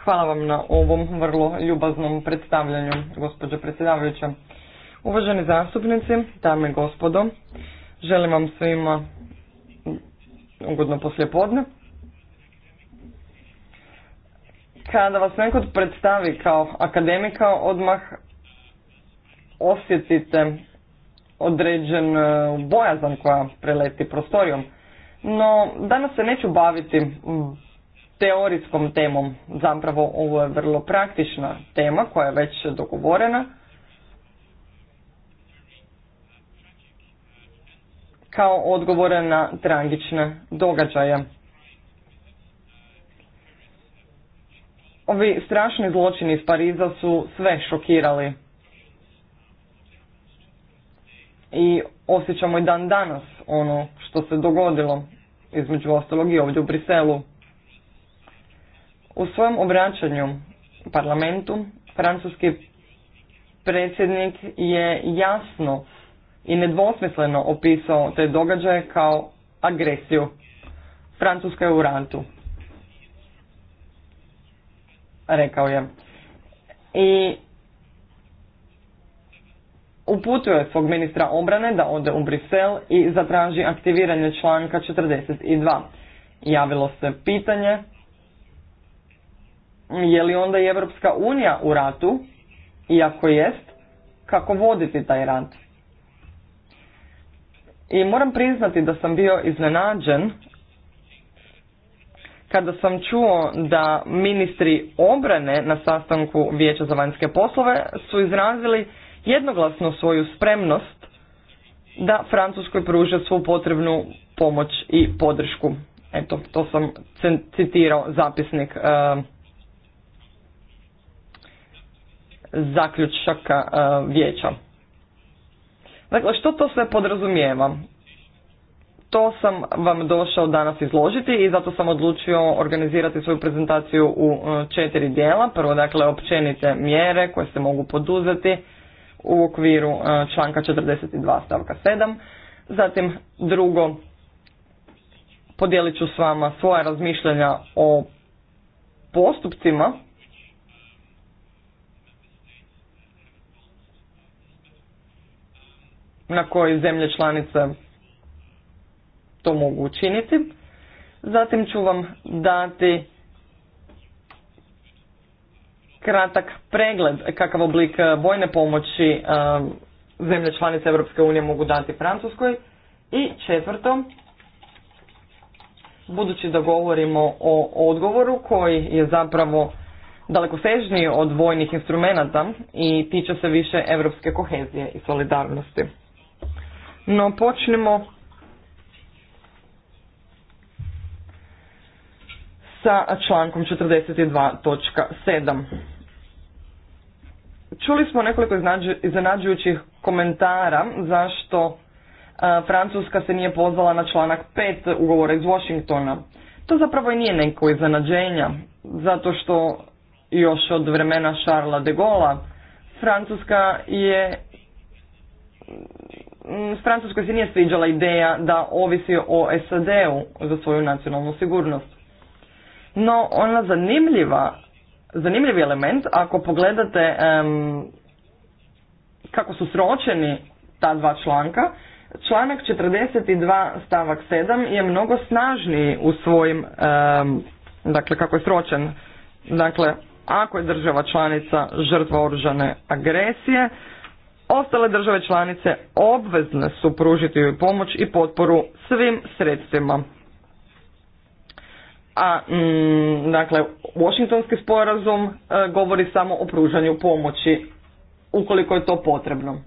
Hvala vam na ovom vrlo ljubaznom predstavljanju, gospođo predsjedavajuća. Uvaženi zastupnici, dame i gospodo, želim vam svima ugodno poslijepodne. Kada vas neko predstavi kao akademika, odmah osjetite određen e, bojazan koja preleti prostorijom. No, danas se neću baviti teorijskom temom. Zapravo ovo je vrlo praktična tema koja je već dogovorena kao odgovore na tragične događaje. Ovi strašni zločini iz Pariza su sve šokirali. I osjećamo i dan danas ono što se dogodilo, između ostalog i ovdje u Briselu. U svojem obraćanju parlamentu francuski predsjednik je jasno i nedvosmisleno opisao te događaje kao agresiju. Francuska je u rantu. Rekao je. I je svog ministra obrane da ode u Brisel i zatraži aktiviranje članka 42. Javilo se pitanje je li onda i Evropska unija u ratu, iako jest, kako voditi taj rat. I moram priznati da sam bio iznenađen kada sam čuo da ministri obrane na sastanku Vijeća za vanjske poslove su izrazili jednoglasno svoju spremnost da Francuskoj pruže svu potrebnu pomoć i podršku. Eto, to sam citirao zapisnik e, zaključaka e, vijeća. Dakle, što to sve podrazumijeva? To sam vam došao danas izložiti i zato sam odlučio organizirati svoju prezentaciju u e, četiri dijela. Prvo, dakle, općenite mjere koje se mogu poduzeti u okviru e, članka 42 stavka 7. Zatim, drugo, podijelit ću s vama svoja razmišljanja o postupcima na koji zemlje članice to mogu učiniti. Zatim ću vam dati kratak pregled kakav oblik vojne pomoći zemlje članice Europske unije mogu dati Francuskoj. I četvrto, budući da govorimo o odgovoru koji je zapravo dalekosežniji od vojnih instrumenata i tiče se više europske kohezije i solidarnosti. No počnemo sa člankom 42.7. Čuli smo nekoliko iznenađujućih komentara zašto e, Francuska se nije pozvala na članak 5 ugovora iz Washingtona. To zapravo i nije neko iznenađenja, zato što još od vremena Charlesa de Gaulle Francuska je Mm, Francuskoj se nije sviđala ideja da ovisi o SAD-u za svoju nacionalnu sigurnost. No, ona zanimljiva, zanimljivi element, ako pogledate kako su sročeni ta dva članka, članak 42 stavak 7 je mnogo snažniji u svojim, dakle kako je sročen, dakle ako je država članica žrtva oružane agresije, Ostale države članice obvezne su pružiti pomoć i potporu svim sredstvima. A, mm, dakle, Washingtonski sporazum e, govori samo o pružanju pomoći, ukoliko je to potrebno.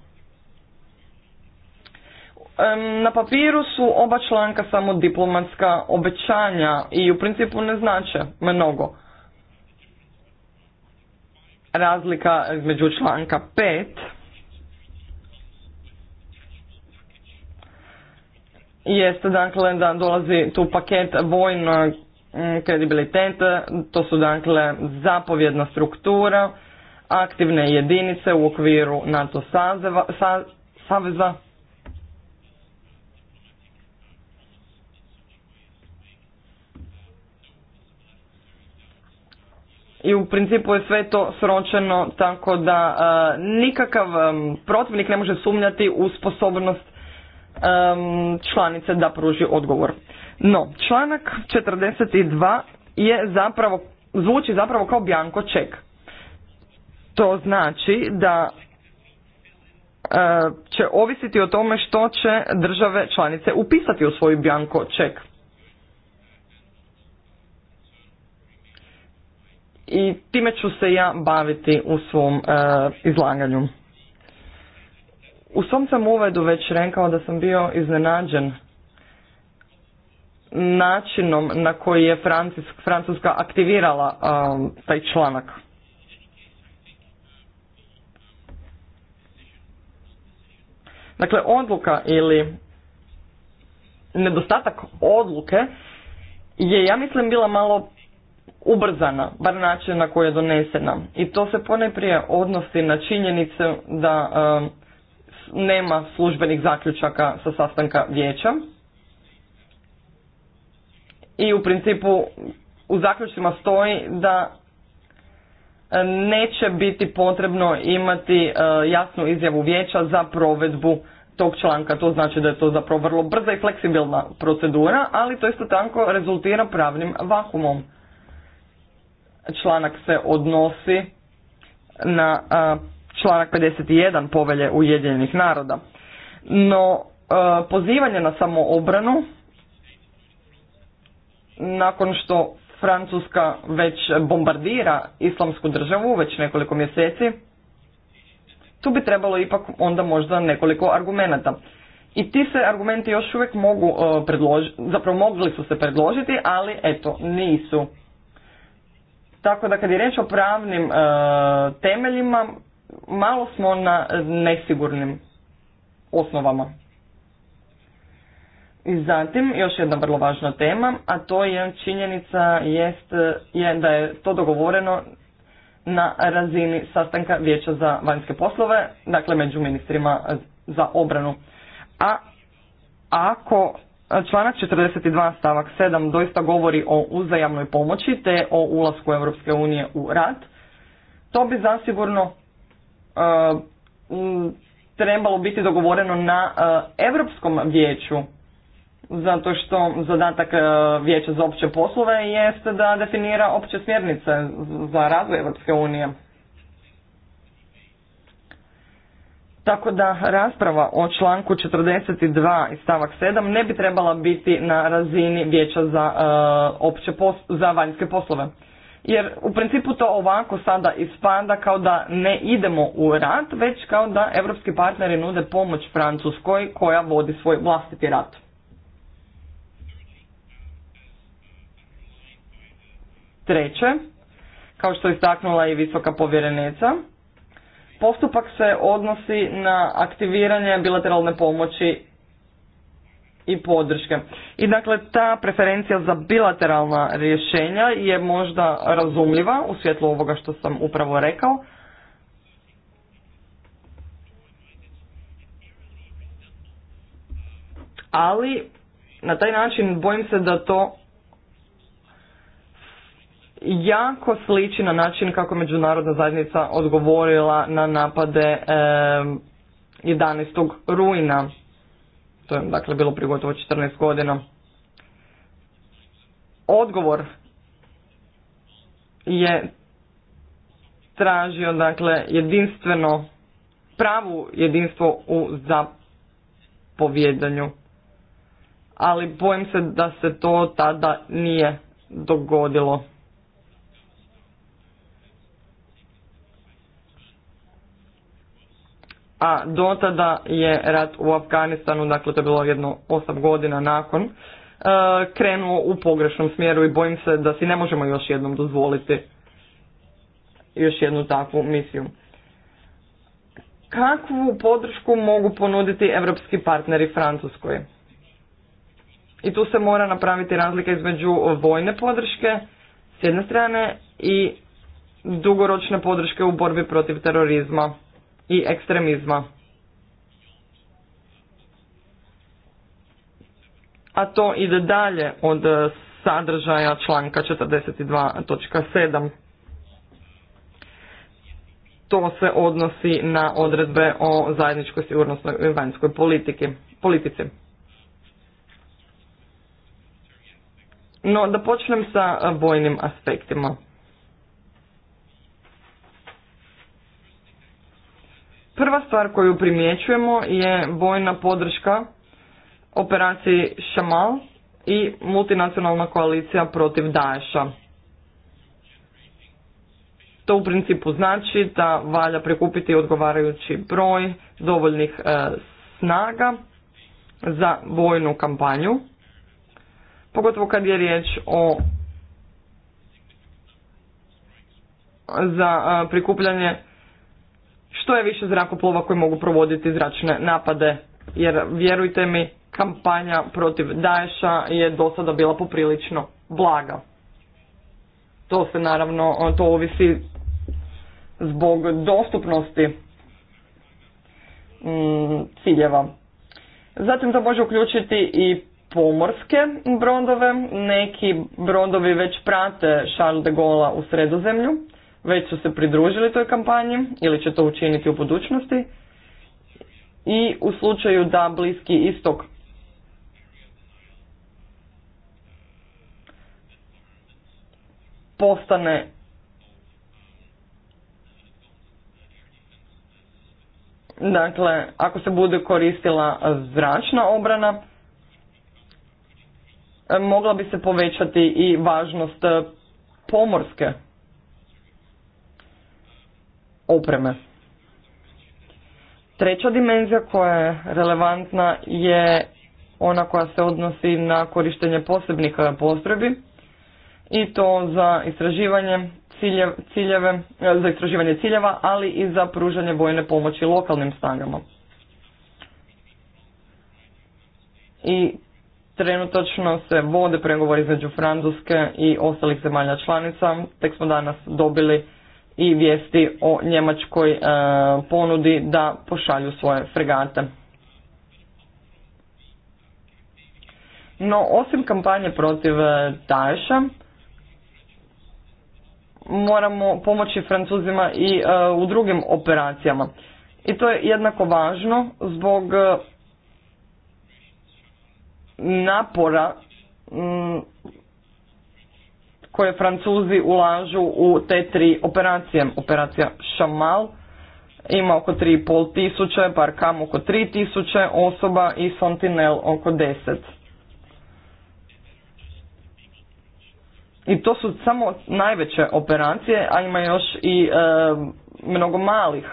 na papiru su oba članka samo diplomatska obećanja i u principu ne znače mnogo. Razlika između članka pet. jeste dakle da dolazi tu paket vojnog mm, kredibiliteta, to su dakle zapovjedna struktura, aktivne jedinice u okviru NATO sazeva, saveza, i u principu je sve to sročeno tako da e, nikakav mm, protivnik ne može sumnjati u sposobnost članice da pruži odgovor. No, članak 42 je zapravo, zvuči zapravo kao bjanko ček. To znači da e, će ovisiti o tome što će države članice upisati u svoj bjanko ček. I time ću se ja baviti u svom e, izlaganju. U svom sam uvedu već rekao da sam bio iznenađen načinom na koji je Francuska, Francuska aktivirala um, taj članak. Dakle, odluka ili nedostatak odluke je, ja mislim, bila malo ubrzana, bar način na koji je donesena. I to se prije odnosi na činjenicu da um, nema službenih zaključaka sa sastanka vijeća i u principu u zaključcima stoji da e, neće biti potrebno imati e, jasnu izjavu vijeća za provedbu tog članka. To znači da je to zapravo vrlo brza i fleksibilna procedura, ali to isto tako rezultira pravnim vakumom. Članak se odnosi na članak 51 povelje Ujedinjenih naroda. No, e, pozivanje na samoobranu nakon što Francuska već bombardira islamsku državu već nekoliko mjeseci, tu bi trebalo ipak onda možda nekoliko argumenata. I ti se argumenti još uvijek mogu e, predložiti, zapravo mogli su se predložiti, ali eto, nisu. Tako da kad je riječ o pravnim e, temeljima, malo smo na nesigurnim osnovama. I zatim, još jedna vrlo važna tema, a to je činjenica jest, je da je to dogovoreno na razini sastanka Vijeća za vanjske poslove, dakle među ministrima za obranu. A ako članak 42 stavak 7 doista govori o uzajamnoj pomoći te o ulasku Europske unije u rad, to bi zasigurno E, trebalo biti dogovoreno na e, Europskom vijeću zato što zadatak e, Vijeća za opće poslove jeste da definira opće smjernice za razvoj Europske unije. Tako da rasprava o članku 42 i stavak 7 ne bi trebala biti na razini Vijeća za, opće za vanjske poslove jer u principu to ovako sada ispada kao da ne idemo u rat, već kao da evropski partneri nude pomoć Francuskoj koja vodi svoj vlastiti rat. Treće, kao što je istaknula i visoka povjerenica, postupak se odnosi na aktiviranje bilateralne pomoći i podrške. I dakle ta preferencija za bilateralna rješenja je možda razumljiva u svjetlu ovoga što sam upravo rekao. Ali na taj način bojim se da to jako sliči na način kako međunarodna zajednica odgovorila na napade 11. rujna to je dakle bilo prije gotovo 14 godina. Odgovor je tražio dakle jedinstveno pravu jedinstvo u zapovjedanju. Ali bojim se da se to tada nije dogodilo. a dotada je rat u Afganistanu, dakle to je bilo jedno osam godina nakon, e, krenuo u pogrešnom smjeru i bojim se da si ne možemo još jednom dozvoliti još jednu takvu misiju. Kakvu podršku mogu ponuditi evropski partneri Francuskoj? I tu se mora napraviti razlika između vojne podrške s jedne strane i dugoročne podrške u borbi protiv terorizma i ekstremizma. A to ide dalje od e, sadržaja članka 42.7. To se odnosi na odredbe o zajedničkoj sigurnosnoj i vanjskoj politici. No, da počnem sa vojnim aspektima. Prva stvar koju primjećujemo je vojna podrška operaciji Šamal i multinacionalna koalicija protiv Daesha. To u principu znači da valja prikupiti odgovarajući broj dovoljnih e, snaga za vojnu kampanju, pogotovo kad je riječ o za e, prikupljanje što je više zrakoplova koji mogu provoditi zračne napade. Jer vjerujte mi, kampanja protiv Daesha je do sada bila poprilično blaga. To se naravno, to ovisi zbog dostupnosti mm, ciljeva. Zatim to može uključiti i pomorske brondove. Neki brondovi već prate Charles de Gaulle u sredozemlju već su se pridružili toj kampanji ili će to učiniti u budućnosti i u slučaju da Bliski istok postane dakle ako se bude koristila zračna obrana e, mogla bi se povećati i važnost pomorske opreme. Treća dimenzija koja je relevantna je ona koja se odnosi na korištenje posebnih e, postrojbi i to za istraživanje ciljev, ciljeve, e, za istraživanje ciljeva, ali i za pružanje vojne pomoći lokalnim snagama. I trenutačno se vode pregovori između Francuske i ostalih zemalja članica, tek smo danas dobili i vijesti o njemačkoj e, ponudi da pošalju svoje fregate. No, osim kampanje protiv e, Daesha, moramo pomoći Francuzima i e, u drugim operacijama. I to je jednako važno zbog napora koje Francuzi ulažu u te tri operacije. Operacija Šamal ima oko 3,5 tisuće, Barkam oko 3 tisuće osoba i Sentinel oko 10. I to su samo najveće operacije, a ima još i e, mnogo malih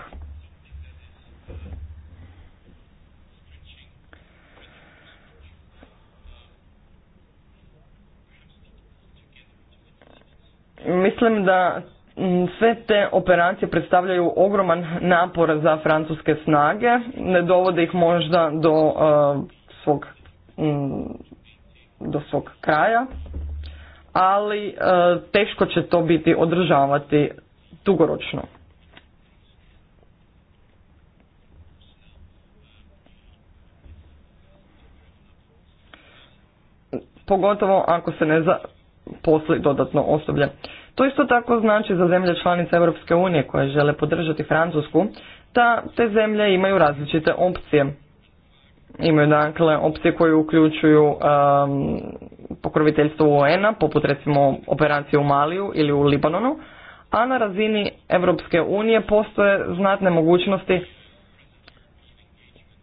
Mislim da mm, sve te operacije predstavljaju ogroman napor za francuske snage, ne dovode ih možda do e, svog mm, do svog kraja, ali e, teško će to biti održavati dugoročno. Pogotovo ako se ne posli dodatno osoblje. To isto tako znači za zemlje članice Europske unije koje žele podržati Francusku, da te zemlje imaju različite opcije. Imaju dakle opcije koje uključuju um, pokroviteljstvo UN-a, poput recimo operacije u Maliju ili u Libanonu, a na razini Europske unije postoje znatne mogućnosti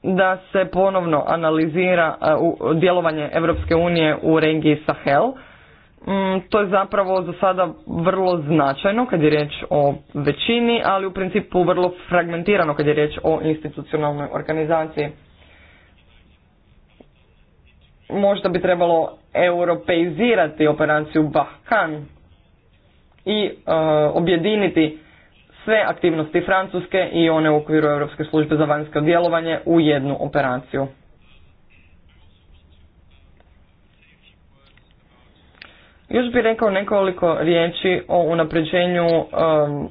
da se ponovno analizira uh, djelovanje Europske unije u regiji Sahel, Mm, to je zapravo za sada vrlo značajno kad je riječ o većini, ali u principu vrlo fragmentirano kad je riječ o institucionalnoj organizaciji. Možda bi trebalo europeizirati operaciju Bahkan i e, objediniti sve aktivnosti Francuske i one u okviru Europske službe za vanjsko djelovanje u jednu operaciju. Još bih rekao nekoliko riječi o unapređenju um,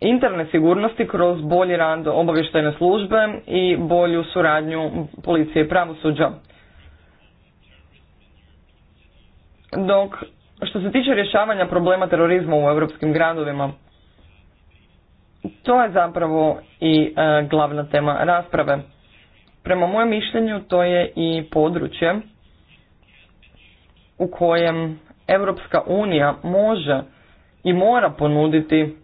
interne sigurnosti kroz bolji rad obavještajne službe i bolju suradnju policije i pravosuđa. Dok što se tiče rješavanja problema terorizma u europskim gradovima, to je zapravo i e, glavna tema rasprave. Prema mojem mišljenju to je i područje u kojem Europska unija može i mora ponuditi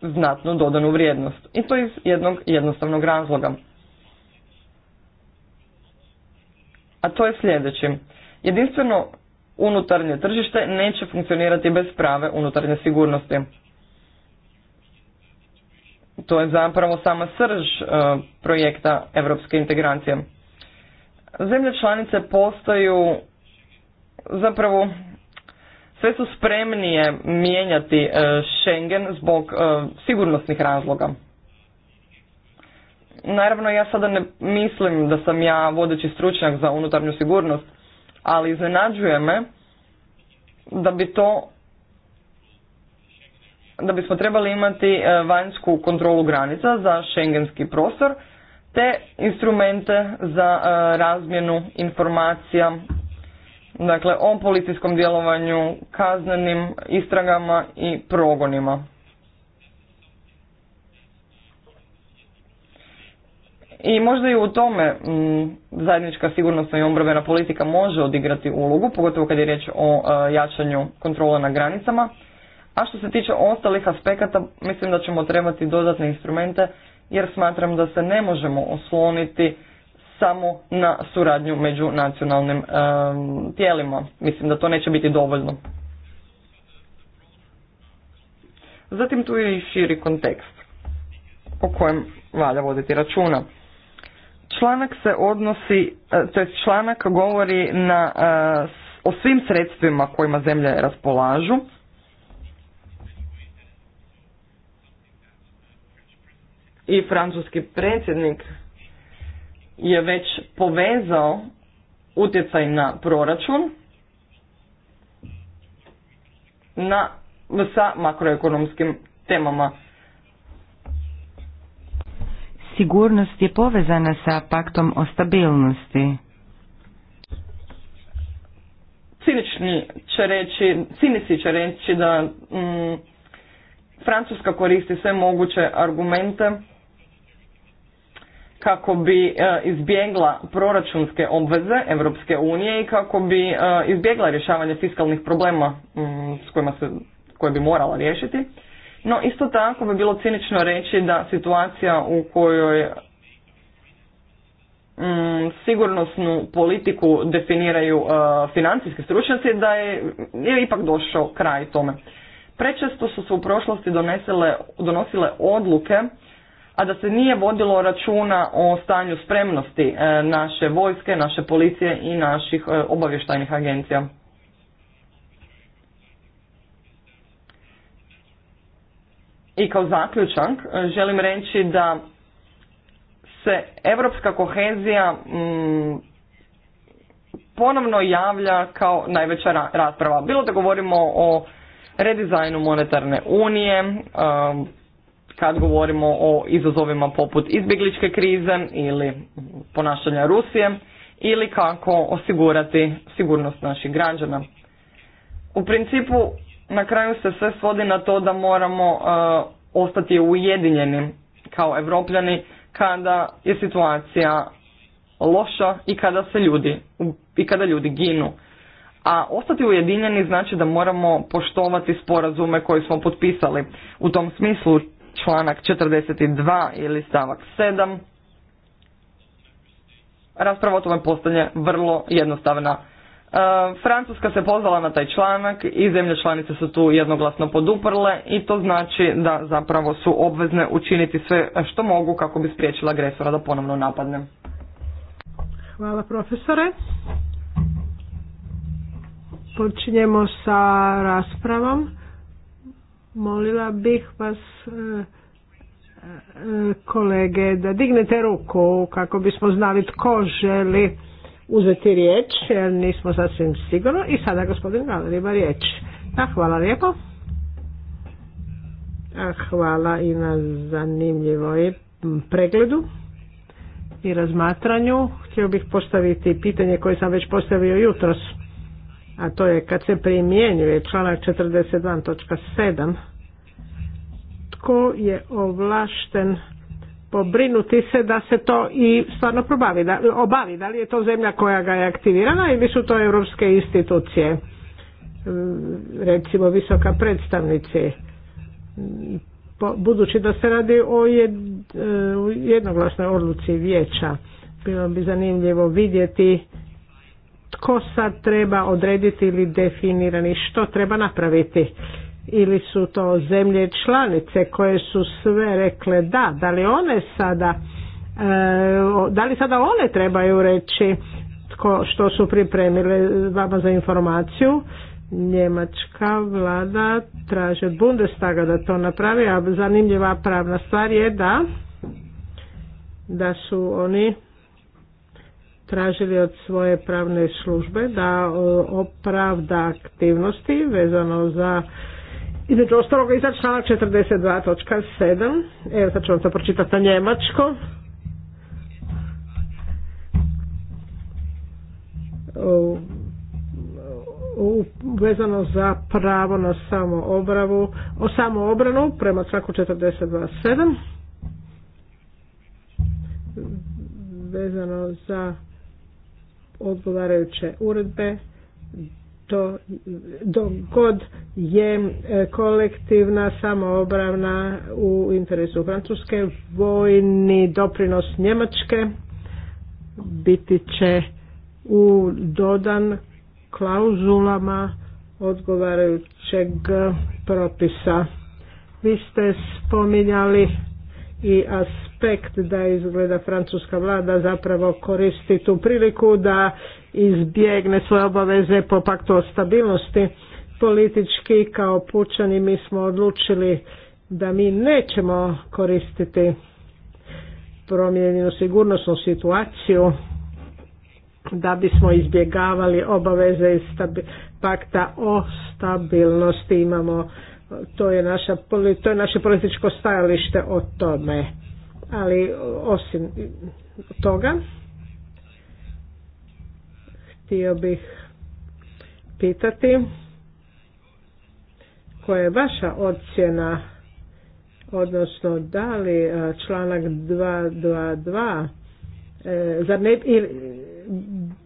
znatnu dodanu vrijednost. I to iz jednog jednostavnog razloga. A to je sljedeći. Jedinstveno unutarnje tržište neće funkcionirati bez prave unutarnje sigurnosti. To je zapravo sama srž e, projekta europske integracije. Zemlje članice postaju zapravo sve su spremnije mijenjati e, Schengen zbog e, sigurnosnih razloga. Naravno ja sada ne mislim da sam ja vodeći stručnjak za unutarnju sigurnost, ali iznenađuje me da bi to da bismo trebali imati e, vanjsku kontrolu granica za šengenski prostor te instrumente za razmjenu informacija Dakle, o policijskom djelovanju, kaznenim istragama i progonima. I možda i u tome m, mm, zajednička sigurnosna i obrambena politika može odigrati ulogu, pogotovo kad je riječ o e, jačanju kontrole na granicama. A što se tiče ostalih aspekata, mislim da ćemo trebati dodatne instrumente jer smatram da se ne možemo osloniti samo na suradnju među nacionalnim tijelima. Mislim da to neće biti dovoljno. Zatim tu je i širi kontekst o kojem valja voditi računa. Članak se odnosi, e, to je članak govori na, e, o svim sredstvima kojima zemlje raspolažu. I francuski predsjednik je već povezao utjecaj na proračun na, sa makroekonomskim temama. Sigurnost je povezana sa paktom o stabilnosti. Cinični će reći, cinici će reći da mm, Francuska koristi sve moguće argumente kako bi e, izbjegla proračunske obveze Europske unije i kako bi e, izbjegla rješavanje fiskalnih problema mm, s kojima se, koje bi morala riješiti. No isto tako bi bilo cinično reći da situacija u kojoj mm, sigurnosnu politiku definiraju e, financijski stručnjaci da je, ipak došao kraj tome. Prečesto su se u prošlosti donosile odluke a da se nije vodilo računa o stanju spremnosti e, naše vojske, naše policije i naših e, obavještajnih agencija. I kao zaključak e, želim reći da se europska kohezija mm, ponovno javlja kao najveća rasprava. Bilo da govorimo o redizajnu monetarne unije, kad govorimo o izazovima poput izbjegličke krize ili ponašanja Rusije ili kako osigurati sigurnost naših građana. U principu na kraju se sve svodi na to da moramo e, ostati ujedinjeni kao evropljani kada je situacija loša i kada se ljudi i kada ljudi ginu. A ostati ujedinjeni znači da moramo poštovati sporazume koje smo potpisali. U tom smislu članak 42 ili stavak 7, rasprava o tome postanje vrlo jednostavna. E, Francuska se pozvala na taj članak i zemlje članice su tu jednoglasno poduprle i to znači da zapravo su obvezne učiniti sve što mogu kako bi spriječila agresora da ponovno napadne. Hvala profesore. Počinjemo sa raspravom. Molila bih vas e, e, kolege da dignete ruku kako bismo znali tko želi uzeti riječ jer nismo sasvim sigurno i sada gospodin Galer ima riječ. Da, hvala lijepo. A hvala i na zanimljivoj pregledu i razmatranju. Htio bih postaviti pitanje koje sam već postavio jutros a to je kad se primjenjuje članak 42.7 tko je ovlašten pobrinuti se da se to i stvarno probavi, da, obavi, da li je to zemlja koja ga je aktivirana ili su to europske institucije, mm, recimo visoka predstavnici, budući da se radi o e, jednoglasnoj odluci vijeća. Bilo bi zanimljivo vidjeti tko sad treba odrediti ili definirani što treba napraviti ili su to zemlje članice koje su sve rekle da, da li one sada e, da li sada one trebaju reći tko, što su pripremile vama za informaciju njemačka vlada traže od Bundestaga da to napravi a zanimljiva pravna stvar je da da su oni tražili od svoje pravne službe da e, opravda aktivnosti vezano za između ostaloga i za članak 42.7 evo sad ću vam to pročitati na njemačko vezano za pravo na samoobravu o samoobranu prema članku 42.7 vezano za odgovarajuće uredbe to do god je e, kolektivna samoobravna u interesu Francuske, vojni doprinos Njemačke biti će u dodan klauzulama odgovarajućeg propisa. Vi ste spominjali i aspekt da izgleda francuska vlada zapravo koristi tu priliku da izbjegne svoje obaveze po paktu o stabilnosti politički kao pučani mi smo odlučili da mi nećemo koristiti promijenjenu sigurnosnu situaciju da bismo izbjegavali obaveze iz pakta o stabilnosti imamo to je, naša, to je naše političko stajalište o tome. Ali osim toga, htio bih pitati koja je vaša ocjena, odnosno da li e, članak 222, e, zar ne,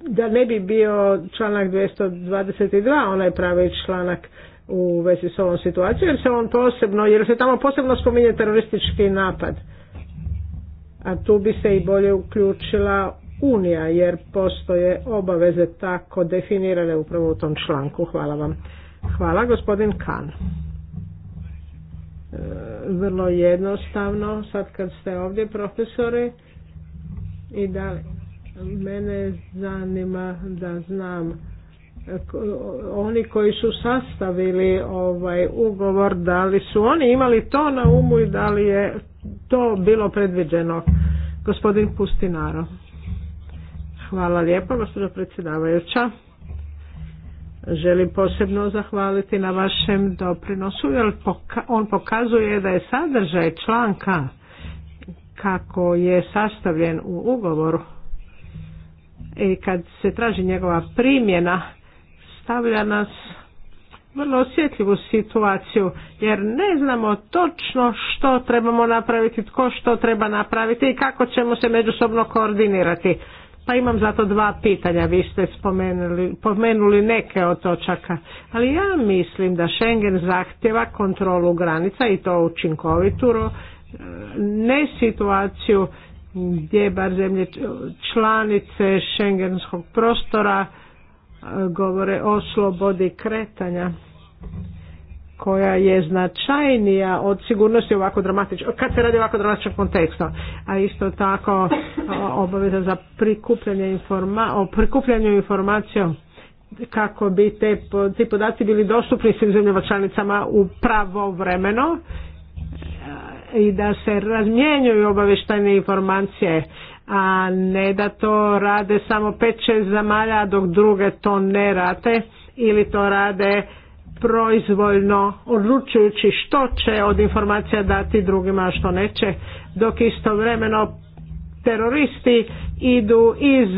da ne bi bio članak 222 onaj pravi članak u vezi s ovom situacijom jer se on posebno, jer se tamo posebno spominje teroristički napad. A tu bi se i bolje uključila Unija jer postoje obaveze tako definirane upravo u tom članku. Hvala vam. Hvala gospodin Kan. E, vrlo jednostavno, sad kad ste ovdje profesore i da mene zanima da znam oni koji su sastavili ovaj ugovor, da li su oni imali to na umu i da li je to bilo predviđeno? Gospodin Pustinaro. Hvala lijepo, gospođo predsjedavajuća. Želim posebno zahvaliti na vašem doprinosu, jer on pokazuje da je sadržaj članka kako je sastavljen u ugovoru i kad se traži njegova primjena stavlja nas vrlo osjetljivu situaciju jer ne znamo točno što trebamo napraviti, tko što treba napraviti i kako ćemo se međusobno koordinirati. Pa imam zato dva pitanja, vi ste spomenuli pomenuli neke od točaka, ali ja mislim da Schengen zahtjeva kontrolu granica i to učinkovitu, ne situaciju gdje bar zemlje članice Schengenskog prostora govore o slobodi kretanja koja je značajnija od sigurnosti ovako dramatično, kad se radi ovako dramatičnog konteksta, a isto tako obaveza za prikupljanje informa, o prikupljanju informacija kako bi te, ti podaci bili dostupni svim zemljama članicama u e, i da se razmjenjuju obavještajne informacije a ne da to rade samo 5-6 zamalja dok druge to ne rade ili to rade proizvoljno odlučujući što će od informacija dati drugima a što neće dok istovremeno teroristi idu iz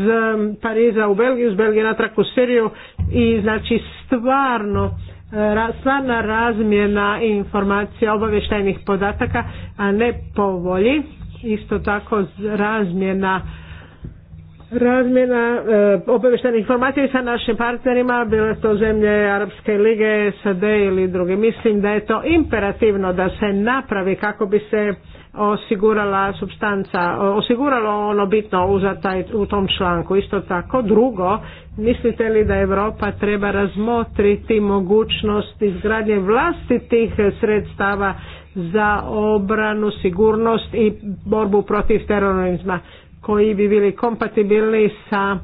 Pariza u Belgiju, iz Belgije natrag u Siriju i znači stvarno e, stvarna razmjena informacija obavještajnih podataka a ne po volji isto tako razmjena razmjena e, informacija sa našim partnerima, bile to zemlje Arabske lige, SAD ili druge. Mislim da je to imperativno da se napravi kako bi se osigurala substanca, osiguralo ono bitno u, taj, u tom članku. Isto tako, drugo, mislite li da Europa treba razmotriti mogućnost izgradnje vlastitih sredstava za obranu, sigurnost i borbu protiv terorizma koji bi bili kompatibilni sa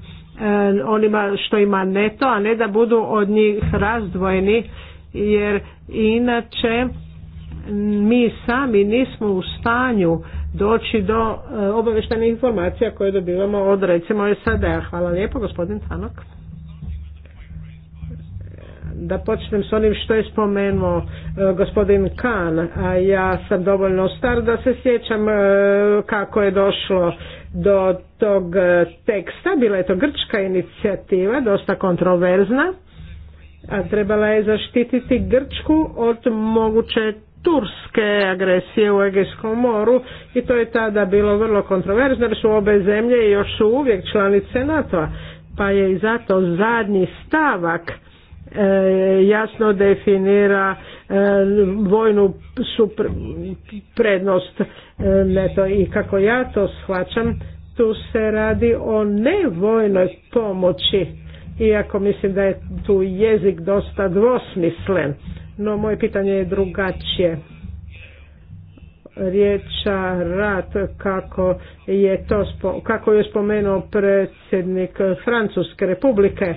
e, onima što ima neto, a ne da budu od njih razdvojeni jer inače mi sami nismo u stanju doći do e, obaveštenih informacija koje dobivamo od recimo SAD-a. Hvala lijepo gospodin Tanok da počnem s onim što je spomenuo e, gospodin Kan, a ja sam dovoljno star da se sjećam e, kako je došlo do tog e, teksta, bila je to grčka inicijativa, dosta kontroverzna, a trebala je zaštititi Grčku od moguće turske agresije u Egejskom moru i to je tada bilo vrlo kontroverzno jer su obe zemlje još su uvijek članice NATO-a pa je i zato zadnji stavak Eh, jasno definira eh, vojnu prednost neto eh, i kako ja to shvaćam tu se radi o nevojnoj pomoći iako mislim da je tu jezik dosta dvosmislen no moje pitanje je drugačije riječa rat kako je to kako je spomenuo predsjednik Francuske republike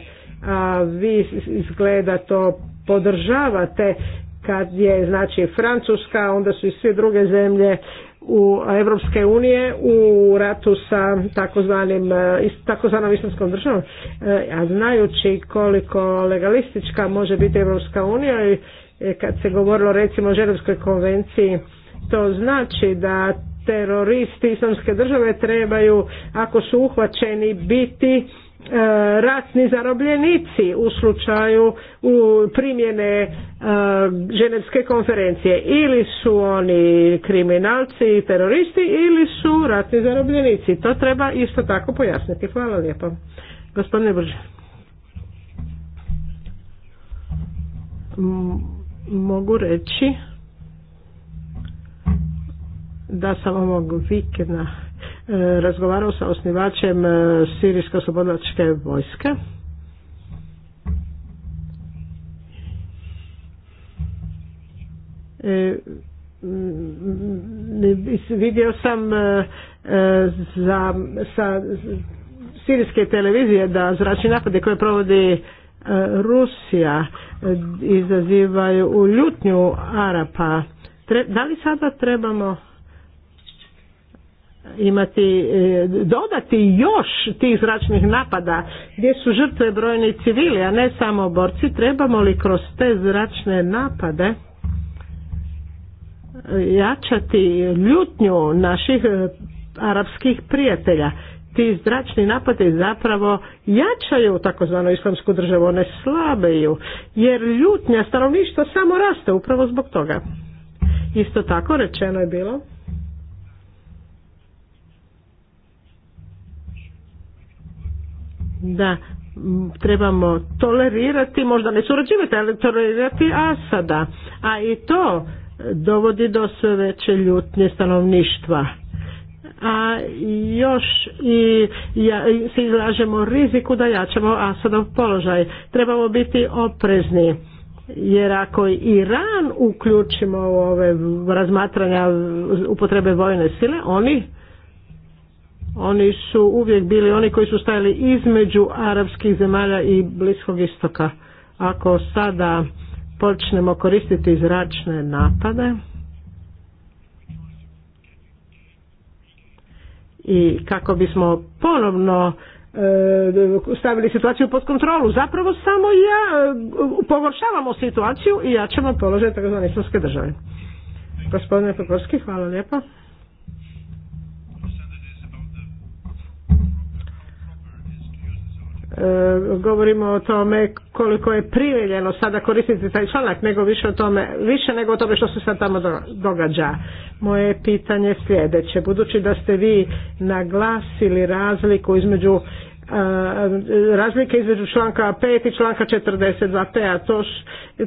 a vi izgleda to podržavate kad je znači Francuska, onda su i sve druge zemlje u unije u ratu sa takozvanim e, takozvanom islamskom državom e, a znajući koliko legalistička može biti Europska unija i e, kad se govorilo recimo o Ženevskoj konvenciji to znači da teroristi islamske države trebaju ako su uhvaćeni biti E, ratni zarobljenici u slučaju u primjene e, ženevske konferencije ili su oni kriminalci i teroristi ili su ratni zarobljenici to treba isto tako pojasniti hvala lijepo gospodine Brže mogu reći da sam ovog vikenda E, razgovarao sa osnivačem e, Sirijske oslobodilačke vojske. E, vidio sam za, sa sirijske televizije da zračni napade koje provodi Rusija izazivaju u ljutnju Arapa. da li sada trebamo imati, e, dodati još tih zračnih napada gdje su žrtve brojni civili, a ne samo borci, trebamo li kroz te zračne napade e, jačati ljutnju naših e, arapskih prijatelja. Ti zračni napadi zapravo jačaju takozvanu islamsku državu, one slabeju, jer ljutnja stanovništva samo raste upravo zbog toga. Isto tako rečeno je bilo da trebamo tolerirati, možda ne surađivati, ali tolerirati Asada. A i to dovodi do sve veće ljutnje stanovništva. A još i ja, se izlažemo riziku da jačamo Asadov položaj. Trebamo biti oprezni. Jer ako Iran uključimo u ove razmatranja upotrebe vojne sile, oni oni su uvijek bili oni koji su stajali između arapskih zemalja i Bliskog istoka. Ako sada počnemo koristiti zračne napade i kako bismo ponovno e, stavili situaciju pod kontrolu. Zapravo samo ja e, pogoršavamo situaciju i ja ćemo položaj tzv. islamske države. Gospodine Poporski, hvala lijepa. E, govorimo o tome koliko je priveljeno sada koristiti taj članak, nego više o tome, više nego o tome što se sad tamo događa. Moje pitanje sljedeće, budući da ste vi naglasili razliku između e, razlike između članka 5 i članka 42 te a to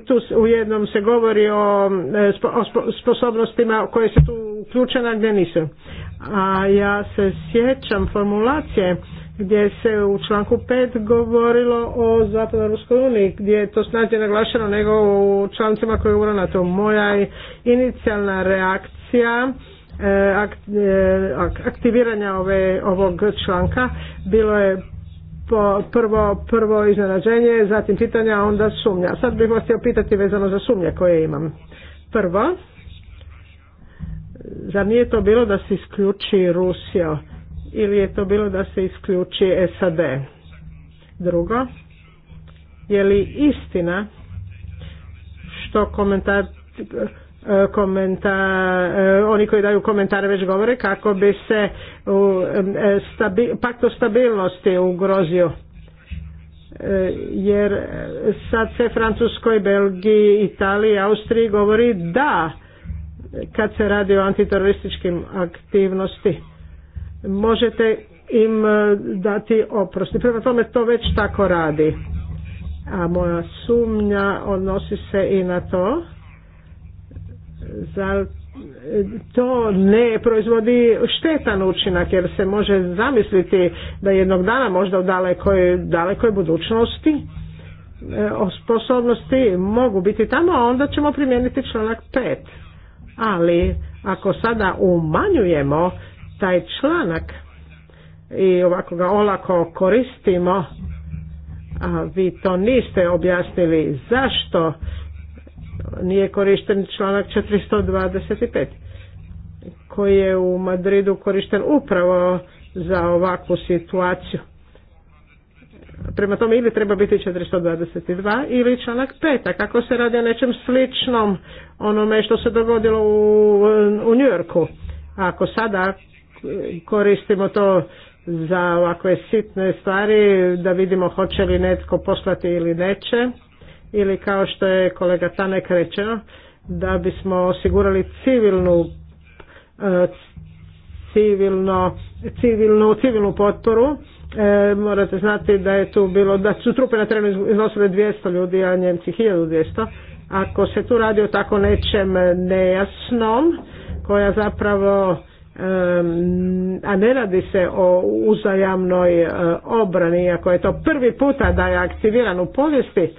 tu u jednom se govori o, e, sposobnostima koje su tu uključene, gdje nisu. A ja se sjećam formulacije gdje se u članku 5 govorilo o Zapadnoj Ruskoj uniji, gdje je to snažnije naglašeno nego u člancima koje je to. Moja inicijalna reakcija eh, eh, aktiviranja ove, ovog članka bilo je prvo, prvo iznenađenje, zatim pitanja, onda sumnja. Sad bih vas htio pitati vezano za sumnje koje imam. Prvo, zar nije to bilo da se isključi Rusija ili je to bilo da se isključi SAD? Drugo, je li istina što komentar, komentar eh, oni koji daju komentare već govore kako bi se u, eh, stabi, stabilnosti ugrozio eh, jer sad se Francuskoj, Belgiji, Italiji, Austriji govori da kad se radi o antiterorističkim aktivnosti možete im e, dati oprost Prema tome to već tako radi. A moja sumnja odnosi se i na to za to ne proizvodi štetan učinak jer se može zamisliti da jednog dana možda u dalekoj, dalekoj budućnosti e, sposobnosti mogu biti tamo a onda ćemo primijeniti članak 5 ali ako sada umanjujemo taj članak i ovako ga olako koristimo, a vi to niste objasnili zašto nije korišten članak 425 koji je u Madridu korišten upravo za ovakvu situaciju. Prema tome ili treba biti 422 ili članak 5, a kako se radi o nečem sličnom onome što se dogodilo u, u Njujorku. Ako sada koristimo to za ovakve sitne stvari da vidimo hoće li netko poslati ili neće ili kao što je kolega Tanek rečeo da bismo osigurali civilnu e, civilno civilnu, civilnu potporu e, morate znati da je tu bilo da su trupe na terenu iznosile 200 ljudi a Njemci 1200 ako se tu radi o tako nečem nejasnom koja zapravo a ne radi se o uzajamnoj e, obrani, ako je to prvi puta da je aktiviran u povijesti,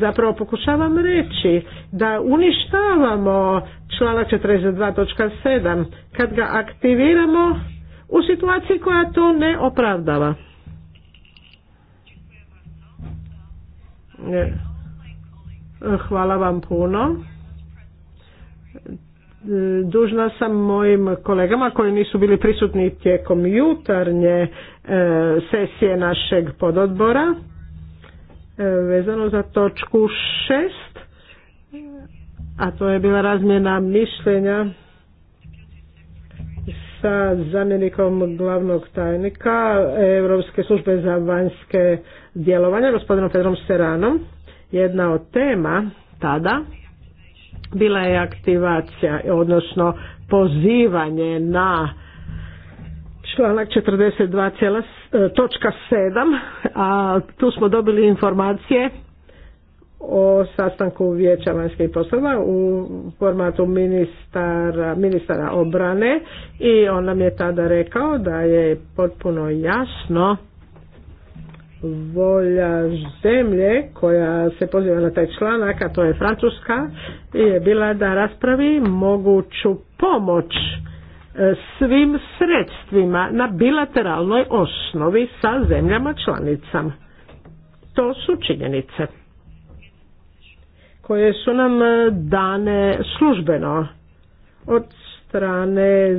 zapravo pokušavam reći da uništavamo članak 42.7 kad ga aktiviramo u situaciji koja to ne opravdava. E, hvala vam puno dužna sam mojim kolegama koji nisu bili prisutni tijekom jutarnje e, sesije našeg pododbora e, vezano za točku šest a to je bila razmjena mišljenja sa zamjenikom glavnog tajnika Europske službe za vanjske djelovanje, gospodinom Pedrom Seranom. Jedna od tema tada bila je aktivacija, odnosno pozivanje na članak 42.7, e, točka sedam a tu smo dobili informacije o sastanku vijeća vanjskih poslova u formatu ministara, ministara obrane i on nam je tada rekao da je potpuno jasno volja zemlje koja se poziva na taj članak, a to je Francuska, je bila da raspravi moguću pomoć e, svim sredstvima na bilateralnoj osnovi sa zemljama članicama. To su činjenice koje su nam e, dane službeno od strane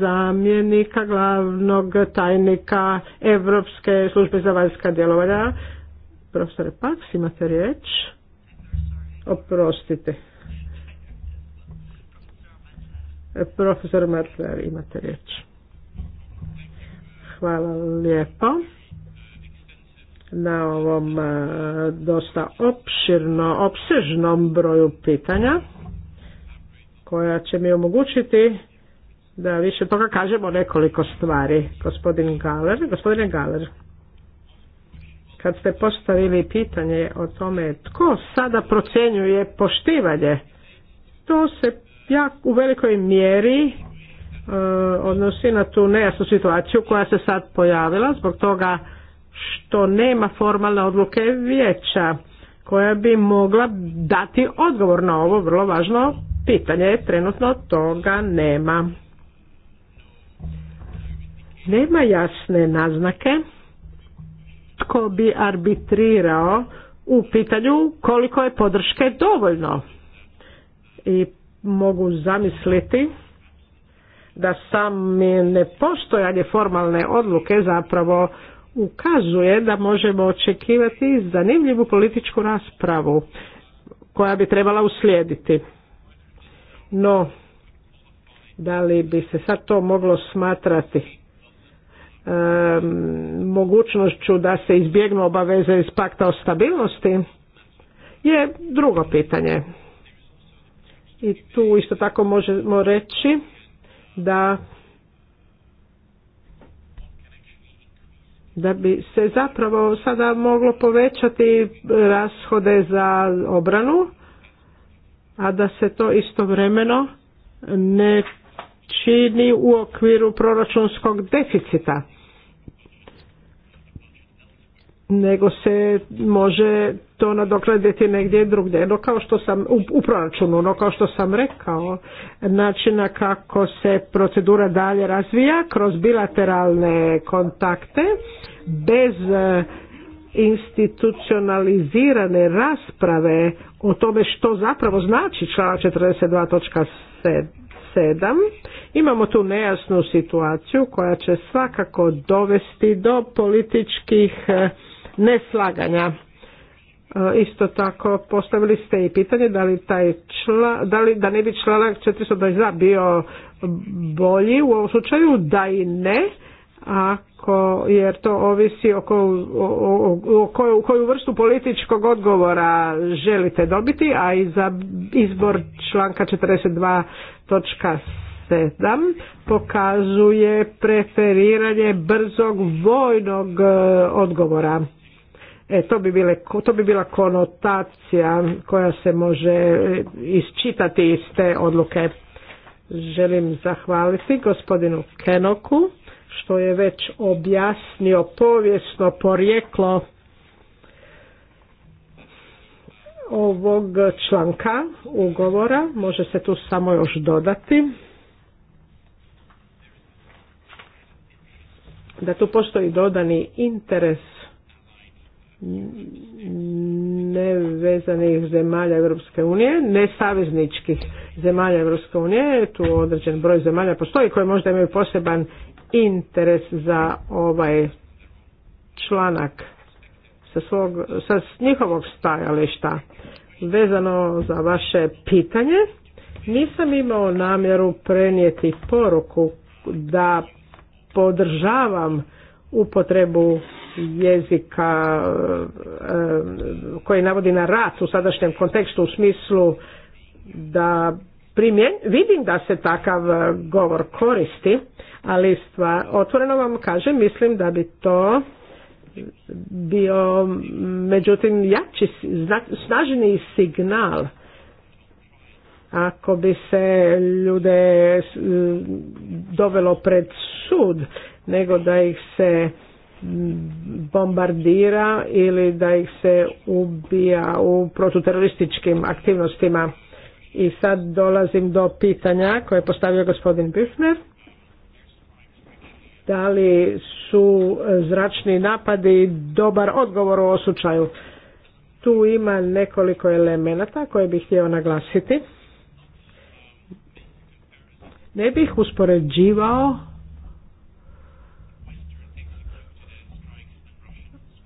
zamjenika glavnog tajnika Europske službe za vanjska djelovanja. Profesore Paks, imate riječ? Oprostite. Profesor Mertler, imate riječ. Hvala lijepo na ovom dosta opširno, opsežnom broju pitanja koja će mi omogućiti da više toga kažemo nekoliko stvari. Gospodin Galer, gospodine Galer, kad ste postavili pitanje o tome tko sada procjenjuje poštivanje, to se ja u velikoj mjeri e, odnosi na tu nejasnu situaciju koja se sad pojavila zbog toga što nema formalne odluke vijeća koja bi mogla dati odgovor na ovo vrlo važno Pitanje je trenutno toga nema. Nema jasne naznake tko bi arbitrirao u pitanju koliko je podrške dovoljno. I mogu zamisliti da sam nepostojanje formalne odluke zapravo ukazuje da možemo očekivati zanimljivu političku raspravu koja bi trebala uslijediti. No, da li bi se sad to moglo smatrati e, mogućnošću da se izbjegnu obaveze iz pakta o stabilnosti je drugo pitanje. I tu isto tako možemo reći da da bi se zapravo sada moglo povećati rashode za obranu a da se to istovremeno ne čini u okviru proračunskog deficita nego se može to nadokladiti negdje drugdje. No kao što sam u, proračunu, no kao što sam rekao, načina kako se procedura dalje razvija kroz bilateralne kontakte bez institucionalizirane rasprave o tome što zapravo znači članak 42.7 imamo tu nejasnu situaciju koja će svakako dovesti do političkih eh, neslaganja eh, isto tako postavili ste i pitanje da li taj čla, da, li, da ne bi članak 422 bio bolji u ovom slučaju da i ne ako jer to ovisi o koju, vrstu političkog odgovora želite dobiti, a i za izbor članka 42.7 pokazuje preferiranje brzog vojnog e, odgovora. E, to, bi bile, to bi bila konotacija koja se može e, isčitati iz te odluke. Želim zahvaliti gospodinu Kenoku što je već objasnio povijesno porijeklo ovog članka ugovora, može se tu samo još dodati. Da tu postoji dodani interes nevezanih zemalja Europske unije, nesavezničkih zemalja Europske unije, tu određen broj zemalja postoji koje možda imaju poseban interes za ovaj članak sa, svog, sa njihovog stajališta vezano za vaše pitanje nisam imao namjeru prenijeti poruku da podržavam upotrebu jezika eh, koji navodi na rat u sadašnjem kontekstu u smislu da primjen, vidim da se takav eh, govor koristi ali stvar, otvoreno vam kažem, mislim da bi to bio međutim jači, snažniji signal ako bi se ljude dovelo pred sud nego da ih se bombardira ili da ih se ubija u protuterorističkim aktivnostima. I sad dolazim do pitanja koje je postavio gospodin Bifner da li su e, zračni napadi dobar odgovor u ovom slučaju. Tu ima nekoliko elemenata koje bih htio naglasiti. Ne bih uspoređivao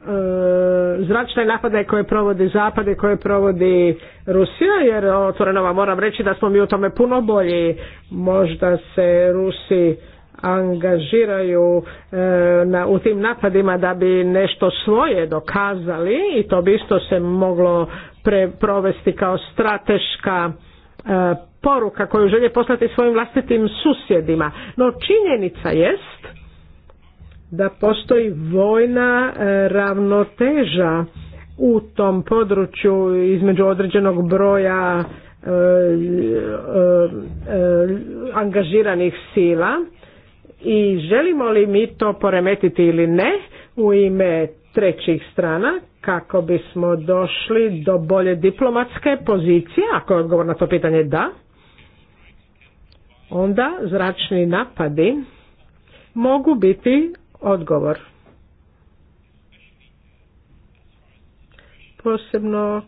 e, zračne napade koje provodi Zapad i koje provodi Rusija, jer otvoreno vam moram reći da smo mi u tome puno bolji. Možda se Rusi angažiraju e, na, u tim napadima da bi nešto svoje dokazali i to bi isto se moglo pre, provesti kao strateška e, poruka koju želje poslati svojim vlastitim susjedima. No činjenica jest da postoji vojna e, ravnoteža u tom području između određenog broja angažiranih sila i želimo li mi to poremetiti ili ne u ime trećih strana kako bismo došli do bolje diplomatske pozicije, ako je odgovor na to pitanje da, onda zračni napadi mogu biti odgovor. Posebno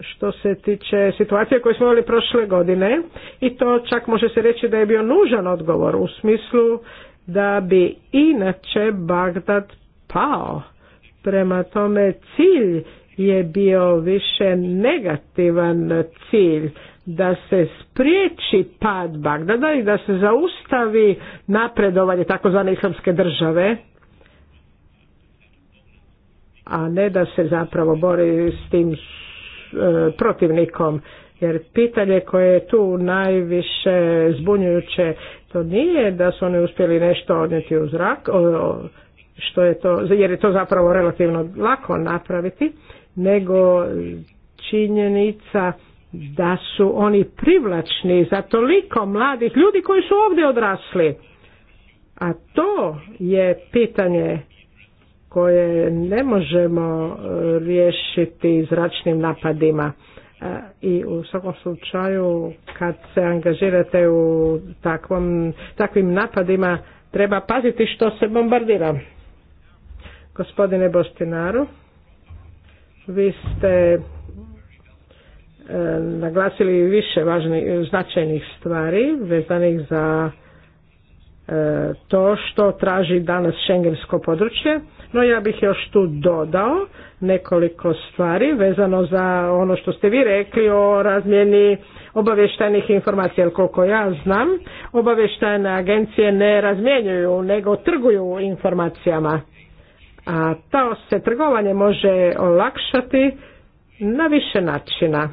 što se tiče situacije koje smo imali prošle godine i to čak može se reći da je bio nužan odgovor u smislu da bi inače Bagdad pao. Prema tome cilj je bio više negativan cilj da se spriječi pad Bagdada i da se zaustavi napredovanje takozvane islamske države a ne da se zapravo bori s tim e, protivnikom jer pitanje koje je tu najviše zbunjujuće, to nije da su oni uspjeli nešto odnijeti u zrak, što je to, jer je to zapravo relativno lako napraviti, nego činjenica da su oni privlačni za toliko mladih ljudi koji su ovdje odrasli. A to je pitanje koje ne možemo e, riješiti zračnim napadima. E, i u svakom slučaju kad se angažirate u takvom, takvim napadima treba paziti što se bombardira. Gospodine Bostinaru, vi ste e, naglasili više važnih, značajnih stvari vezanih za e, to što traži danas šengensko područje no ja bih još tu dodao nekoliko stvari vezano za ono što ste vi rekli o razmjeni obavještajnih informacija, jer koliko ja znam, obavještajne agencije ne razmjenjuju, nego trguju informacijama. A to se trgovanje može olakšati na više načina.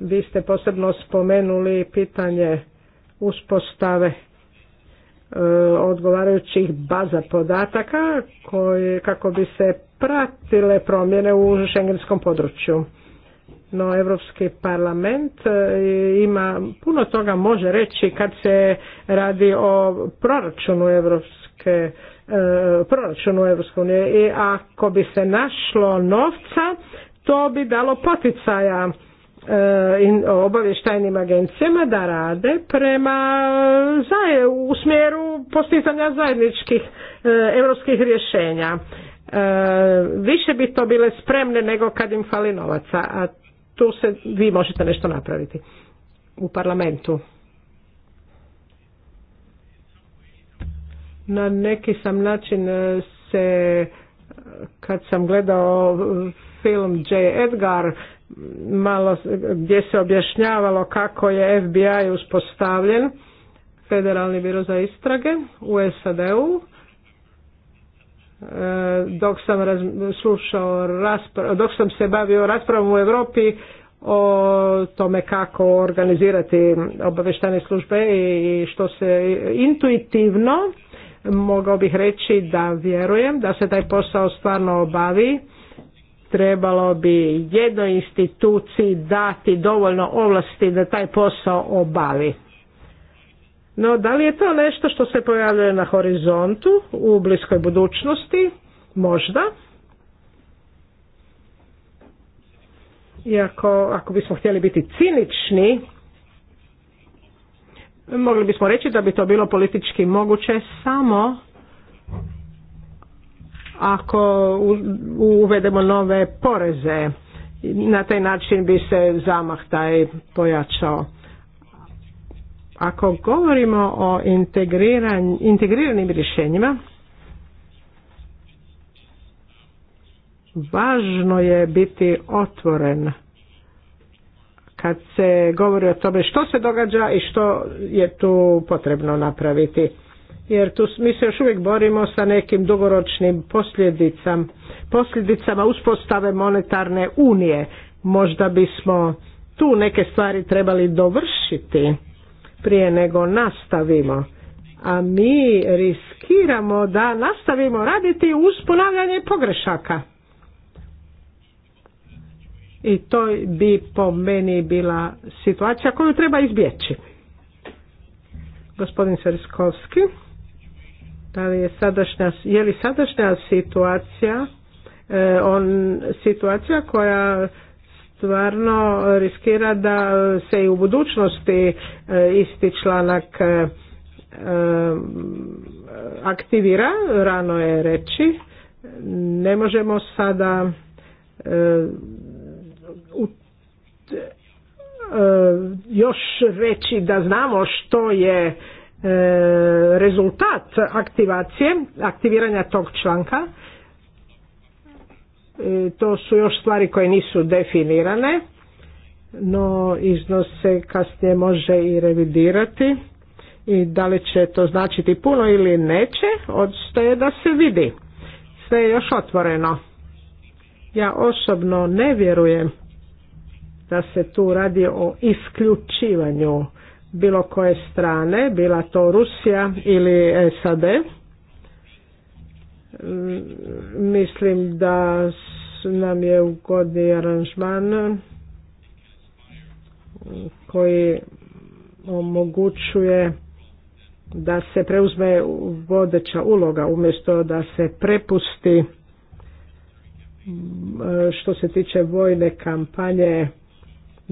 vi ste posebno spomenuli pitanje uspostave odgovarajućih baza podataka koje, kako bi se pratile promjene u šengenskom području. No, Europski parlament e, ima puno toga može reći kad se radi o proračunu Europske e, proračunu Europske unije i ako bi se našlo novca to bi dalo poticaja E, obavještajnim agencijama da rade prema u smjeru postizanja zajedničkih e, europskih rješenja. E, više bi to bile spremne nego kad im fali novaca, a tu se vi možete nešto napraviti u parlamentu. Na neki sam način se kad sam gledao film J. Edgar malo gdje se objašnjavalo kako je FBI uspostavljen Federalni biro za istrage u SAD-u e, dok sam slušao raspra dok sam se bavio raspravom u Europi o tome kako organizirati obavještajne službe i što se intuitivno mogao bih reći da vjerujem da se taj posao stvarno obavi trebalo bi jednoj instituciji dati dovoljno ovlasti da taj posao obavi. No, da li je to nešto što se pojavljuje na horizontu u bliskoj budućnosti? Možda. Iako, ako bismo htjeli biti cinični, mogli bismo reći da bi to bilo politički moguće samo ako uvedemo nove poreze. Na taj način bi se zamah taj pojačao. Ako govorimo o integriranim rješenjima, važno je biti otvoren kad se govori o tome što se događa i što je tu potrebno napraviti jer tu mi se još uvijek borimo sa nekim dugoročnim posljedicama, posljedicama uspostave monetarne unije. Možda bismo tu neke stvari trebali dovršiti prije nego nastavimo. A mi riskiramo da nastavimo raditi uz ponavljanje pogrešaka. I to bi po meni bila situacija koju treba izbjeći. Gospodin Serskovski da li je sadašnja, je li sadašnja situacija e, on, situacija koja stvarno riskira da se i u budućnosti e, isti članak e, aktivira, rano je reći. Ne možemo sada još reći da znamo što je E, rezultat aktivacije, aktiviranja tog članka. E, to su još stvari koje nisu definirane, no iznos se kasnije može i revidirati i da li će to značiti puno ili neće, odstoje da se vidi. Sve je još otvoreno. Ja osobno ne vjerujem da se tu radi o isključivanju bilo koje strane, bila to Rusija ili SAD. Mm, mislim da nam je ugodni aranžman koji omogućuje da se preuzme vodeća uloga umjesto da se prepusti što se tiče vojne kampanje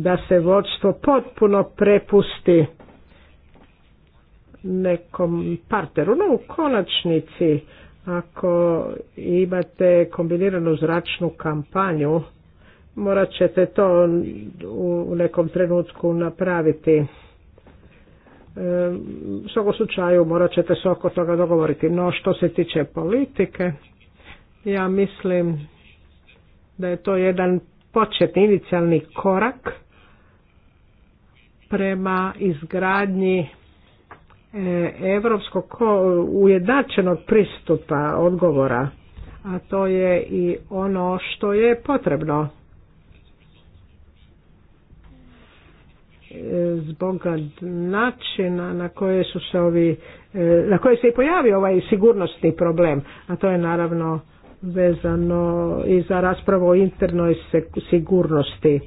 da se vodstvo potpuno prepusti nekom partneru. No u konačnici ako imate kombiniranu zračnu kampanju morat ćete to u nekom trenutku napraviti. E, u svakom slučaju morat ćete se oko toga dogovoriti. No što se tiče politike, ja mislim da je to jedan početni inicijalni korak prema izgradnji europskog ujednačenog pristupa odgovora, a to je i ono što je potrebno. E, zbog načina na koje su se ovi, e, na koje se i pojavio ovaj sigurnosni problem, a to je naravno vezano i za raspravu o internoj sigurnosti,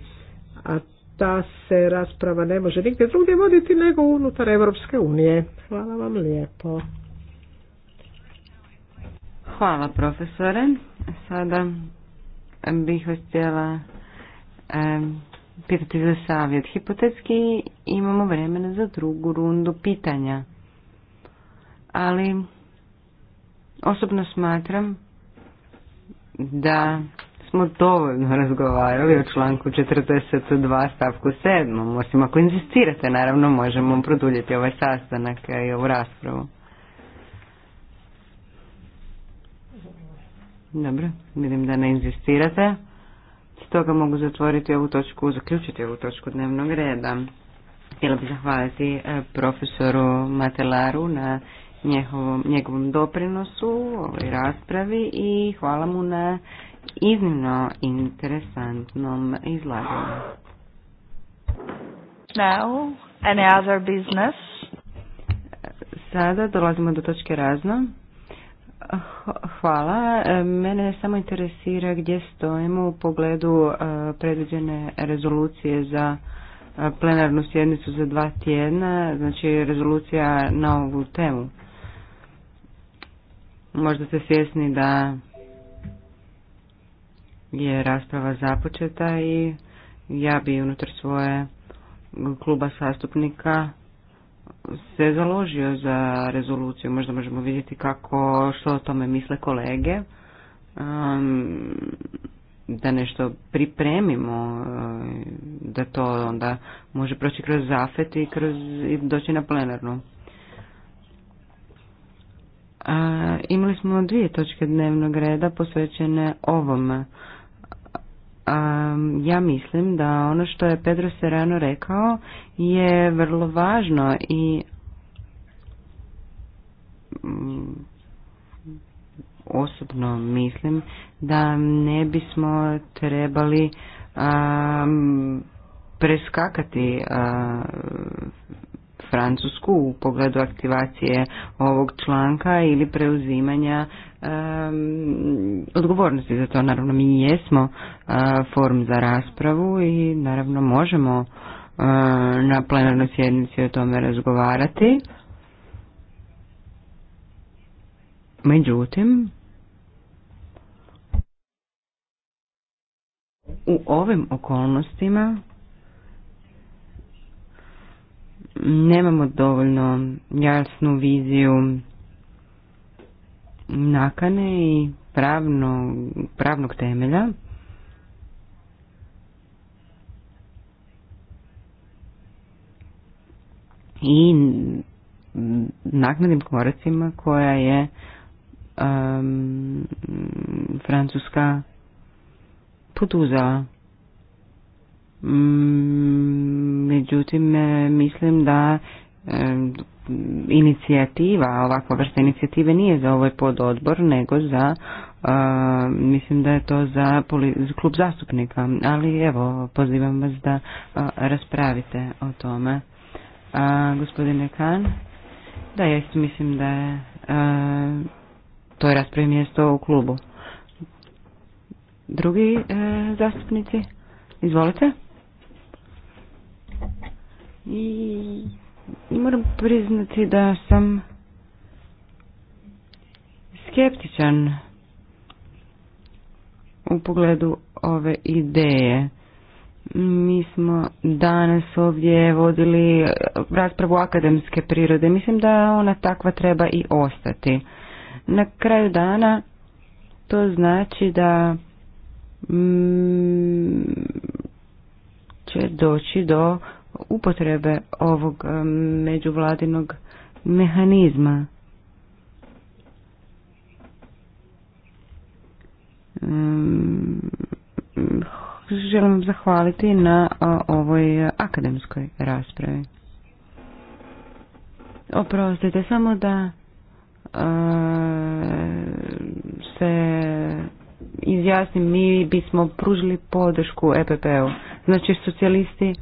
a da se rasprava ne može nigdje drugdje voditi nego unutar Europske unije. Hvala vam lijepo. Hvala profesore. Sada bih vas htjela e, pitati za savjet. Hipotetski imamo vremena za drugu rundu pitanja. Ali osobno smatram da smo dovoljno razgovarali o članku 42 stavku 7. Osim ako inzistirate, naravno, možemo produljiti ovaj sastanak i ovu raspravu. Dobro, vidim da ne inzistirate. Stoga mogu zatvoriti ovu točku, zaključiti ovu točku dnevnog reda. Htjela bih zahvaliti e, profesoru Matelaru na njegovom, njegovom doprinosu ovoj raspravi i hvala mu na iznimno interesantnom izlaganju. Now, other business? Sada dolazimo do točke razno. Hvala. E, mene samo interesira gdje stojimo u pogledu e, predviđene rezolucije za e, plenarnu sjednicu za dva tjedna, znači rezolucija na ovu temu. Možda ste svjesni da je rasprava započeta i ja bi unutar svoje kluba sastupnika se založio za rezoluciju. Možda možemo vidjeti kako, što o tome misle kolege. da nešto pripremimo, e, da to onda može proći kroz zafet i, kroz, i doći na plenarnu. A, imali smo dvije točke dnevnog reda posvećene ovom ja mislim da ono što je Pedro Serrano rekao je vrlo važno i mm, osobno mislim da ne bismo trebali preskakati Francusku u pogledu aktivacije ovog članka ili preuzimanja odgovornosti za to. Naravno, mi jesmo e, forum za raspravu i naravno možemo e, na plenarnoj sjednici o tome razgovarati. Međutim, u ovim okolnostima nemamo dovoljno jasnu viziju nakane i pravno, pravnog temelja. I naknadnim koracima koja je um, Francuska poduzela. Mm, međutim, mislim da um, inicijativa, ovakva vrsta inicijative nije za ovaj pododbor, nego za, mislim da je to za klub zastupnika, ali evo, pozivam vas da raspravite o tome. a gospodine Kan, da, ja mislim da je je raspravi mjesto u klubu. Drugi e, zastupnici, izvolite. I moram priznati da sam skeptičan u pogledu ove ideje. Mi smo danas ovdje vodili raspravu akademske prirode. Mislim da ona takva treba i ostati. Na kraju dana to znači da mm, će doći do upotrebe ovog e, međuvladinog mehanizma. Želim vam zahvaliti na ovoj akademskoj raspravi. Oprostite, samo da se izjasnim, mi bismo pružili podršku EPP-u. Znači, socijalisti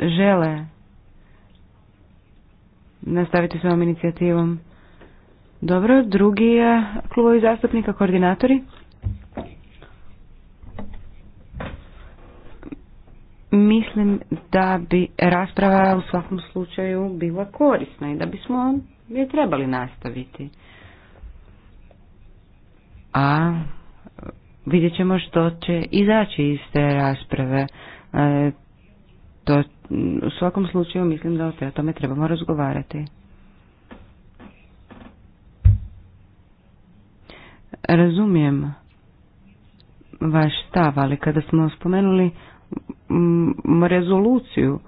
žele nastaviti s ovom inicijativom. Dobro, drugi klubovi zastupnika, koordinatori. Mislim da bi rasprava u svakom slučaju bila korisna i da bismo je trebali nastaviti. A vidjet ćemo što će izaći iz te rasprave. E, to u svakom slučaju mislim da o tome trebamo razgovarati. Razumijem vaš stav, ali kada smo spomenuli mm, rezoluciju,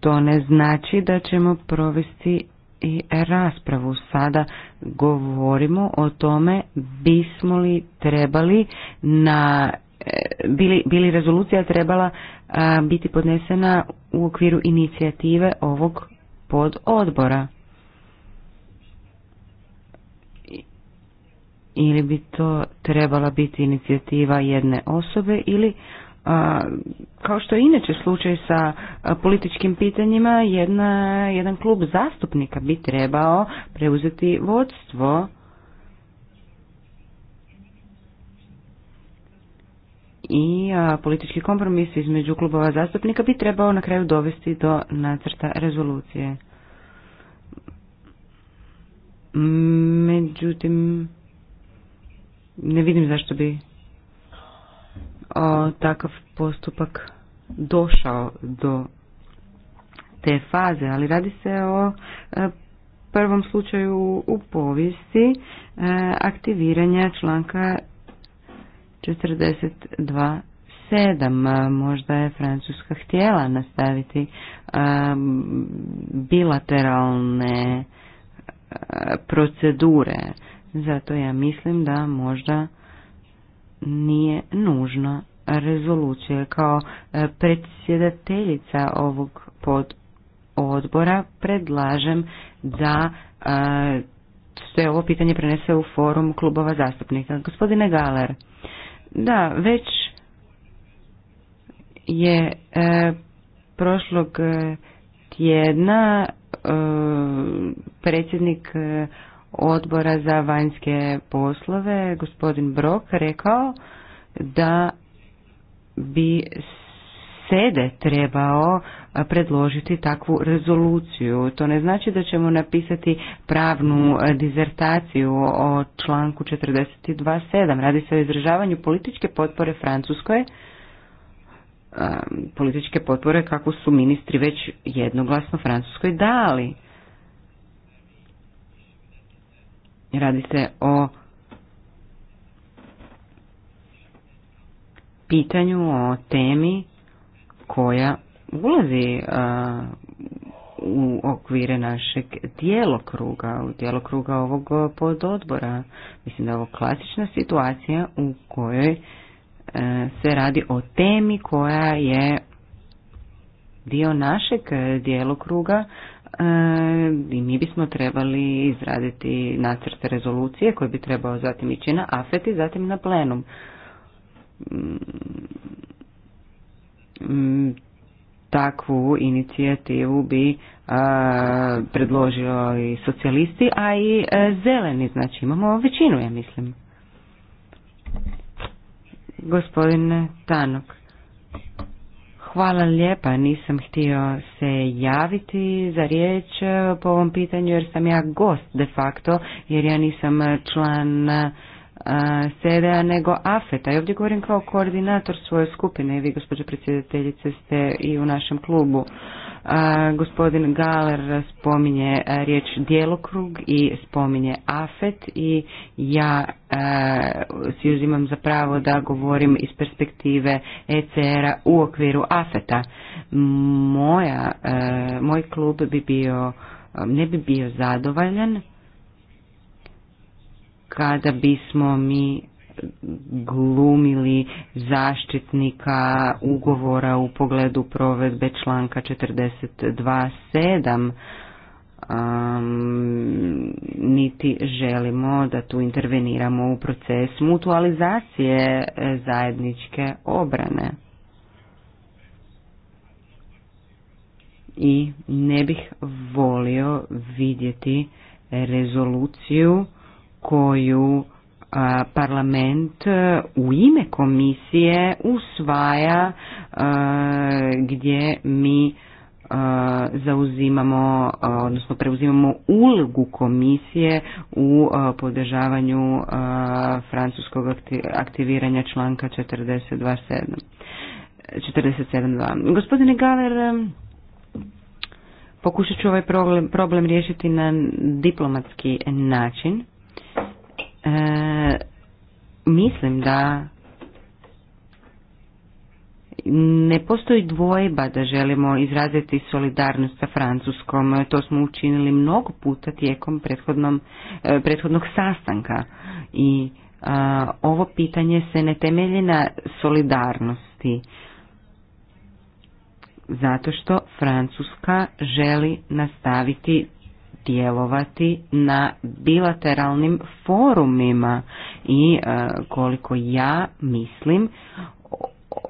to ne znači da ćemo provesti i raspravu. Sada govorimo o tome bismo li trebali na bili, bili rezolucija trebala biti podnesena u okviru inicijative ovog pododbora. Ili bi to trebala biti inicijativa jedne osobe ili kao što je inače slučaj sa političkim pitanjima, jedna, jedan klub zastupnika bi trebao preuzeti vodstvo i a, politički kompromis između klubova zastupnika bi trebao na kraju dovesti do nacrta rezolucije. Međutim, ne vidim zašto bi a, takav postupak došao do te faze, ali radi se o prvom slučaju u povijesti aktiviranja članka 42.7. Možda je Francuska htjela nastaviti bilateralne procedure. Zato ja mislim da možda nije nužna rezolucija kao e, predsjedateljica ovog pod odbora predlažem da se ovo pitanje prenese u forum klubova zastupnika. Gospodine Galer, da, već je e, prošlog e, tjedna e, predsjednik odbora za vanjske poslove, gospodin Brok, rekao da bi sede trebao predložiti takvu rezoluciju. To ne znači da ćemo napisati pravnu dizertaciju o članku 42.7. Radi se o izražavanju političke potpore Francuskoj, političke potpore kako su ministri već jednoglasno Francuskoj dali. Radi se o pitanju, o temi koja ulazi e, u okvire našeg djelokruga, u djelokruga ovog pododbora. Mislim da je ovo klasična situacija u kojoj e, se radi o temi koja je dio našeg djelokruga e, i mi bismo trebali izraditi nacrt rezolucije koji bi trebao zatim ići na afet i zatim na plenum mm, takvu inicijativu bi a, e, predložio i socijalisti, a i e, zeleni, znači imamo većinu, ja mislim. Gospodine Tanok, hvala lijepa, nisam htio se javiti za riječ e, po ovom pitanju jer sam ja gost de facto, jer ja nisam član SEDA nego AFETA. I ovdje govorim kao koordinator svoje skupine i vi, gospođo predsjedateljice, ste i u našem klubu. gospodin Galer spominje riječ djelokrug i spominje afet i ja si uzimam za pravo da govorim iz perspektive ECR-a u okviru afeta. Moja, moj klub bi bio, ne bi bio zadovoljan kada bismo mi glumili zaštitnika ugovora u pogledu provedbe članka 42.7 um, niti želimo da tu interveniramo u proces mutualizacije e, zajedničke obrane. I ne bih volio vidjeti rezoluciju koju parlament u ime komisije usvaja gdje mi zauzimamo, odnosno preuzimamo ulogu komisije u podržavanju francuskog aktiviranja članka 42.7. 47.2. Gospodine Galer, pokušat ću ovaj problem, problem riješiti na diplomatski način. E, mislim da ne postoji dvojba da želimo izraziti solidarnost sa Francuskom. To smo učinili mnogo puta tijekom prethodnom, e, prethodnog sastanka i e, ovo pitanje se ne temelji na solidarnosti zato što Francuska želi nastaviti djelovati na bilateralnim forumima i e, koliko ja mislim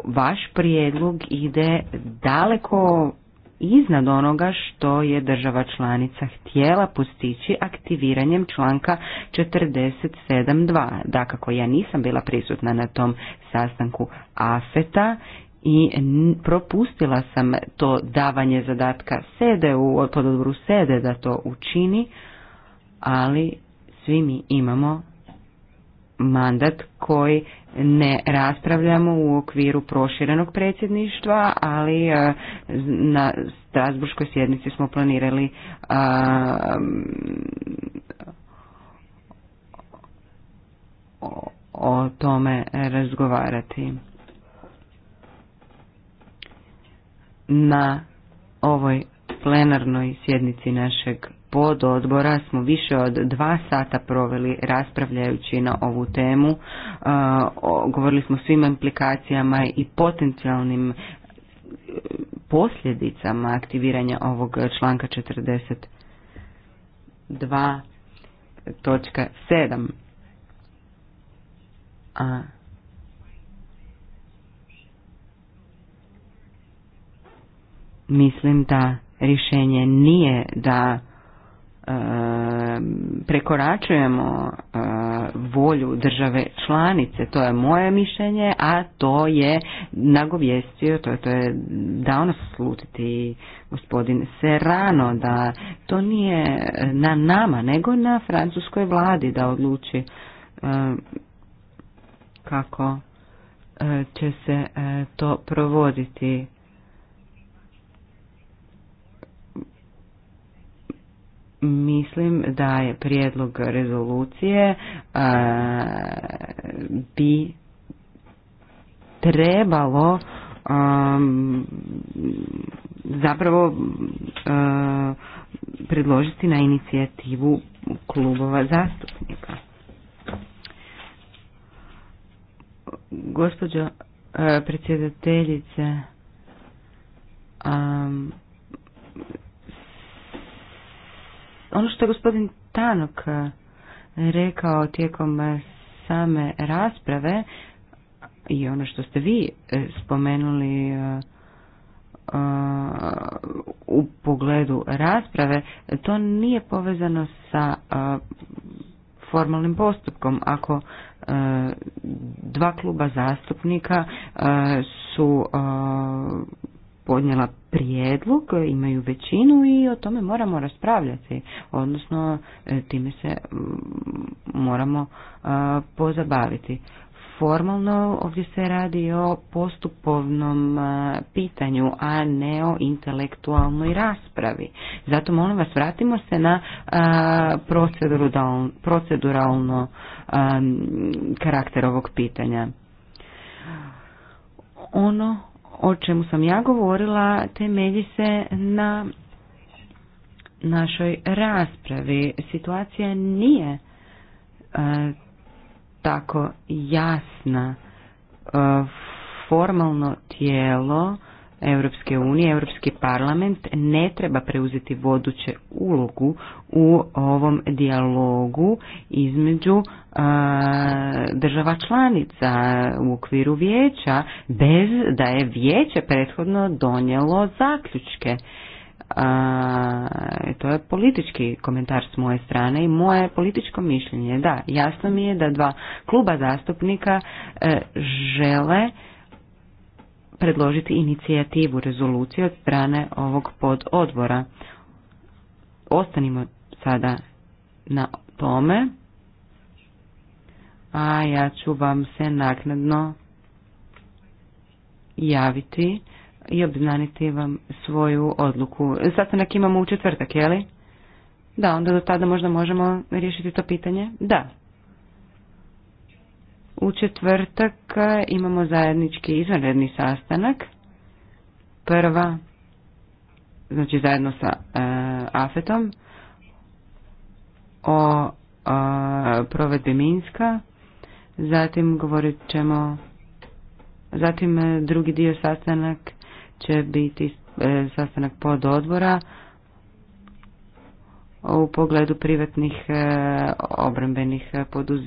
vaš prijedlog ide daleko iznad onoga što je država članica htjela postići aktiviranjem članka 47.2. Dakako, ja nisam bila prisutna na tom sastanku AFETA i propustila sam to davanje zadatka sede u pododboru sede da to učini, ali svi mi imamo mandat koji ne raspravljamo u okviru proširenog predsjedništva, ali e, na Strasburškoj sjednici smo planirali e, o tome razgovarati. na ovoj plenarnoj sjednici našeg pododbora smo više od dva sata proveli raspravljajući na ovu temu. E, govorili smo svim implikacijama i potencijalnim e, posljedicama aktiviranja ovog članka 42.7. A mislim da rješenje nije da e, prekoračujemo e, volju države članice, to je moje mišljenje, a to je nagovjestio, to je, to je davno slutiti gospodin Serrano, da to nije na nama, nego na francuskoj vladi da odluči e, kako će se to provoditi mislim da je prijedlog rezolucije e, bi trebalo zapravo e, predložiti na inicijativu klubova zastupnika. Gospođo e, predsjedateljice, ono što je gospodin Tanok e, rekao tijekom e, same rasprave i ono što ste vi e, spomenuli u pogledu rasprave, to nije povezano sa formalnim postupkom. Ako dva kluba zastupnika su podnijela prijedlog, imaju većinu i o tome moramo raspravljati, odnosno e, time se moramo e, pozabaviti. Formalno ovdje se radi o postupovnom e, pitanju, a ne o intelektualnoj raspravi. Zato molim vas vratimo se na proceduralno karakter ovog pitanja. Ono o čemu sam ja govorila temelji se na našoj raspravi. Situacija nije e, tako jasna. E, formalno tijelo Europske unije, Europski parlament ne treba preuzeti voduće ulogu u ovom dijalogu između država članica u okviru vijeća bez da je vijeće prethodno donijelo zaključke. to je politički komentar s moje strane i moje političko mišljenje. Da, jasno mi je da dva kluba zastupnika e, žele predložiti inicijativu rezolucije od strane ovog pododbora. Ostanimo sada na tome, a ja ću vam se naknadno javiti i obznaniti vam svoju odluku. nek imamo u četvrtak, je li? Da, onda do tada možda možemo riješiti to pitanje. Da. U četvrtak e, imamo zajednički izvanredni sastanak. Prva, znači zajedno sa e, afetom o e, provedbi Minska. Zatim govorit ćemo, zatim drugi dio sastanak će biti sastanak pod odbora u pogledu privatnih obrambenih poduzeća.